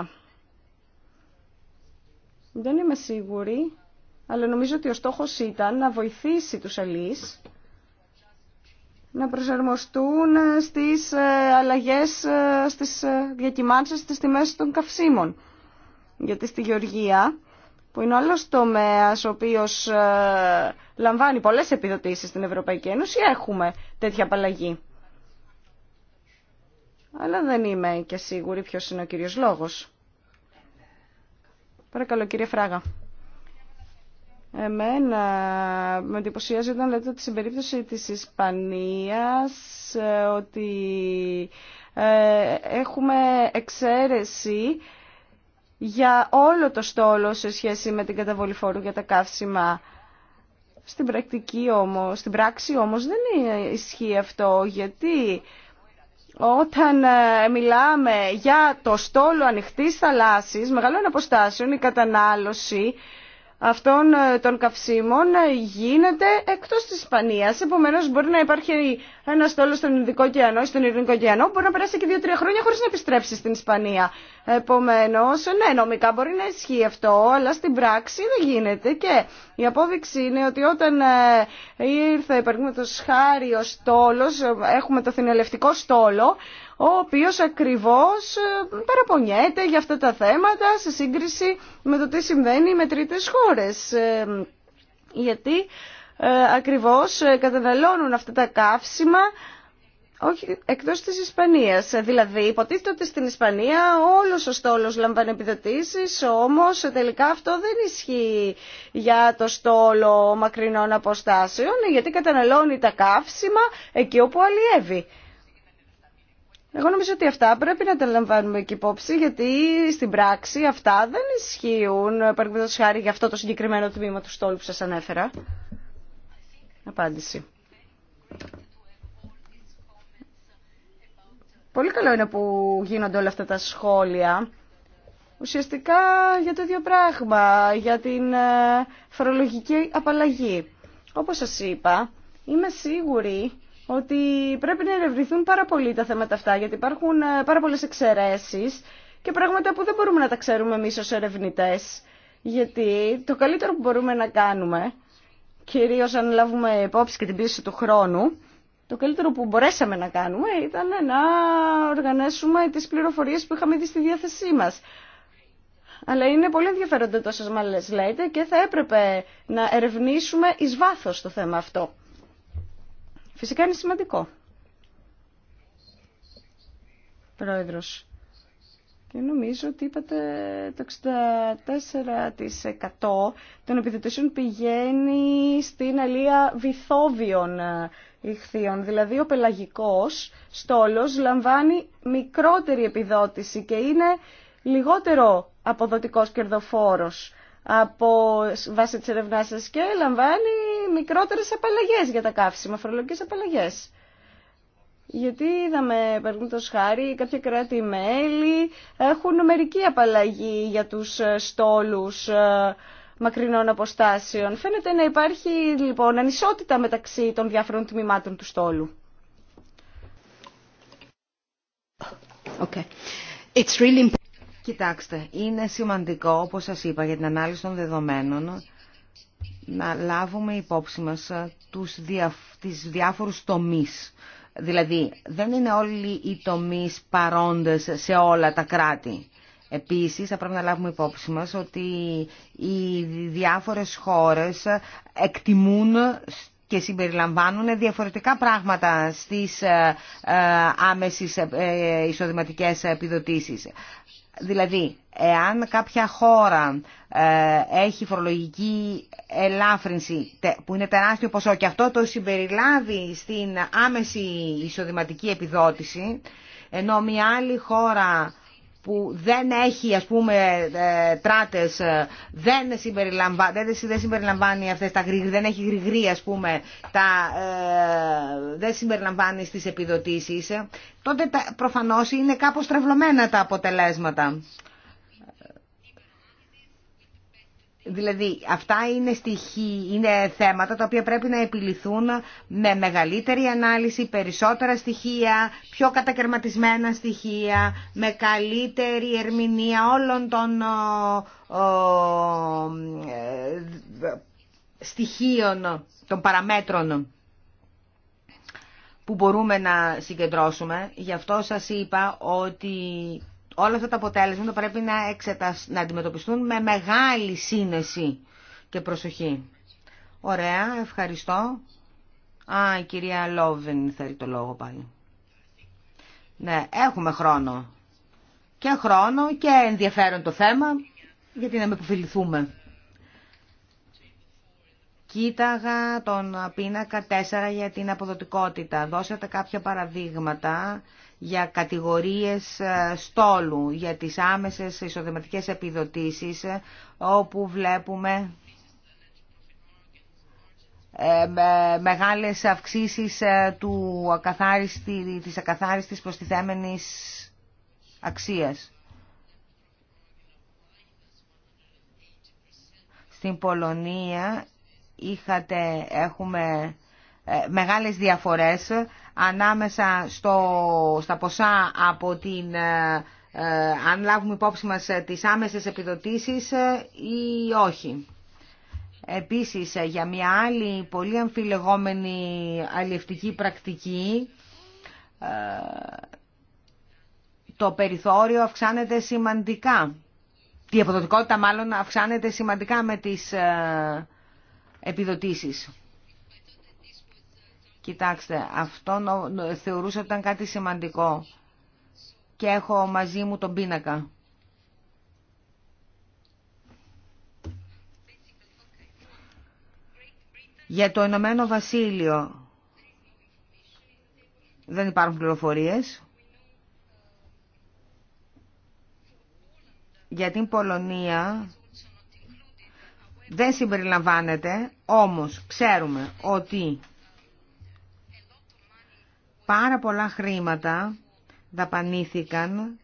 2003. Δεν είμαι σίγουρη, αλλά νομίζω ότι ο στόχος ήταν να βοηθήσει τους αλείς να προσαρμοστούν στις ε, αλλαγές, ε, στις διακυμάνσεις, στις τιμές των καυσίμων. Γιατί στη Γεωργία που είναι ο άλλος τομέας ο οποίος ε, λαμβάνει πολλές επιδοτήσεις στην Ευρωπαϊκή Ένωση, έχουμε τέτοια απαλλαγή. Αλλά δεν είμαι και σίγουρη ποιος είναι ο κύριος λόγος. Παρακαλώ κύριε Φράγα. Εμένα με εντυπωσιάζει όταν λέτε ότι στην περίπτωση της Ισπανίας ε, ότι ε, έχουμε εξαίρεση για όλο το στόλο σε σχέση με την καταβολή φόρου για τα καύσιμα. Στην πρακτική όμως, στην πράξη όμως δεν ισχύει αυτό, γιατί όταν ε, μιλάμε για το στόλο ανοιχτής θαλάσσης, μεγάλων αποστάσεων, η κατανάλωση αυτών ε, των καυσίμων ε, γίνεται εκτός της Ισπανίας. Επομένως μπορεί να υπάρχει ένα στόλο στον Ινδικό ωκεανό ή στον Ειρηνικό ωκεανό μπορεί να περάσει και δύο-τρία χρόνια χωρίς να επιστρέψει στην Ισπανία. Επομένως, ναι, νομικά μπορεί να ισχύει αυτό, αλλά στην πράξη δεν γίνεται. Και η απόδειξη είναι ότι όταν ε, ήρθε, παραδείγματος χάρη, ο στόλος, έχουμε το θηνελευτικό στόλο, ο οποίος ακριβώς ε, παραπονιέται για αυτά τα θέματα σε σύγκριση με το τι συμβαίνει με τρίτες χώρες. Ε, γιατί ε, ακριβώς καταναλώνουν αυτά τα καύσιμα όχι, εκτός της Ισπανίας. Δηλαδή, υποτίθεται ότι στην Ισπανία όλος ο στόλος λαμβάνει επιδοτήσεις, όμως τελικά αυτό δεν ισχύει για το στόλο μακρινών αποστάσεων, γιατί καταναλώνει τα καύσιμα εκεί όπου αλλιεύει. Εγώ νομίζω ότι αυτά πρέπει να τα λαμβάνουμε εκεί υπόψη, γιατί στην πράξη αυτά δεν ισχύουν, παραδείγματο χάρη για αυτό το συγκεκριμένο τμήμα του στόλου που σα ανέφερα. Απάντηση. Πολύ καλό είναι που γίνονται όλα αυτά τα σχόλια. Ουσιαστικά για το ίδιο πράγμα, για την ε, φορολογική απαλλαγή. Όπως σας είπα, είμαι σίγουρη ότι πρέπει να ερευνηθούν πάρα πολύ τα θέματα αυτά, γιατί υπάρχουν ε, πάρα πολλές εξαιρέσεις και πράγματα που δεν μπορούμε να τα ξέρουμε εμείς ως ερευνητές. Γιατί το καλύτερο που μπορούμε να κάνουμε, κυρίως αν λάβουμε υπόψη και την πίεση του χρόνου, το καλύτερο που μπορέσαμε να κάνουμε ήταν να οργανέσουμε τις πληροφορίες που είχαμε δει στη διάθεσή μας. Αλλά είναι πολύ ενδιαφέροντα σας μάλλες λέτε και θα έπρεπε να ερευνήσουμε εις βάθος το θέμα αυτό. Φυσικά είναι σημαντικό. Πρόεδρος. Και νομίζω ότι είπατε το 64% των επιδοτήσεων πηγαίνει στην αλία βυθόβιων ε, ηχθείων. Δηλαδή ο πελαγικός στόλος λαμβάνει μικρότερη επιδότηση και είναι λιγότερο αποδοτικός κερδοφόρος από βάση της ερευνάς και λαμβάνει μικρότερες απαλλαγές για τα καύσιμα, φορολογικές απαλλαγές. Γιατί το παραδείγματο χάρη, κάποια κράτη-μέλη έχουν μερική απαλλαγή για τους ε, στόλους ε, μακρινών αποστάσεων. Φαίνεται να υπάρχει λοιπόν ανισότητα μεταξύ των διάφορων τμήματων του στόλου. Okay. It's really... Κοιτάξτε, είναι σημαντικό, όπως σας είπα, για την ανάλυση των δεδομένων να λάβουμε υπόψη μας ε, τους δια, τις διάφορους τομείς. Δηλαδή, δεν είναι όλοι οι τομείς παρόντες σε όλα τα κράτη. Επίσης, θα πρέπει να λάβουμε υπόψη μας ότι οι διάφορες χώρες εκτιμούν και συμπεριλαμβάνουν διαφορετικά πράγματα στις ε, ε, άμεσες εισοδηματικές επιδοτήσεις. Δηλαδή, εάν κάποια χώρα ε, έχει φορολογική ελάφρυνση που είναι τεράστιο ποσό και αυτό το συμπεριλάβει στην άμεση εισοδηματική επιδότηση, ενώ μια άλλη χώρα που δεν έχει ας πούμε ε, τράτες, ε, δεν, συμπεριλαμβα... δεν συμπεριλαμβάνει αυτές τα γρήγορα, δεν έχει γρηγρή ας πούμε, τα... Ε, δεν συμπεριλαμβάνει στις επιδοτήσεις, τότε προφανώς είναι κάπως τρευλωμένα τα αποτελέσματα. Δηλαδή αυτά είναι, είναι θέματα τα οποία πρέπει να επιληθούν με μεγαλύτερη ανάλυση, περισσότερα στοιχεία, πιο κατακαιρματισμένα στοιχεία, με καλύτερη ερμηνεία όλων των ε, στοιχείων, των παραμέτρων που μπορούμε να συγκεντρώσουμε. Γι' αυτό σας είπα ότι όλα αυτά τα αποτέλεσματα πρέπει να, εξετασ... να αντιμετωπιστούν με μεγάλη σύνεση και προσοχή. Ωραία, ευχαριστώ. Α, η κυρία Λόβεν θέλει το λόγο πάλι. Ναι, έχουμε χρόνο. Και χρόνο και ενδιαφέρον το θέμα, γιατί να με υποφιληθούμε. Κοίταγα τον πίνακα 4 για την αποδοτικότητα. Δώσατε κάποια παραδείγματα για κατηγορίες ε, στόλου, για τις άμεσες εισοδηματικές επιδοτήσεις, ε, όπου βλέπουμε ε, μεγάλες αυξήσεις του ακαθάριστη, της ακαθάριστης προστιθέμενης αξίας. Στην Πολωνία είχατε, έχουμε ε, μεγάλες διαφορές ανάμεσα στο, στα ποσά από την, ε, ε, αν λάβουμε υπόψη μας τις άμεσες επιδοτήσεις ή όχι. Επίσης, για μια άλλη πολύ αμφιλεγόμενη αλληλευτική πρακτική, το περιθώριο αυξάνεται σημαντικά. Η αποδοτικότητα μάλλον αυξάνεται σημαντικά με τις ε, επιδοτήσεις. Κοιτάξτε, αυτό θεωρούσα ότι ήταν κάτι σημαντικό και έχω μαζί μου τον πίνακα. Για το Ηνωμένο Βασίλειο δεν υπάρχουν πληροφορίες. Για την Πολωνία δεν συμπεριλαμβάνεται, όμως ξέρουμε ότι πάρα πολλά χρήματα δαπανήθηκαν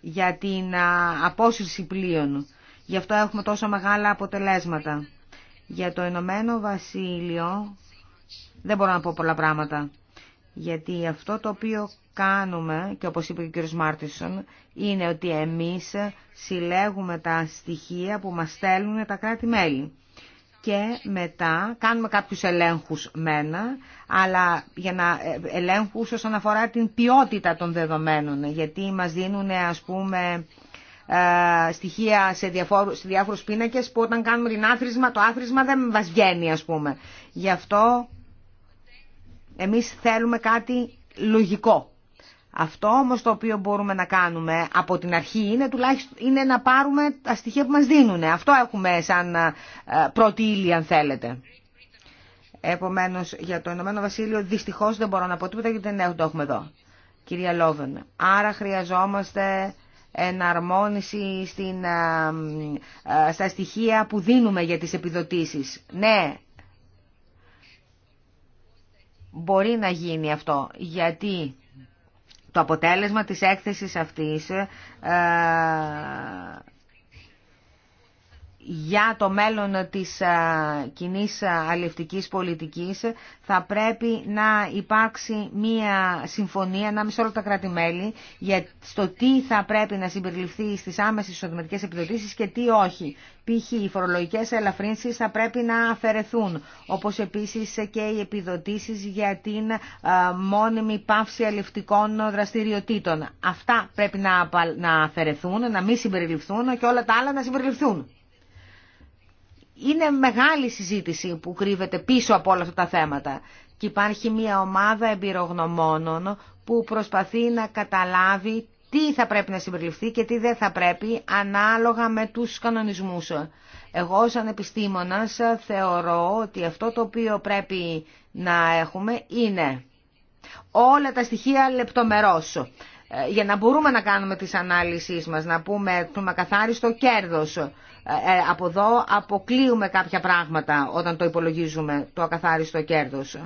για την απόσυρση πλοίων. Γι' αυτό έχουμε τόσο μεγάλα αποτελέσματα. Για το Ηνωμένο Βασίλειο δεν μπορώ να πω πολλά πράγματα. Γιατί αυτό το οποίο κάνουμε, και όπως είπε και ο κ. Μάρτισον, είναι ότι εμείς συλλέγουμε τα στοιχεία που μας στέλνουν τα κράτη-μέλη και μετά κάνουμε κάποιους ελέγχους μένα, αλλά για να ε, ελέγχους όσον αφορά την ποιότητα των δεδομένων, γιατί μας δίνουν ας πούμε ε, στοιχεία σε, διαφόρου, σε διάφορους πίνακες που όταν κάνουμε την άθροισμα, το άθροισμα δεν μας βγαίνει ας πούμε. Γι' αυτό εμείς θέλουμε κάτι λογικό. Αυτό όμως το οποίο μπορούμε να κάνουμε από την αρχή είναι, τουλάχιστον, είναι να πάρουμε τα στοιχεία που μας δίνουν. Αυτό έχουμε σαν ε, πρώτη ύλη αν θέλετε. Επομένως για το Ηνωμένο Βασίλειο δυστυχώς δεν μπορώ να πω τίποτα γιατί δεν το έχουμε εδώ. Κυρία Λόβεν, άρα χρειαζόμαστε εναρμόνιση στην, ε, ε, στα στοιχεία που δίνουμε για τις επιδοτήσεις. Ναι, μπορεί να γίνει αυτό γιατί το αποτέλεσμα της έκθεσης αυτής ε, για το μέλλον της κοινή αλληλευτικής πολιτικής θα πρέπει να υπάρξει μία συμφωνία ανάμεσα όλα τα κράτη-μέλη για στο τι θα πρέπει να συμπεριληφθεί στις άμεσες ισοδηματικές επιδοτήσεις και τι όχι. Π.χ. οι φορολογικές ελαφρύνσεις θα πρέπει να αφαιρεθούν, όπως επίσης και οι επιδοτήσεις για την μόνιμη πάυση αλληλευτικών δραστηριοτήτων. Αυτά πρέπει να αφαιρεθούν, να μην συμπεριληφθούν και όλα τα άλλα να συμπεριληφθούν είναι μεγάλη συζήτηση που κρύβεται πίσω από όλα αυτά τα θέματα. Και υπάρχει μια ομάδα εμπειρογνωμόνων που προσπαθεί να καταλάβει τι θα πρέπει να συμπεριληφθεί και τι δεν θα πρέπει ανάλογα με τους κανονισμούς. Εγώ σαν επιστήμονας θεωρώ ότι αυτό το οποίο πρέπει να έχουμε είναι όλα τα στοιχεία λεπτομερώς ε, για να μπορούμε να κάνουμε τις ανάλυσεις μας, να πούμε το μακαθάριστο κέρδος, ε, ε, από εδώ αποκλείουμε κάποια πράγματα όταν το υπολογίζουμε το ακαθάριστο κέρδος. Ε,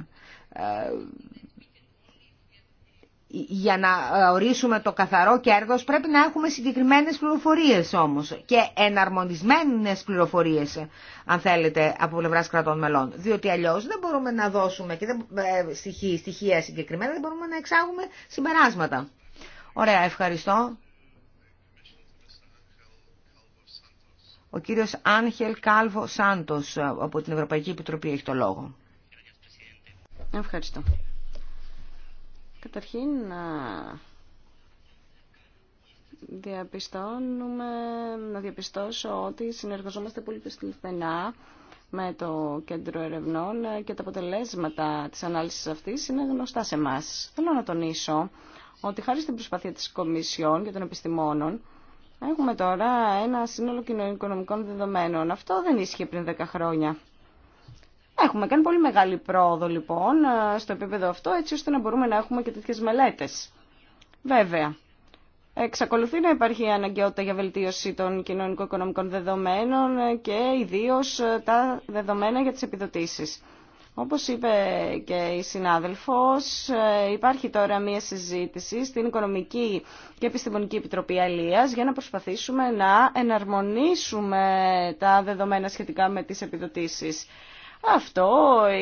για να ορίσουμε το καθαρό κέρδος πρέπει να έχουμε συγκεκριμένες πληροφορίες όμως και εναρμονισμένες πληροφορίες αν θέλετε από πλευρά κρατών μελών. Διότι αλλιώς δεν μπορούμε να δώσουμε και δεν, στοιχεία, στοιχεία συγκεκριμένα, δεν μπορούμε να εξάγουμε συμπεράσματα. Ωραία, ευχαριστώ. Ο κύριος Άγχελ Κάλβο Σάντος ε, από την Ευρωπαϊκή Επιτροπή έχει το λόγο. Ευχαριστώ. Καταρχήν, διαπιστώνουμε, να διαπιστώσω ότι συνεργαζόμαστε πολύ στενά με το Κέντρο Ερευνών και τα αποτελέσματα της ανάλυσης αυτής είναι γνωστά σε εμά. Θέλω να τονίσω ότι χάρη στην προσπάθεια της Κομισιόν και των επιστημόνων, Έχουμε τώρα ένα σύνολο κοινωνικονομικών δεδομένων. Αυτό δεν ίσχυε πριν 10 χρόνια. Έχουμε κάνει πολύ μεγάλη πρόοδο λοιπόν ε, στο επίπεδο αυτό έτσι ώστε να μπορούμε να έχουμε και τέτοιες μελέτες. Βέβαια, εξακολουθεί να υπάρχει αναγκαιότητα για βελτίωση των κοινωνικο-οικονομικών δεδομένων και ιδίως ε, τα δεδομένα για τις επιδοτήσεις. Όπως είπε και η συνάδελφος, ε, υπάρχει τώρα μία συζήτηση στην Οικονομική και Επιστημονική Επιτροπή Αλίας για να προσπαθήσουμε να εναρμονίσουμε τα δεδομένα σχετικά με τις επιδοτήσεις. Αυτό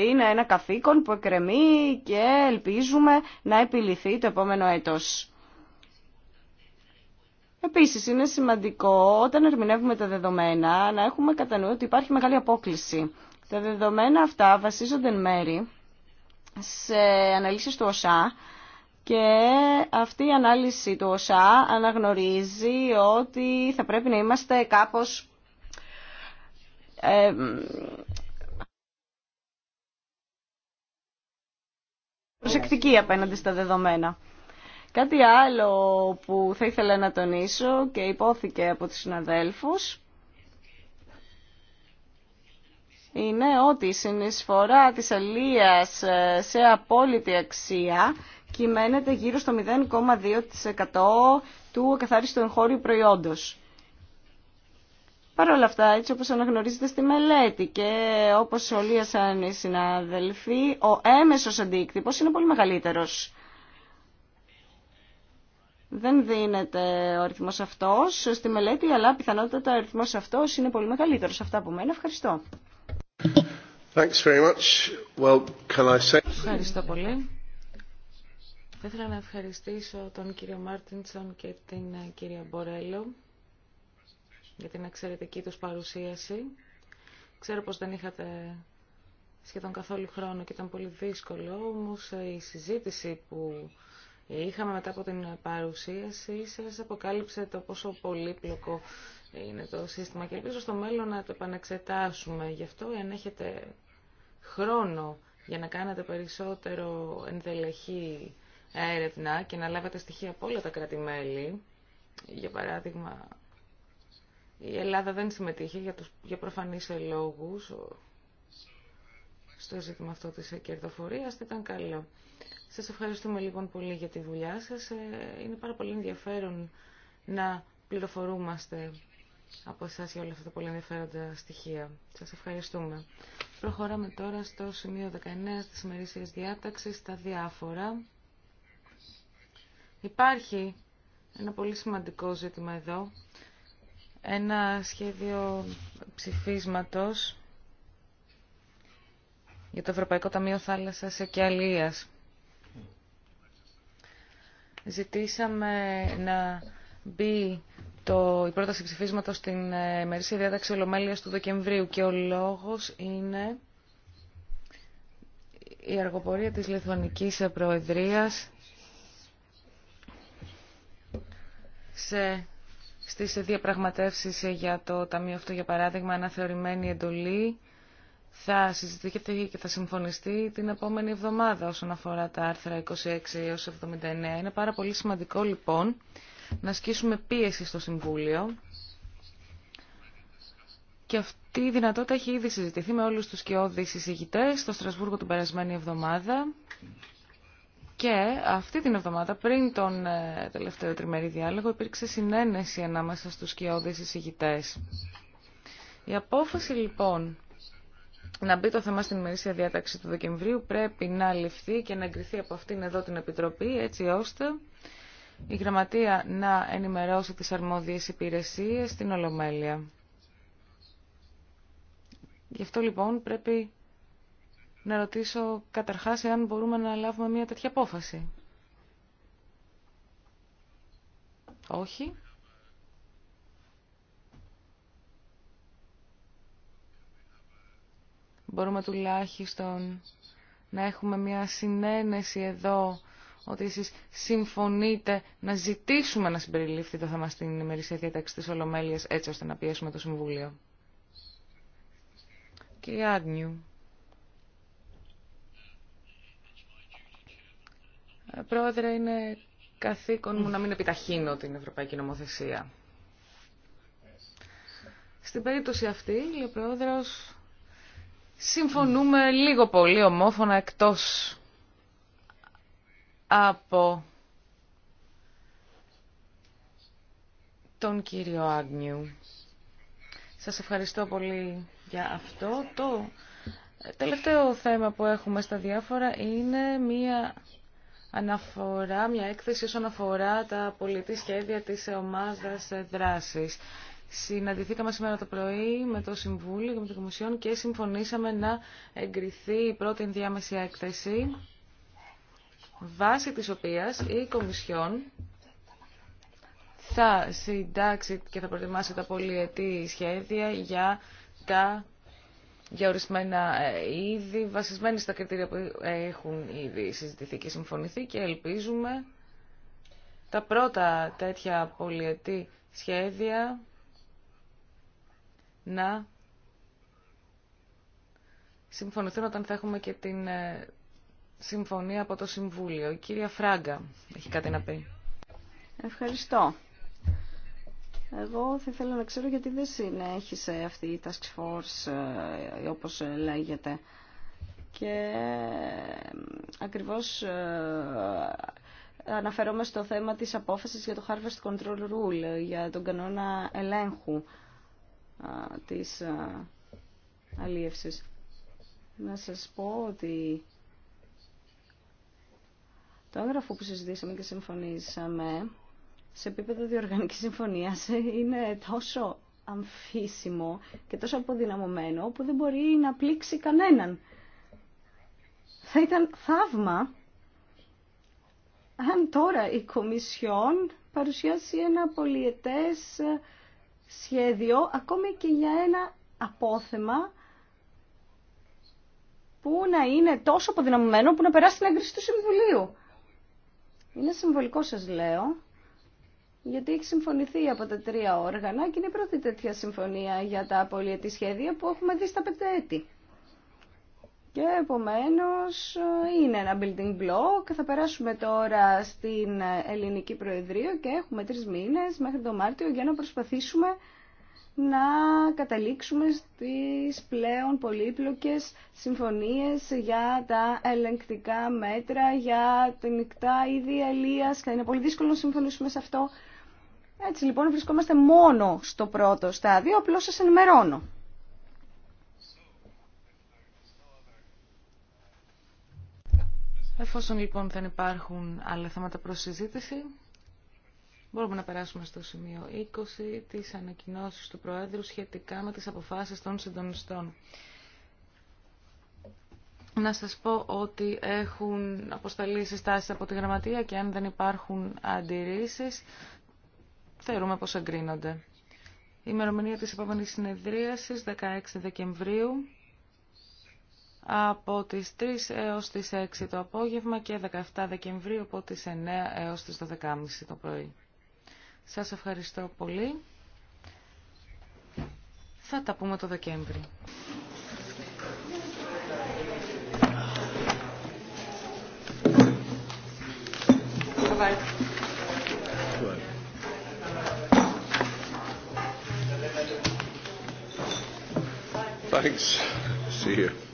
είναι ένα καθήκον που εκκρεμεί και ελπίζουμε να επιληθεί το επόμενο έτος. Επίσης, είναι σημαντικό όταν ερμηνεύουμε τα δεδομένα να έχουμε κατά ότι υπάρχει μεγάλη απόκληση τα δεδομένα αυτά βασίζονται εν μέρη σε αναλύσεις του ΟΣΑ και αυτή η ανάλυση του ΟΣΑ αναγνωρίζει ότι θα πρέπει να είμαστε κάπως ε, προσεκτικοί απέναντι στα δεδομένα. Κάτι άλλο που θα ήθελα να τονίσω και υπόθηκε από τους συναδέλφους είναι ότι η συνεισφορά της αλίας ε, σε απόλυτη αξία κυμαίνεται γύρω στο 0,2% του καθάριστου εγχώριου προϊόντος. Παρ' όλα αυτά, έτσι όπως αναγνωρίζετε στη μελέτη και όπως ολίασαν οι συνάδελφοι, ο έμεσος αντίκτυπος είναι πολύ μεγαλύτερος. Δεν δίνεται ο αριθμός αυτός στη μελέτη, αλλά πιθανότατα ο αριθμός αυτός είναι πολύ μεγαλύτερος. Αυτά από μένα. Ευχαριστώ. Ευχαριστώ πολύ. Θα ήθελα να ευχαριστήσω τον κύριο Μάρτινσον και την ε, κυρία Μπορέλο για την εξαιρετική τους παρουσίαση. Ξέρω πως δεν είχατε σχεδόν καθόλου χρόνο και ήταν πολύ δύσκολο, όμως ε, η συζήτηση που είχαμε μετά από την παρουσίασή σας αποκάλυψε το πόσο πολύπλοκο είναι το σύστημα και ελπίζω στο μέλλον να το επανεξετάσουμε. Γι' αυτό αν έχετε χρόνο για να κάνετε περισσότερο ενδελεχή έρευνα και να λάβετε στοιχεία από όλα τα κράτη-μέλη, για παράδειγμα η Ελλάδα δεν συμμετείχε για, τους, για προφανείς λόγους, στο ζήτημα αυτό της κερδοφορίας. Ήταν καλό. Σας ευχαριστούμε λοιπόν πολύ για τη δουλειά σας. Ε, είναι πάρα πολύ ενδιαφέρον να πληροφορούμαστε από εσάς για όλα αυτά τα πολύ ενδιαφέροντα στοιχεία. Σας ευχαριστούμε. Προχωράμε τώρα στο σημείο 19 της ημερήσιας διάταξης, τα διάφορα. Υπάρχει ένα πολύ σημαντικό ζήτημα εδώ. Ένα σχέδιο ψηφίσματος για το Ευρωπαϊκό Ταμείο Θάλασσας και Αλίας. Ζητήσαμε να μπει το, η πρόταση ψηφίσματο στην ε, μερίσια διάταξη Ολομέλειας του Δεκεμβρίου και ο λόγος είναι η αργοπορία της Λιθουανικής Προεδρίας σε, στις διαπραγματεύσεις για το Ταμείο αυτό για παράδειγμα αναθεωρημένη εντολή θα συζητήσετε και θα συμφωνιστεί την επόμενη εβδομάδα όσον αφορά τα άρθρα 26 έως 79. Είναι πάρα πολύ σημαντικό λοιπόν να ασκήσουμε πίεση στο Συμβούλιο και αυτή η δυνατότητα έχει ήδη συζητηθεί με όλους τους κοιόδης συζητητές στο Στρασβούργο την περασμένη εβδομάδα και αυτή την εβδομάδα πριν τον ε, τελευταίο τριμερή διάλογο υπήρξε συνένεση ανάμεσα στους κοιόδης εισηγητές. Η απόφαση λοιπόν να μπει το θέμα στην ημερήσια διάταξη του Δεκεμβρίου πρέπει να ληφθεί και να εγκριθεί από αυτήν εδώ την Επιτροπή έτσι ώστε η Γραμματεία να ενημερώσει τις αρμόδιες υπηρεσίες στην Ολομέλεια. Γι' αυτό λοιπόν πρέπει να ρωτήσω καταρχάς εάν μπορούμε να λάβουμε μια τέτοια απόφαση. Όχι. μπορούμε τουλάχιστον να έχουμε μια συνένεση εδώ ότι εσείς συμφωνείτε να ζητήσουμε να συμπεριληφθεί το θέμα στην ημερησία διάταξη της Ολομέλειας έτσι ώστε να πιέσουμε το Συμβούλιο. Κύριε Άγνιου. Ε, πρόεδρε, είναι καθήκον μου να μην επιταχύνω την Ευρωπαϊκή Νομοθεσία. Στην περίπτωση αυτή, ο Πρόεδρος, συμφωνούμε λίγο πολύ ομόφωνα εκτός από τον κύριο Άγνιου. Σας ευχαριστώ πολύ για αυτό. Το τελευταίο θέμα που έχουμε στα διάφορα είναι μία αναφορά, μια έκθεση όσον αφορά τα πολιτή σχέδια της ομάδας δράσης. Συναντηθήκαμε σήμερα το πρωί με το Συμβούλιο και με την Κομισιόν και συμφωνήσαμε να εγκριθεί η πρώτη ενδιάμεση έκθεση βάσει της οποίας η Κομισιόν θα συντάξει και θα προετοιμάσει τα πολυετή σχέδια για, τα, για ορισμένα ε, είδη βασισμένοι στα κριτήρια που έχουν ήδη συζητηθεί και συμφωνηθεί και ελπίζουμε τα πρώτα τέτοια πολυετή σχέδια να συμφωνηθούν όταν θα έχουμε και την ε, συμφωνία από το Συμβούλιο. Η κυρία Φράγκα έχει κάτι να πει. Ευχαριστώ. Εγώ θα ήθελα να ξέρω γιατί δεν συνέχισε αυτή η task force ε, ε, όπως λέγεται. Και ακριβώς αναφέρομαι στο θέμα της απόφασης για το Harvest Control Rule, για τον κανόνα ελέγχου της αλίευσης. Να σας πω ότι το έγγραφο που συζητήσαμε και συμφωνήσαμε σε επίπεδο διοργανικής συμφωνίας είναι τόσο αμφίσιμο και τόσο αποδυναμωμένο που δεν μπορεί να πλήξει κανέναν. Θα ήταν θαύμα αν τώρα η Κομισιόν παρουσιάσει ένα πολιετές σχέδιο ακόμη και για ένα απόθεμα που να είναι τόσο αποδυναμωμένο που να περάσει την έγκριση του Συμβουλίου. Είναι συμβολικό σας λέω, γιατί έχει συμφωνηθεί από τα τρία όργανα και είναι η πρώτη τέτοια συμφωνία για τα πολιετή σχέδια που έχουμε δει στα πέντε έτη. Και επομένως ε, είναι ένα building block. Θα περάσουμε τώρα στην ελληνική προεδρία και έχουμε τρεις μήνες μέχρι το Μάρτιο για να προσπαθήσουμε να καταλήξουμε στις πλέον πολύπλοκες συμφωνίες για τα ελεγκτικά μέτρα, για την νυχτά ήδη αλίας. Θα είναι πολύ δύσκολο να συμφωνήσουμε σε αυτό. Έτσι λοιπόν βρισκόμαστε μόνο στο πρώτο στάδιο, απλώς σας ενημερώνω. Εφόσον λοιπόν δεν υπάρχουν άλλα θέματα προς συζήτηση, μπορούμε να περάσουμε στο σημείο 20 της ανακοινώσεις του Προέδρου σχετικά με τις αποφάσεις των συντονιστών. Να σας πω ότι έχουν αποσταλεί συστάσεις από τη Γραμματεία και αν δεν υπάρχουν αντιρρήσεις, θεωρούμε πως εγκρίνονται. Η ημερομηνία της επόμενης συνεδρίασης, 16 Δεκεμβρίου, από τις 3 έως τις 6 το απόγευμα και 17 Δεκεμβρίου από τις 9 έως τις 12.30 το πρωί. Σας ευχαριστώ πολύ. Θα τα πούμε το δεκεμβρη Thanks. See you.